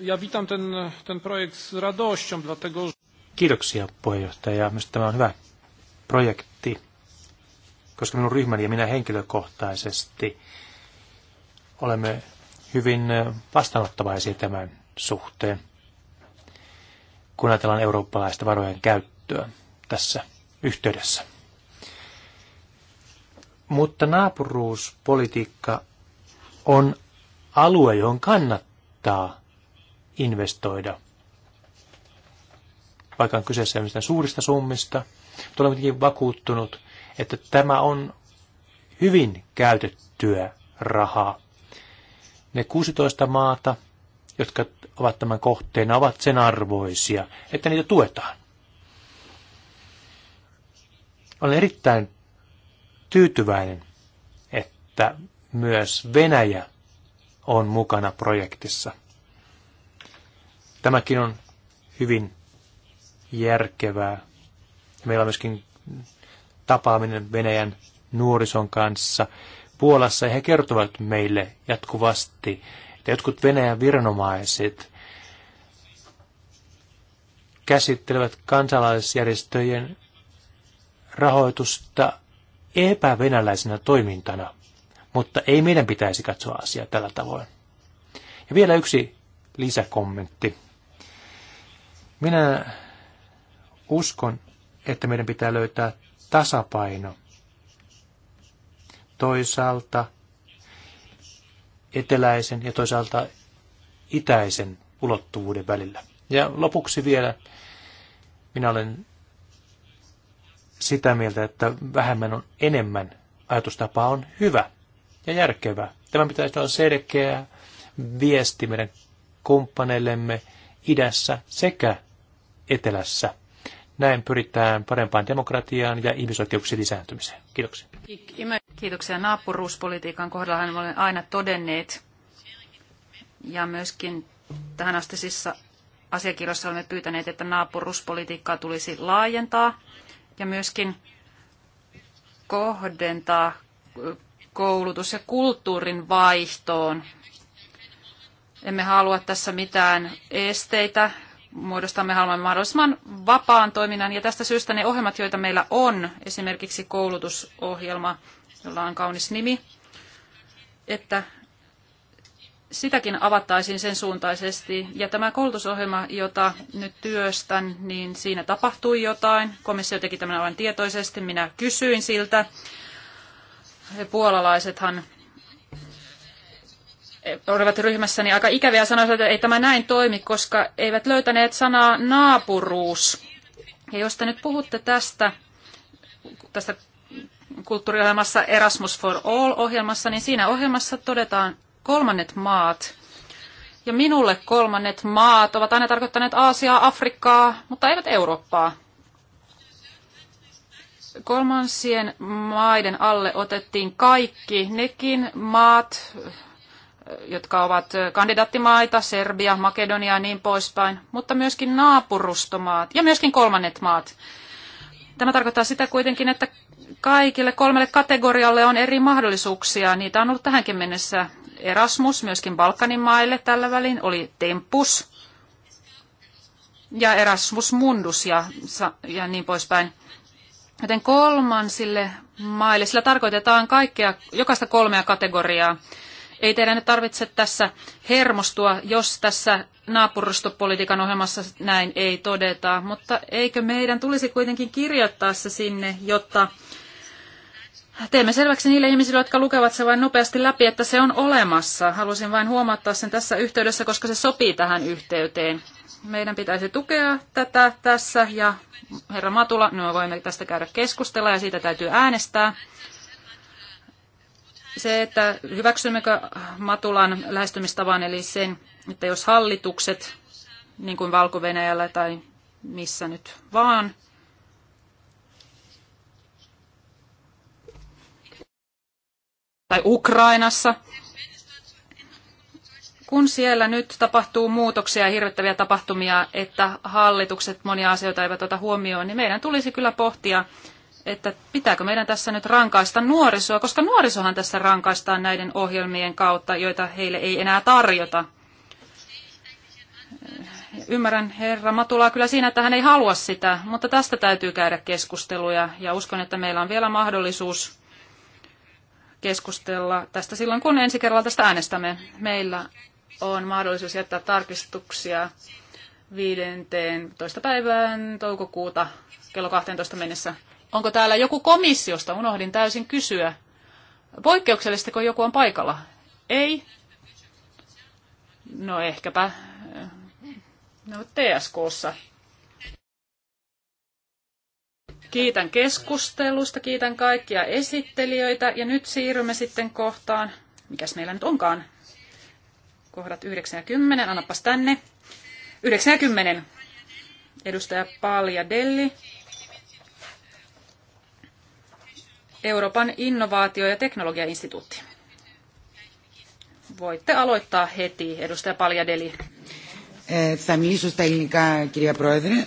Ja witam ten, ten projekt z radością, dlatego Kiitoksia puheenjohtaja. Minusta tämä on hyvä projekti, koska minun ryhmäni ja minä henkilökohtaisesti olemme hyvin vastaanottavaisia tämän suhteen kun ajatellaan eurooppalaista varojen käyttöä tässä yhteydessä. Mutta naapuruuspolitiikka on alue, johon kannattaa investoida. Vaikka on kyseessä on mistään suurista summista, mutta olen kuitenkin vakuuttunut, että tämä on hyvin käytettyä rahaa. Ne 16 maata, jotka ovat tämän kohteena, ovat sen arvoisia, että niitä tuetaan. Olen erittäin tyytyväinen, että myös Venäjä on mukana projektissa. Tämäkin on hyvin järkevää. Meillä on myöskin tapaaminen Venäjän nuorison kanssa Puolassa ja he kertovat meille jatkuvasti että jotkut Venäjän viranomaiset käsittelevät kansalaisjärjestöjen rahoitusta epävenäläisenä toimintana, mutta ei meidän pitäisi katsoa asiaa tällä tavoin. Ja vielä yksi lisäkommentti. Minä uskon, että meidän pitää löytää tasapaino. Toisaalta – eteläisen ja toisaalta itäisen ulottuvuuden välillä. Ja lopuksi vielä minä olen sitä mieltä, että vähemmän on enemmän ajatustapa on hyvä ja järkevä. Tämä pitäisi olla selkeä viesti meidän kumppaneillemme idässä sekä etelässä. Näin pyritään parempaan demokratiaan ja ihmisoikeuksien lisääntymiseen. Kiitoksia. Kiitoksia naapuruuspolitiikan kohdalla hän olemme aina todenneet ja myöskin tähän astisissa asiakirjoissa olemme pyytäneet, että naapuruuspolitiikkaa tulisi laajentaa ja myöskin kohdentaa koulutus- ja kulttuurin vaihtoon. Emme halua tässä mitään esteitä. Muodostamme haluamme mahdollisimman vapaan toiminnan ja tästä syystä ne ohjelmat, joita meillä on, esimerkiksi koulutusohjelma jolla on kaunis nimi, että sitäkin avattaisiin sen suuntaisesti. Ja tämä koulutusohjelma, jota nyt työstän, niin siinä tapahtui jotain. Komissio teki tämän aivan tietoisesti. Minä kysyin siltä. Puolalaisethan olivat ryhmässäni aika ikäviä sanoivat, että ei tämä näin toimi, koska eivät löytäneet sanaa naapuruus. Ja jos te nyt puhutte tästä, tästä kulttuuriohjelmassa Erasmus for All-ohjelmassa, niin siinä ohjelmassa todetaan kolmannet maat. Ja minulle kolmannet maat ovat aina tarkoittaneet Aasiaa, Afrikkaa, mutta eivät Eurooppaa. Kolmansien maiden alle otettiin kaikki nekin maat, jotka ovat kandidaattimaita, Serbia, Makedonia ja niin poispäin, mutta myöskin naapurustomaat ja myöskin kolmannet maat. Tämä tarkoittaa sitä kuitenkin, että kaikille kolmelle kategorialle on eri mahdollisuuksia. Niitä on ollut tähänkin mennessä Erasmus, myöskin Balkanin maille tällä välin, oli Tempus ja Erasmus Mundus ja, ja niin poispäin. Joten kolmansille maille, sillä tarkoitetaan kaikkea, jokaista kolmea kategoriaa. Ei teidän nyt tarvitse tässä hermostua, jos tässä naapurustopolitiikan ohjelmassa näin ei todeta, mutta eikö meidän tulisi kuitenkin kirjoittaa se sinne, jotta Teemme selväksi niille ihmisille, jotka lukevat se vain nopeasti läpi, että se on olemassa. Halusin vain huomauttaa sen tässä yhteydessä, koska se sopii tähän yhteyteen. Meidän pitäisi tukea tätä tässä ja herra Matula, no me voimme tästä käydä keskustella ja siitä täytyy äänestää. Se, että hyväksymmekö Matulan lähestymistavan, eli sen, että jos hallitukset, niin kuin valko tai missä nyt vaan, tai Ukrainassa, kun siellä nyt tapahtuu muutoksia ja hirvittäviä tapahtumia, että hallitukset monia asioita eivät ota huomioon, niin meidän tulisi kyllä pohtia, että pitääkö meidän tässä nyt rankaista nuorisoa, koska nuorisohan tässä rankaistaan näiden ohjelmien kautta, joita heille ei enää tarjota. Ymmärrän herra Matulaa kyllä siinä, että hän ei halua sitä, mutta tästä täytyy käydä keskusteluja ja uskon, että meillä on vielä mahdollisuus keskustella tästä silloin, kun ensi kerralla tästä äänestämme. Meillä on mahdollisuus jättää tarkistuksia 15. päivään toukokuuta kello 12 mennessä. Onko täällä joku komissiosta? Unohdin täysin kysyä. Poikkeuksellisesti, kun joku on paikalla? Ei? No ehkäpä. No TSKssa Kiitän keskustelusta, kiitän kaikkia esittelijöitä ja nyt siirrymme sitten kohtaan, mikäs meillä nyt onkaan, kohdat 9 ja 10, annapas tänne. 9 ja 10, edustaja Paalia Delli. Euroopan innovaatio- ja teknologiainstituutti. Voitte aloittaa heti, edustaja Paljadeli. Θα μιλήσω στα ελληνικά, κυρία Πρόεδρε.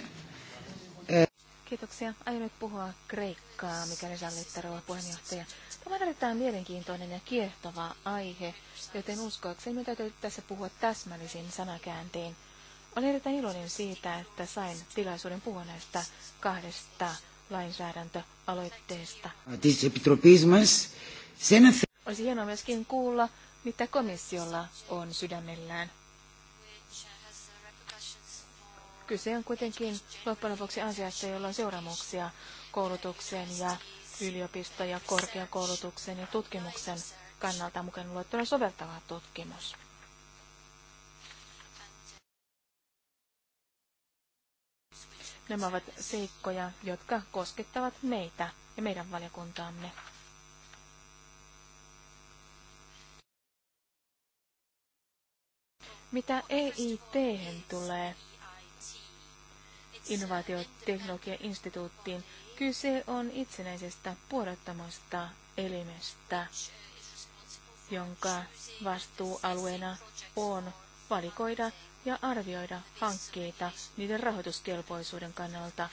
Kiitoksia. Aion nyt puhua kreikkaa, mikäli sallitte, rouva puheenjohtaja. Tämä on erittäin mielenkiintoinen ja kiehtova aihe, joten uskoakseni minun täytyy tässä puhua täsmällisin sanakääntein. Olen erittäin iloinen siitä, että sain tilaisuuden puhua näistä kahdesta lainsäädäntöaloitteesta. Olisi hienoa myöskin kuulla, mitä komissiolla on sydämellään Kyse on kuitenkin loppujen lopuksi asiasta, jolla on seuraamuksia koulutuksen ja yliopisto- ja korkeakoulutuksen ja tutkimuksen kannalta mukaan luettuna soveltava tutkimus. Nämä ovat seikkoja, jotka koskettavat meitä ja meidän valiokuntaamme. Mitä EIT tulee, instituuttiin. Kyse on itsenäisestä puolettomasta elimestä, jonka vastuualueena on valikoida ja arvioida hankkeita niiden rahoituskelpoisuuden kannalta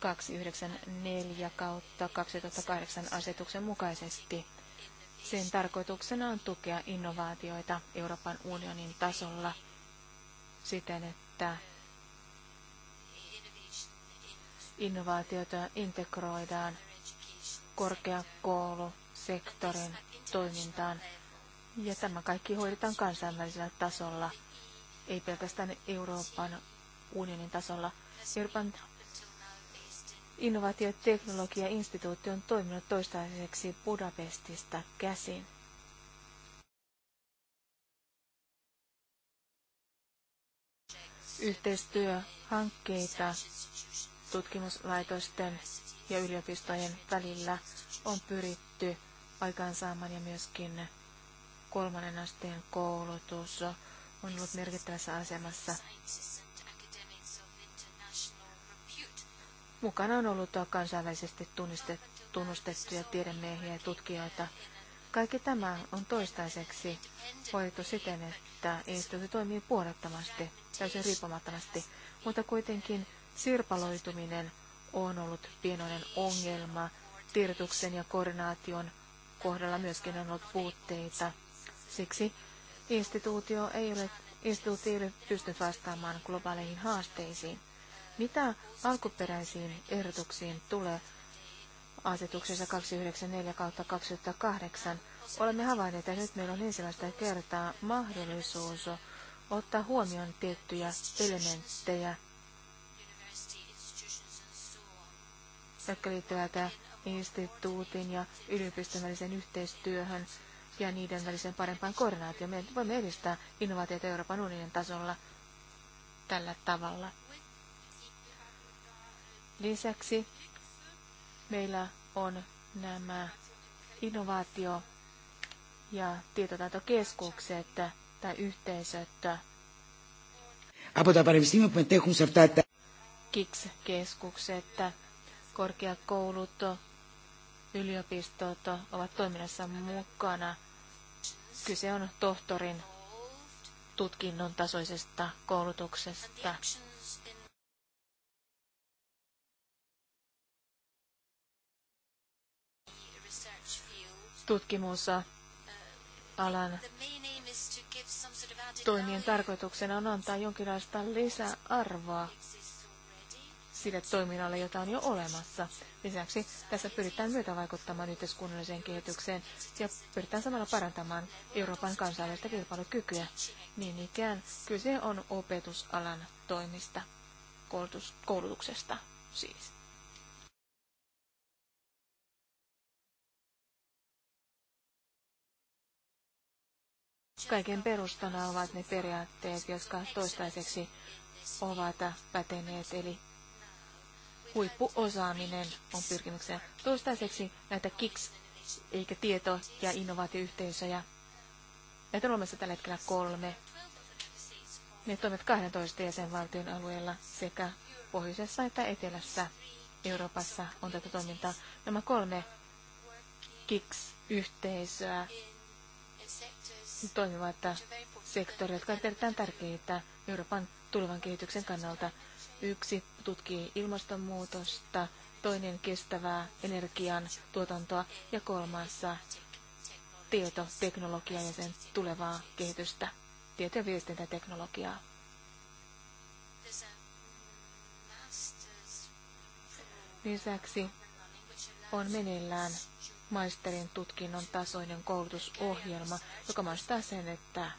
294 kautta 2008 asetuksen mukaisesti. Sen tarkoituksena on tukea innovaatioita Euroopan unionin tasolla siten, että innovaatioita integroidaan korkeakoulusektorin toimintaan. Ja tämä kaikki hoidetaan kansainvälisellä tasolla, ei pelkästään Euroopan unionin tasolla. Euroopan innovaatioteknologiainstituutti on toiminut toistaiseksi Budapestista käsin. Yhteistyöhankkeita tutkimuslaitosten ja yliopistojen välillä on pyritty aikaansaamaan ja myöskin kolmannen asteen koulutus on ollut merkittävässä asemassa. Mukana on ollut kansainvälisesti tunnustettuja tiedemiehiä ja tutkijoita. Kaikki tämä on toistaiseksi hoidettu siten, että instituutti toimii puolettomasti, täysin riippumattomasti, mutta kuitenkin Sirpaloituminen on ollut pienoinen ongelma. Tiedotuksen ja koordinaation kohdalla myöskin on ollut puutteita. Siksi instituutio ei ole, instituutio ei ole pystynyt vastaamaan globaaleihin haasteisiin. Mitä alkuperäisiin ehdotuksiin tulee asetuksessa 294-2008, olemme havainneet, että nyt meillä on ensimmäistä kertaa mahdollisuus ottaa huomioon tiettyjä elementtejä jotka liittyvät instituutin ja yliopiston väliseen yhteistyöhön ja niiden väliseen parempaan koordinaatioon. Me voimme edistää innovaatioita Euroopan unionin tasolla tällä tavalla. Lisäksi meillä on nämä innovaatio- ja tietotaitokeskukset tai yhteisöt. Από τα πανεπιστήμια που μετέχουν σε keskukset korkeakoulut, yliopistot ovat toiminnassa mukana. Kyse on tohtorin tutkinnon tasoisesta koulutuksesta. Tutkimussa alan toimien tarkoituksena on antaa jonkinlaista lisäarvoa sille toiminnalle, jota on jo olemassa. Lisäksi tässä pyritään myötävaikuttamaan yhteiskunnalliseen kehitykseen ja pyritään samalla parantamaan Euroopan kansainvälistä kilpailukykyä. Niin ikään kyse on opetusalan toimista, koulutus, koulutuksesta siis. Kaiken perustana ovat ne periaatteet, jotka toistaiseksi ovat päteneet, eli huippuosaaminen on pyrkimyksiä. Toistaiseksi näitä KICS, eikä tieto- ja innovaatioyhteisöjä. Näitä on olemassa tällä hetkellä kolme. Ne toimivat 12 jäsenvaltion alueella sekä pohjoisessa että etelässä. Euroopassa on tätä toimintaa. Nämä kolme KICS-yhteisöä toimivat sektoreita, jotka ovat erittäin tärkeitä Euroopan tulevan kehityksen kannalta. Yksi tutkii ilmastonmuutosta, toinen kestävää energian tuotantoa ja kolmas tietoteknologiaa ja sen tulevaa kehitystä, tieto- ja viestintäteknologiaa. Lisäksi on meneillään maisterin tutkinnon tasoinen koulutusohjelma, joka mahdollistaa sen, että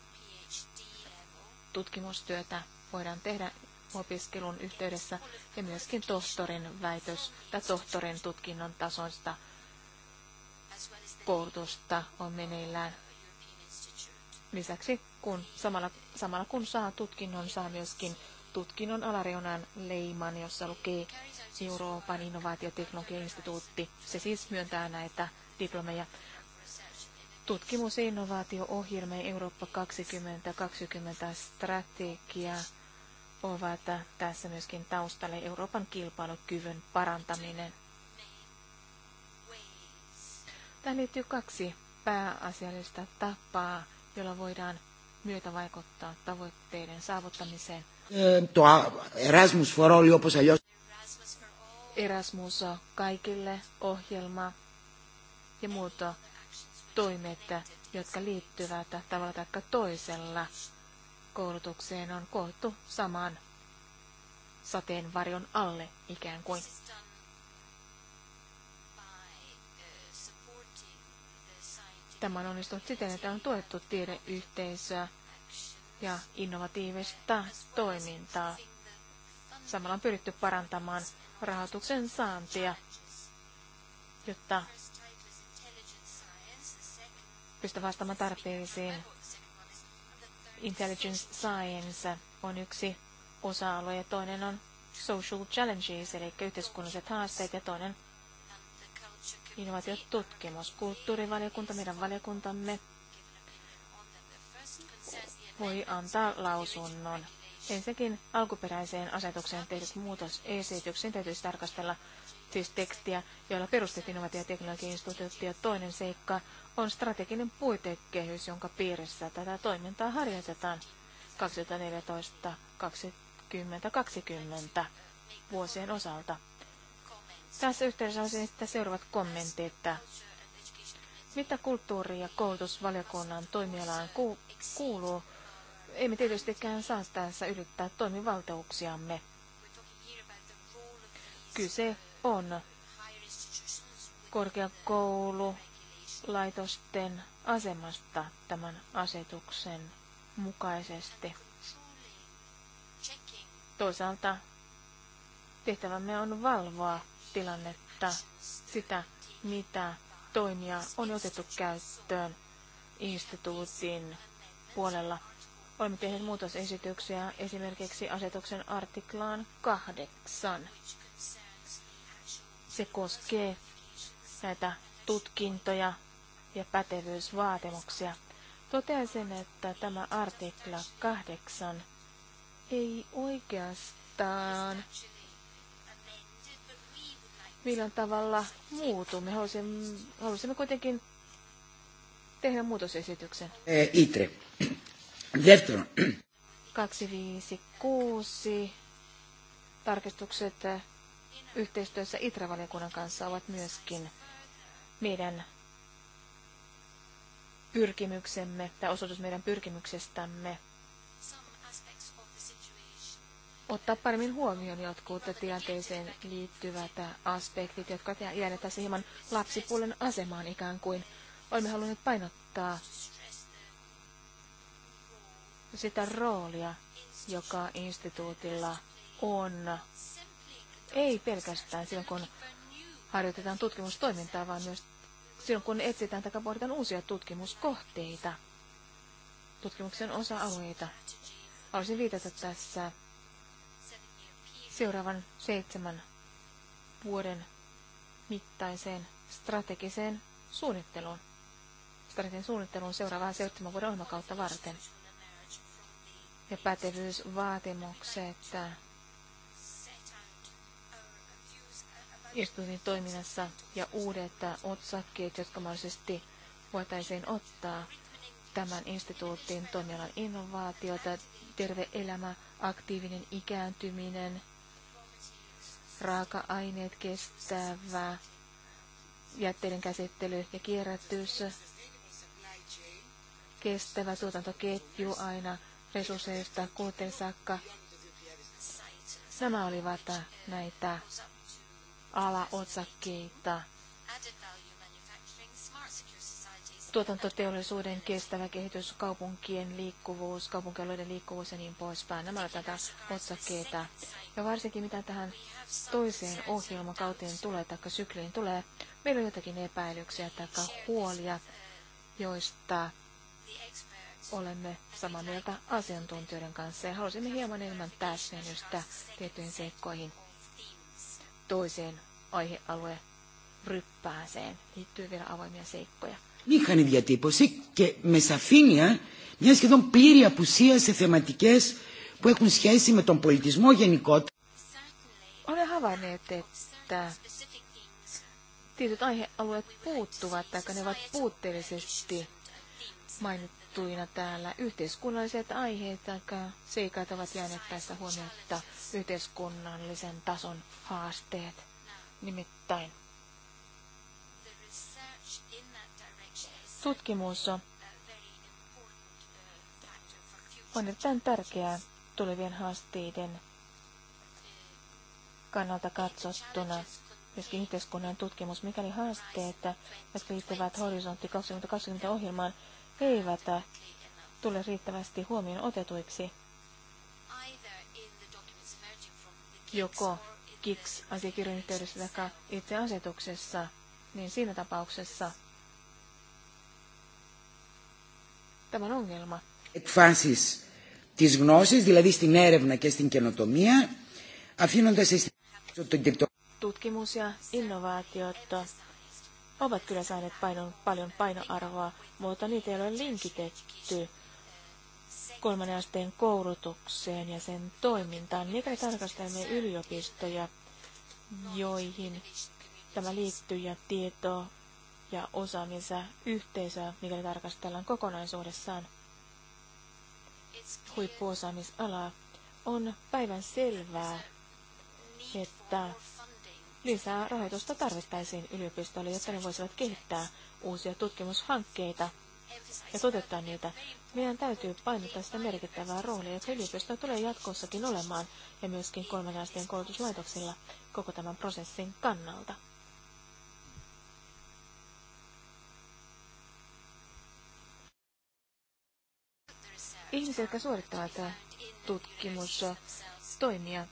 tutkimustyötä voidaan tehdä opiskelun yhteydessä ja myöskin tohtorin väitös tai tohtorin tutkinnon tasoista koulutusta on meneillään. Lisäksi kun samalla, samalla kun saa tutkinnon, saa myöskin tutkinnon alareunan leiman, jossa lukee Euroopan innovaatioteknologiainstituutti. Se siis myöntää näitä diplomeja. Tutkimus- ja innovaatio-ohjelma Eurooppa 2020 strategia ovat tässä myöskin taustalle Euroopan kilpailukyvyn parantaminen. Tähän liittyy kaksi pääasiallista tapaa, jolla voidaan myötä vaikuttaa tavoitteiden saavuttamiseen. Erasmus for all, Erasmus on kaikille ohjelma ja muuta toimet, jotka liittyvät tavalla tai toisella koulutukseen on koottu samaan sateenvarjon alle ikään kuin. Tämä on onnistunut siten, että on tuettu tiedeyhteisöä ja innovatiivista toimintaa. Samalla on pyritty parantamaan rahoituksen saantia, jotta pystyy vastaamaan tarpeisiin Intelligence Science on yksi osa-alue ja toinen on Social Challenges, eli yhteiskunnalliset haasteet, ja toinen innovaatiotutkimus. Kulttuurivaliokunta, meidän valiokuntamme, voi antaa lausunnon. Ensinnäkin alkuperäiseen asetukseen tehdyt muutosesityksen täytyisi tarkastella yhteistekstiä, joilla jolla perustettiin innovaatioteknologian instituutti. Ja toinen seikka on strateginen puitekehys, jonka piirissä tätä toimintaa harjoitetaan 2014-2020 vuosien osalta. Tässä yhteydessä on sitten seuraavat kommentit, että mitä kulttuuri- ja koulutusvaliokunnan toimialaan kuuluu, emme tietystikään saa tässä ylittää toimivaltauksiamme. Kyse on korkeakoululaitosten asemasta tämän asetuksen mukaisesti. Toisaalta tehtävämme on valvoa tilannetta, sitä mitä toimia on otettu käyttöön instituutin puolella. Olemme tehneet muutosesityksiä esimerkiksi asetuksen artiklaan kahdeksan se koskee näitä tutkintoja ja pätevyysvaatimuksia. Totean sen, että tämä artikla 8 ei oikeastaan millään tavalla muutu. Me halusimme, halusimme kuitenkin tehdä muutosesityksen. Eh, Itre. Defton. 256. Tarkistukset yhteistyössä ITRA-valiokunnan kanssa ovat myöskin meidän pyrkimyksemme tai osoitus meidän pyrkimyksestämme ottaa paremmin huomioon jotkut tilanteeseen liittyvät aspektit, jotka jäävät tässä hieman lapsipuolen asemaan ikään kuin. Olemme halunneet painottaa sitä roolia, joka instituutilla on ei pelkästään silloin, kun harjoitetaan tutkimustoimintaa, vaan myös silloin, kun etsitään tai pohditaan uusia tutkimuskohteita, tutkimuksen osa-alueita. Haluaisin viitata tässä seuraavan seitsemän vuoden mittaiseen strategiseen suunnitteluun. Strategisen suunnitteluun seuraavaa seitsemän vuoden ohjelmakautta varten. Ja pätevyysvaatimukset istuimen toiminnassa ja uudet otsakkeet, jotka mahdollisesti voitaisiin ottaa tämän instituutin toimialan innovaatiota, terve elämä, aktiivinen ikääntyminen, raaka-aineet kestävä, jätteiden käsittely ja kierrätys, kestävä tuotantoketju aina resursseista kuuteen saakka. Nämä olivat näitä alaotsakkeita. Tuotantoteollisuuden kestävä kehitys, kaupunkien liikkuvuus, kaupunkialueiden liikkuvuus ja niin poispäin. Nämä ovat tätä otsakkeita. Ja varsinkin mitä tähän toiseen ohjelmakauteen tulee tai sykliin tulee, meillä on jotakin epäilyksiä tai huolia, joista olemme samaa mieltä asiantuntijoiden kanssa ja halusimme hieman enemmän täsmennystä tiettyihin seikkoihin toiseen aihealueen ryppääseen. Liittyy vielä avoimia seikkoja. Είχαν διατύπωση και με σαφήνεια μια σχεδόν πλήρη απουσία σε θεματικές που έχουν σχέση με τον πολιτισμό γενικότερα. Olen havainneet, että tietyt aihealueet puuttuvat, tai ne ovat puutteellisesti mainittu juttuina täällä. Yhteiskunnalliset aiheet tai seikat ovat jääneet tässä huomiota yhteiskunnallisen tason haasteet. Nimittäin tutkimus on erittäin tärkeää tulevien haasteiden kannalta katsottuna myöskin yhteiskunnan tutkimus, mikäli haasteet, jotka liittyvät horisontti 2020 ohjelmaan, eivät tule riittävästi huomioon otetuiksi joko KIKS-asiakirjan yhteydessä tai itse asetuksessa, niin siinä tapauksessa tämä on ongelma. Εκφάσεις της γνώσης, δηλαδή στην έρευνα και στην καινοτομία, αφήνοντας Tutkimus ja innovaatiot ovat kyllä saaneet painon, paljon painoarvoa, mutta niitä ei ole linkitetty kolmannen asteen koulutukseen ja sen toimintaan. Mikäli tarkastelemme yliopistoja, joihin tämä liittyy ja tieto ja osaamisen yhteisöä, mikäli tarkastellaan kokonaisuudessaan huippuosaamisalaa, on päivän selvää, että Lisää rahoitusta tarvittaisiin yliopistoille, jotta ne voisivat kehittää uusia tutkimushankkeita ja toteuttaa niitä. Meidän täytyy painottaa sitä merkittävää roolia, että yliopisto tulee jatkossakin olemaan ja myöskin kolmen asteen koulutuslaitoksilla koko tämän prosessin kannalta. Ihmiset, jotka suorittavat tutkimustoimia,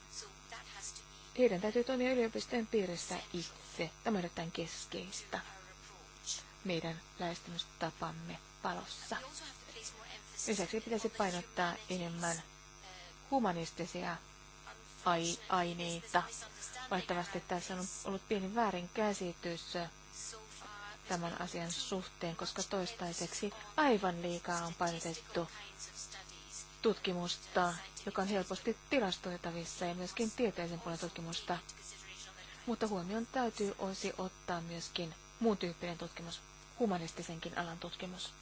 heidän täytyy toimia yliopistojen piirissä itse. Tämä on erittäin keskeistä meidän lähestymistapamme valossa. Lisäksi pitäisi painottaa enemmän humanistisia ai- aineita. Vaihtavasti tässä on ollut pieni väärinkäsitys tämän asian suhteen, koska toistaiseksi aivan liikaa on painotettu tutkimusta, joka on helposti tilastoitavissa ja myöskin tieteellisen puolen tutkimusta. Mutta huomioon täytyy olisi ottaa myöskin muun tyyppinen tutkimus, humanistisenkin alan tutkimus.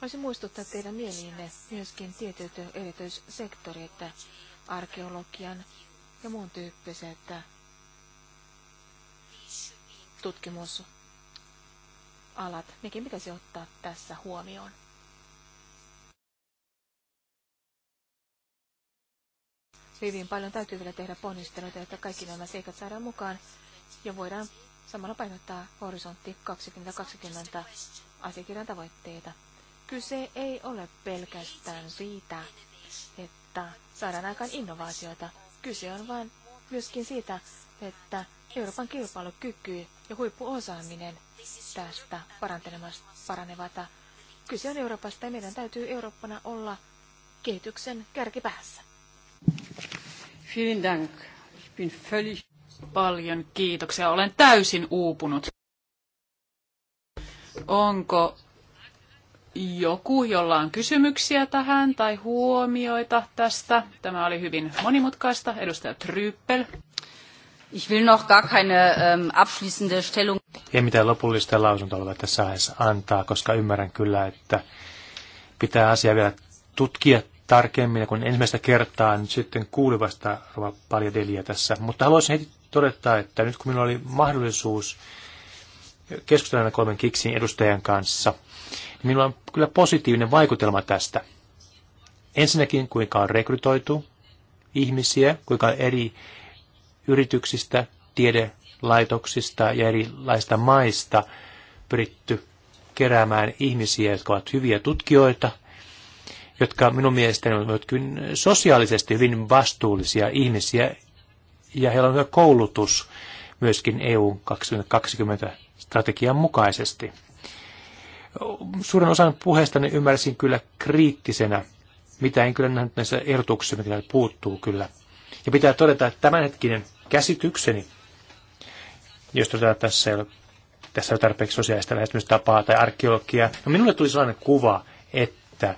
Voisin muistuttaa teidän mieliinne myöskin tietyt erityissektorit, arkeologian ja muun tyyppiset tutkimusalat, nekin pitäisi ottaa tässä huomioon. Hyvin paljon täytyy vielä tehdä ponnisteluita, että kaikki nämä seikat saadaan mukaan ja voidaan samalla painottaa horisontti 2020 asiakirjan tavoitteita. Kyse ei ole pelkästään siitä, että saadaan aikaan innovaatioita. Kyse on vain myöskin siitä, että Euroopan kilpailukyky ja huippuosaaminen tästä paranevata. Kyse on Euroopasta ja meidän täytyy Eurooppana olla kehityksen kärkipäässä. Vielen Dank. Ich bin völlig... Paljon kiitoksia. Olen täysin uupunut. Onko joku, jolla on kysymyksiä tähän tai huomioita tästä? Tämä oli hyvin monimutkaista. Edustaja Tryppel. Ich will noch gar keine ähm, abschließende Stellung. Ei mitään lopullista lausuntoa ole tässä aiheessa antaa, koska ymmärrän kyllä, että pitää asiaa vielä tutkia tarkemmin, kun ensimmäistä kertaa nyt sitten vasta Rova deliä tässä. Mutta haluaisin heti todeta, että nyt kun minulla oli mahdollisuus keskustella kolmen kiksin edustajan kanssa, niin minulla on kyllä positiivinen vaikutelma tästä. Ensinnäkin, kuinka on rekrytoitu ihmisiä, kuinka eri yrityksistä, tiedelaitoksista ja erilaista maista pyritty keräämään ihmisiä, jotka ovat hyviä tutkijoita, jotka minun mielestäni ovat sosiaalisesti hyvin vastuullisia ihmisiä, ja heillä on hyvä koulutus myöskin EU 2020-strategian mukaisesti. Suuren osan puheestani ymmärsin kyllä kriittisenä, mitä en kyllä nähnyt näissä ehdotuksissa, mitä puuttuu kyllä. Ja pitää todeta, että tämänhetkinen käsitykseni, jos todetaan, tässä tässä on tarpeeksi sosiaalista lähestymistapaa tai arkeologiaa. No minulle tuli sellainen kuva, että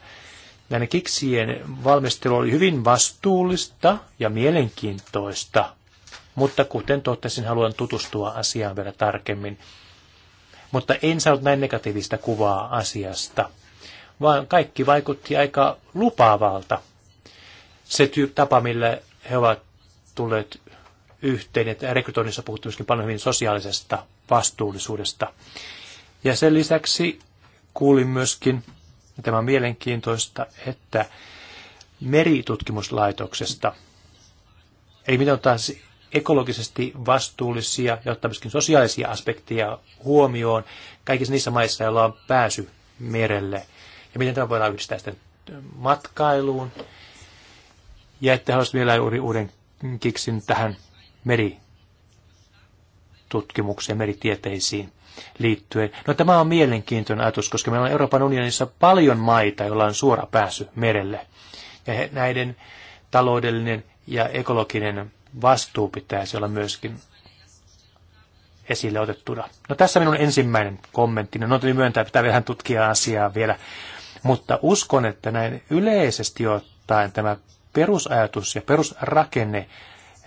näiden kiksien valmistelu oli hyvin vastuullista ja mielenkiintoista, mutta kuten totesin, haluan tutustua asiaan vielä tarkemmin. Mutta en saanut näin negatiivista kuvaa asiasta, vaan kaikki vaikutti aika lupaavalta. Se tyyppi tapa, millä he ovat tulleet yhteinen. Että rekrytoinnissa puhuttu myöskin paljon hyvin sosiaalisesta vastuullisuudesta. Ja sen lisäksi kuulin myöskin, ja tämä on mielenkiintoista, että meritutkimuslaitoksesta, eli miten taas siis ekologisesti vastuullisia ja ottaa myöskin sosiaalisia aspekteja huomioon kaikissa niissä maissa, joilla on pääsy merelle. Ja miten tämä voidaan yhdistää sitten matkailuun. Ja että haluaisit vielä uuden kiksin tähän meritutkimukseen, meritieteisiin liittyen. No tämä on mielenkiintoinen ajatus, koska meillä on Euroopan unionissa paljon maita, joilla on suora pääsy merelle. Ja he, näiden taloudellinen ja ekologinen vastuu pitäisi olla myöskin esille otettuna. No tässä minun ensimmäinen kommentti. No tuli myöntää, pitää vähän tutkia asiaa vielä. Mutta uskon, että näin yleisesti ottaen tämä perusajatus ja perusrakenne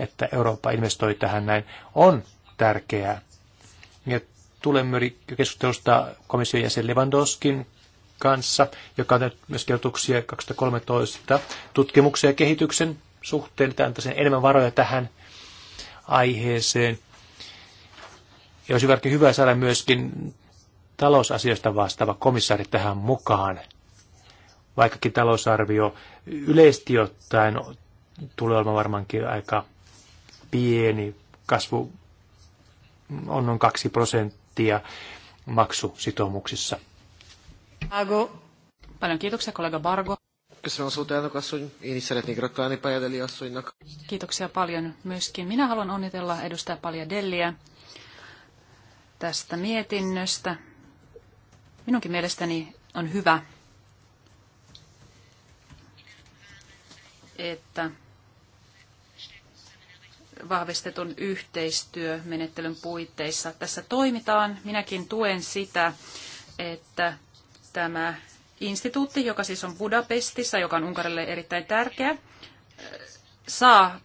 että Eurooppa investoi tähän näin, on tärkeää. Ja tulemme keskustelusta komission jäsen Lewandowskin kanssa, joka on myös kertuksia 2013 tutkimuksen ja kehityksen suhteen, että antaisin enemmän varoja tähän aiheeseen. Ja olisi hyvä saada myöskin talousasioista vastaava komissaari tähän mukaan, vaikkakin talousarvio yleisesti ottaen tulee olemaan varmaankin aika pieni kasvu on noin 2 prosenttia maksusitoumuksissa. Bargo. Paljon kiitoksia kollega Bargo. Kiitoksia paljon myöskin. Minä haluan onnitella edustaja Delliä tästä mietinnöstä. Minunkin mielestäni on hyvä, että vahvistetun yhteistyömenettelyn puitteissa tässä toimitaan. Minäkin tuen sitä, että tämä instituutti, joka siis on Budapestissa, joka on Unkarille erittäin tärkeä, saa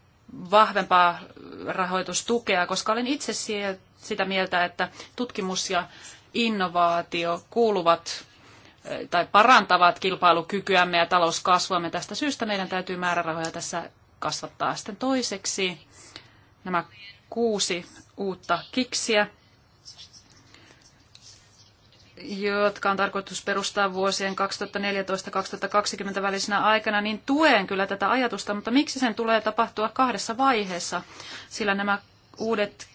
vahvempaa rahoitustukea, koska olen itse sitä mieltä, että tutkimus ja innovaatio kuuluvat eh, tai parantavat kilpailukykyämme ja talouskasvuamme. Tästä syystä meidän täytyy määrärahoja tässä kasvattaa. Sitten toiseksi nämä kuusi uutta kiksiä, jotka on tarkoitus perustaa vuosien 2014-2020 välisenä aikana, niin tuen kyllä tätä ajatusta, mutta miksi sen tulee tapahtua kahdessa vaiheessa? Sillä nämä uudet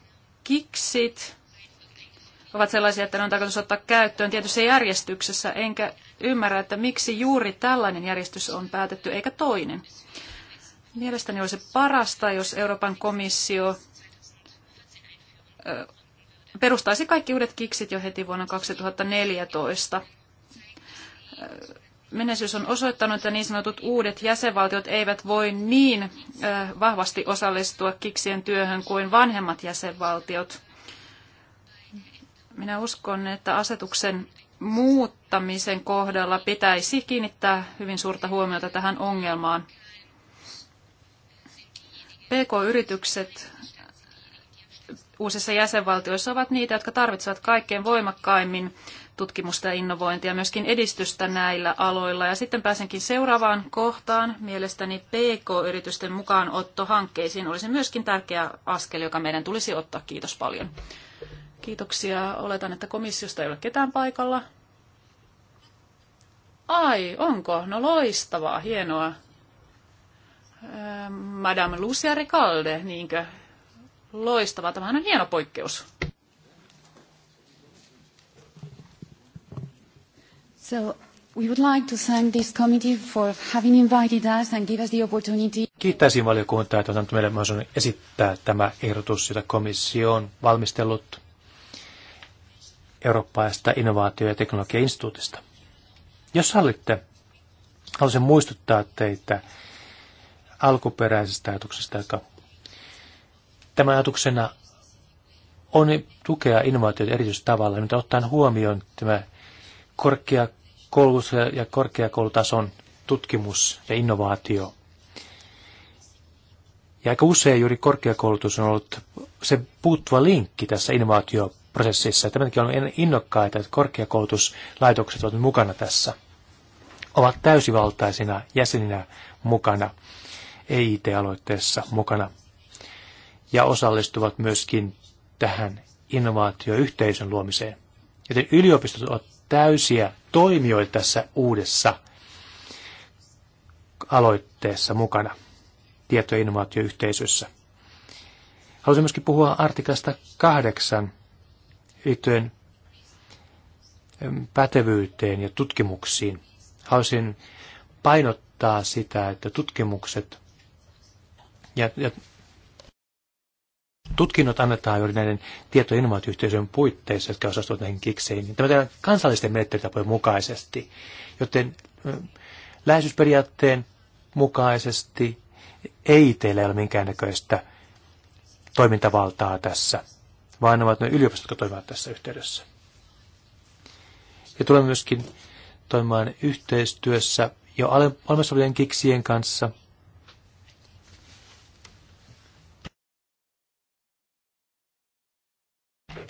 kiksit ovat sellaisia, että ne on tarkoitus ottaa käyttöön tietyssä järjestyksessä, enkä ymmärrä, että miksi juuri tällainen järjestys on päätetty eikä toinen. Mielestäni olisi parasta, jos Euroopan komissio perustaisi kaikki uudet kiksit jo heti vuonna 2014. Menestys on osoittanut, että niin sanotut uudet jäsenvaltiot eivät voi niin vahvasti osallistua kiksien työhön kuin vanhemmat jäsenvaltiot. Minä uskon, että asetuksen muuttamisen kohdalla pitäisi kiinnittää hyvin suurta huomiota tähän ongelmaan – PK-yritykset uusissa jäsenvaltioissa ovat niitä, jotka tarvitsevat kaikkein voimakkaimmin tutkimusta ja innovointia, myöskin edistystä näillä aloilla. Ja sitten pääsenkin seuraavaan kohtaan. Mielestäni PK-yritysten mukaanotto hankkeisiin olisi myöskin tärkeä askel, joka meidän tulisi ottaa. Kiitos paljon. Kiitoksia. Oletan, että komissiosta ei ole ketään paikalla. Ai, onko? No loistavaa, hienoa. Ähm, Madame Lucia Ricalde, niinkö? Loistava, tämähän on hieno poikkeus. So, we would like to thank this committee for having invited us and give us the opportunity. Kiittäisin valiokuntaa, että on antanut meille mahdollisuuden esittää tämä ehdotus, jota komissio on valmistellut Eurooppaista innovaatio- ja teknologiainstituutista. Jos sallitte, haluaisin muistuttaa teitä alkuperäisestä ajatuksesta, joka tämän ajatuksena on tukea innovaatioita erityisesti tavalla, mitä ottaen huomioon tämä korkeakoulutus ja korkeakoulutason tutkimus ja innovaatio. Ja aika usein juuri korkeakoulutus on ollut se puuttuva linkki tässä innovaatioprosessissa. Tämänkin on innokkaita, että korkeakoulutuslaitokset ovat mukana tässä. Ovat täysivaltaisina jäseninä mukana EIT-aloitteessa mukana ja osallistuvat myöskin tähän innovaatioyhteisön luomiseen. Joten yliopistot ovat täysiä toimijoita tässä uudessa aloitteessa mukana tieto- ja innovaatioyhteisössä. Haluaisin myöskin puhua artiklasta kahdeksan liittyen pätevyyteen ja tutkimuksiin. Haluaisin painottaa sitä, että tutkimukset ja, ja tutkinnot annetaan juuri näiden tieto- ja puitteissa, jotka osastuvat näihin kikseihin. Tämä tehdään kansallisten menettelytapojen mukaisesti, joten läheisyysperiaatteen mukaisesti ei teillä ole minkäännäköistä toimintavaltaa tässä, vaan ne ovat ne yliopistot, jotka toimivat tässä yhteydessä. Ja tulemme myöskin toimimaan yhteistyössä jo olemassa olevien kiksien kanssa –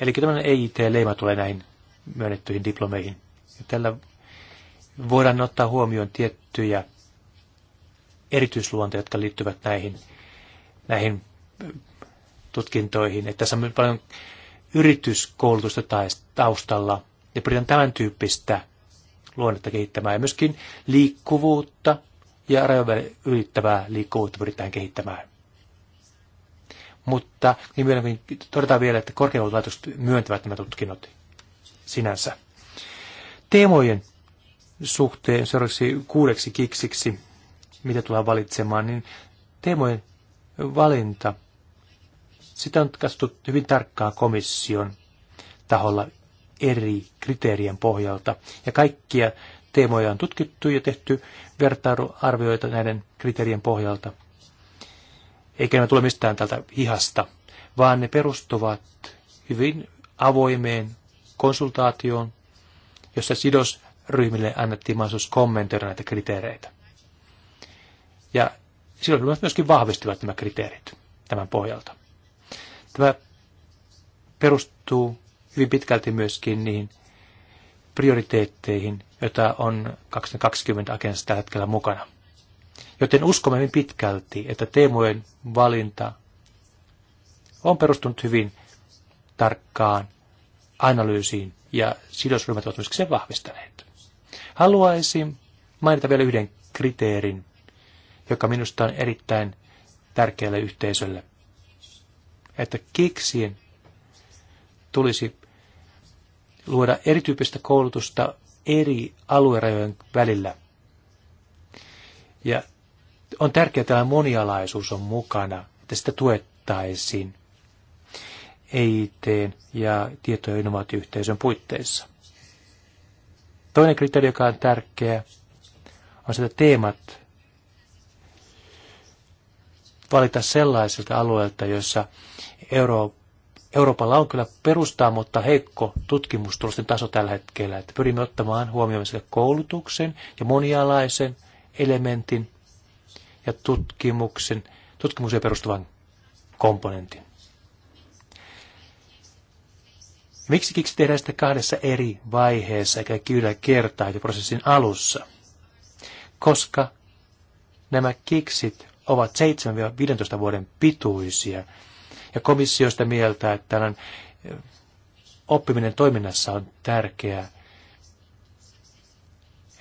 Eli tämmöinen EIT-leima tulee näihin myönnettyihin diplomeihin. Ja tällä voidaan ottaa huomioon tiettyjä erityisluonteja, jotka liittyvät näihin, näihin tutkintoihin. Että tässä on paljon yrityskoulutusta taustalla ja pyritään tämän tyyppistä luonnetta kehittämään ja myöskin liikkuvuutta ja rajojen ylittävää liikkuvuutta pyritään kehittämään mutta niin vielä, kun niin todetaan vielä, että korkeakoululaitokset myöntävät nämä tutkinnot sinänsä. Teemojen suhteen seuraavaksi kuudeksi kiksiksi, mitä tullaan valitsemaan, niin teemojen valinta, sitä on katsottu hyvin tarkkaan komission taholla eri kriteerien pohjalta. Ja kaikkia teemoja on tutkittu ja tehty vertailuarvioita näiden kriteerien pohjalta eikä ne tule mistään tältä hihasta, vaan ne perustuvat hyvin avoimeen konsultaatioon, jossa sidosryhmille annettiin mahdollisuus kommentoida näitä kriteereitä. Ja silloin myöskin vahvistivat nämä kriteerit tämän pohjalta. Tämä perustuu hyvin pitkälti myöskin niihin prioriteetteihin, joita on 2020 agendassa tällä hetkellä mukana. Joten uskomme niin pitkälti, että teemojen valinta on perustunut hyvin tarkkaan analyysiin ja sidosryhmät ovat myöskin sen vahvistaneet. Haluaisin mainita vielä yhden kriteerin, joka minusta on erittäin tärkeälle yhteisölle. Että kiksien tulisi luoda erityyppistä koulutusta eri aluerajojen välillä – ja on tärkeää, että monialaisuus on mukana, että sitä tuettaisiin EIT ja tieto- ja innovaatioyhteisön puitteissa. Toinen kriteeri, joka on tärkeä, on se, että teemat valita sellaisilta alueilta, joissa Euro, Euroopalla on kyllä perustaa, mutta heikko tutkimustulosten taso tällä hetkellä. Että pyrimme ottamaan huomioon sekä koulutuksen ja monialaisen elementin ja tutkimuksen, tutkimukseen perustuvan komponentin. Miksi kiksi tehdään sitä kahdessa eri vaiheessa eikä kyllä kertaa prosessin alussa? Koska nämä kiksit ovat 7-15 vuoden pituisia ja komissiosta mieltä, että tämän eh, oppiminen toiminnassa on tärkeää.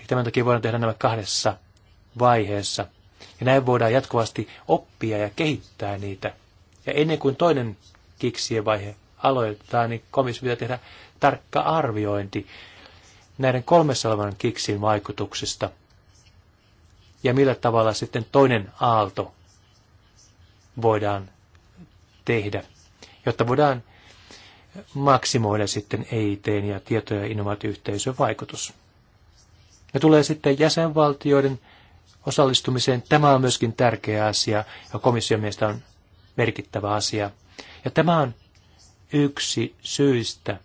tämän takia voidaan tehdä nämä kahdessa vaiheessa. Ja näin voidaan jatkuvasti oppia ja kehittää niitä. Ja ennen kuin toinen kiksien vaihe aloitetaan, niin komissio pitää tehdä tarkka arviointi näiden kolmessa olevan kiksin vaikutuksista ja millä tavalla sitten toinen aalto voidaan tehdä, jotta voidaan maksimoida sitten EIT ja tieto- ja innovaatioyhteisön vaikutus. Ja tulee sitten jäsenvaltioiden osallistumiseen. Tämä on myöskin tärkeä asia ja komission mielestä on merkittävä asia. Ja tämä on yksi syistä,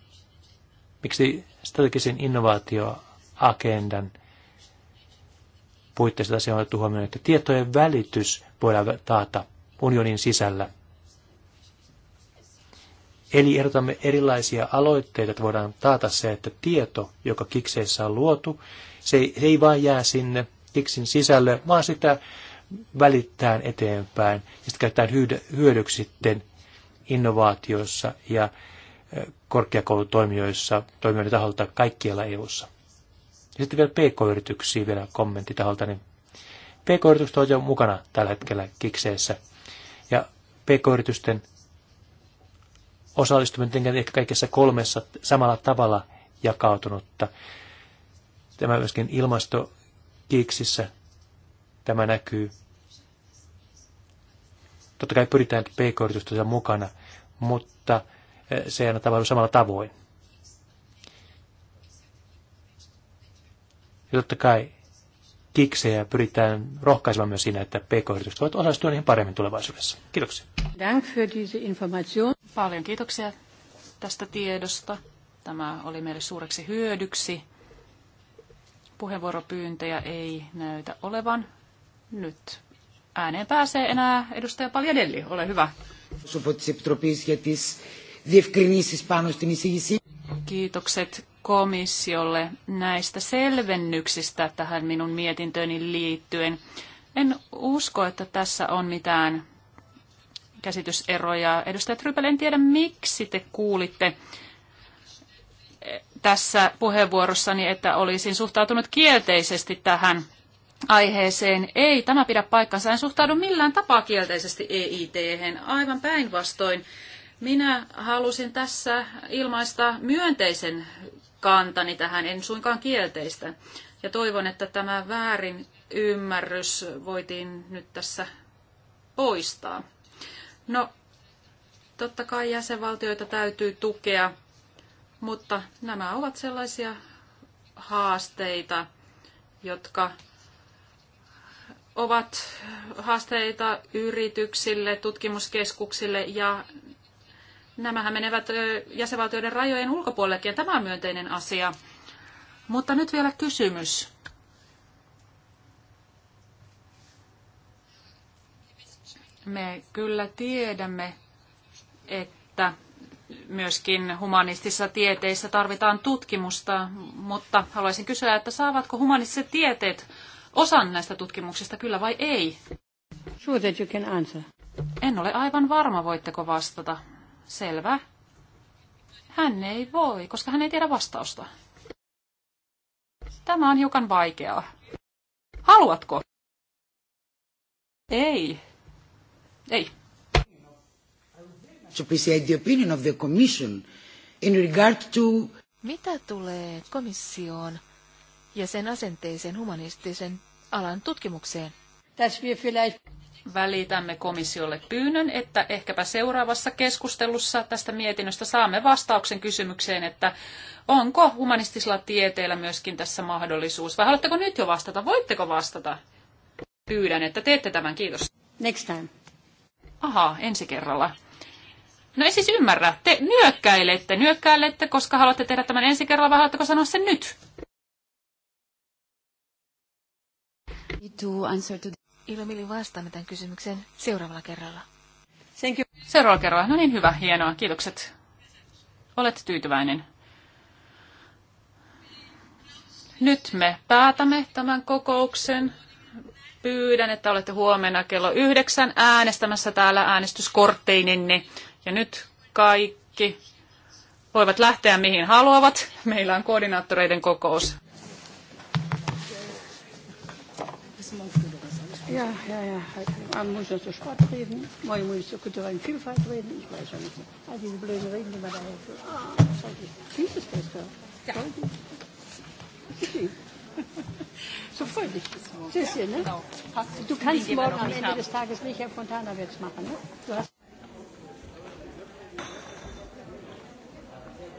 miksi strategisen innovaatioagendan puitteissa asia on otettu huomioon, että tietojen välitys voidaan taata unionin sisällä. Eli erotamme erilaisia aloitteita, että voidaan taata se, että tieto, joka kikseissä on luotu, se ei, se ei vain jää sinne tekstin sisälle, vaan sitä välittää eteenpäin ja sitä käytetään hyödyksi sitten innovaatioissa ja korkeakoulutoimijoissa, toimijoiden taholta kaikkialla EU-ssa. Ja sitten vielä PK-yrityksiä vielä kommentti taholta, niin PK-yritykset ovat jo mukana tällä hetkellä kikseessä. Ja PK-yritysten osallistuminen ehkä kaikessa kolmessa samalla tavalla jakautunutta. Tämä myöskin ilmasto kiiksissä tämä näkyy. Totta kai pyritään pk mukana, mutta eh, se ei aina tapahdu samalla tavoin. Ja totta kai kiksejä pyritään rohkaisemaan myös siinä, että pk-yritykset voivat osallistua niihin paremmin tulevaisuudessa. Kiitoksia. Dank für diese Information. Paljon kiitoksia tästä tiedosta. Tämä oli meille suureksi hyödyksi. Puheenvuoropyyntöjä ei näytä olevan. Nyt ääneen pääsee enää edustaja Paljadelli. Ole hyvä. Kiitokset komissiolle näistä selvennyksistä tähän minun mietintööni liittyen. En usko, että tässä on mitään käsityseroja. Edustaja Trypel, en tiedä miksi te kuulitte tässä puheenvuorossani, että olisin suhtautunut kielteisesti tähän aiheeseen. Ei, tämä pidä paikkansa. En suhtaudu millään tapaa kielteisesti EIT, -hän. aivan päinvastoin. Minä halusin tässä ilmaista myönteisen kantani tähän, en suinkaan kielteistä. Ja toivon, että tämä väärin ymmärrys voitiin nyt tässä poistaa. No, totta kai jäsenvaltioita täytyy tukea mutta nämä ovat sellaisia haasteita, jotka ovat haasteita yrityksille, tutkimuskeskuksille ja nämähän menevät jäsenvaltioiden rajojen ulkopuolellekin tämä on myönteinen asia. Mutta nyt vielä kysymys. Me kyllä tiedämme, että myöskin humanistisissa tieteissä tarvitaan tutkimusta, mutta haluaisin kysyä, että saavatko humanistiset tieteet osan näistä tutkimuksista, kyllä vai ei? Sure that you can answer. En ole aivan varma, voitteko vastata. Selvä. Hän ei voi, koska hän ei tiedä vastausta. Tämä on hiukan vaikeaa. Haluatko? Ei. Ei to appreciate the opinion of the Commission in regard to... Mitä tulee komissioon ja sen asenteeseen humanistisen alan tutkimukseen? Välitämme komissiolle pyynnön, että ehkäpä seuraavassa keskustelussa tästä mietinnöstä saamme vastauksen kysymykseen, että onko humanistisella tieteellä myöskin tässä mahdollisuus, vai haluatteko nyt jo vastata? Voitteko vastata? Pyydän, että teette tämän. Kiitos. Next time. Aha, ensi kerralla. No ei siis ymmärrä. Te nyökkäilette, nyökkäilette, koska haluatte tehdä tämän ensi kerralla, vai haluatteko sanoa sen nyt? Ilomili vastaa tämän kysymykseen seuraavalla kerralla. Thank you. Seuraavalla kerralla. No niin, hyvä, hienoa. Kiitokset. Olet tyytyväinen. Nyt me päätämme tämän kokouksen. Pyydän, että olette huomenna kello yhdeksän äänestämässä täällä äänestyskortteinenne. Ja nyt kaikki voivat lähteä mihin haluavat. Meillä on koordinaattoreiden kokous. Ja, ja, ja. Man muss ja zur Sport reden, man muss zur kulturellen Vielfalt reden, ich weiß ja nicht. All diese blöden Reden, die man da hört. Ah, das sollte ich. Dieses Fest, ja. So freut dich. Siehst du, ne? Du kannst morgen am Ende des Tages nicht Herr Fontana jetzt machen, ne? Du hast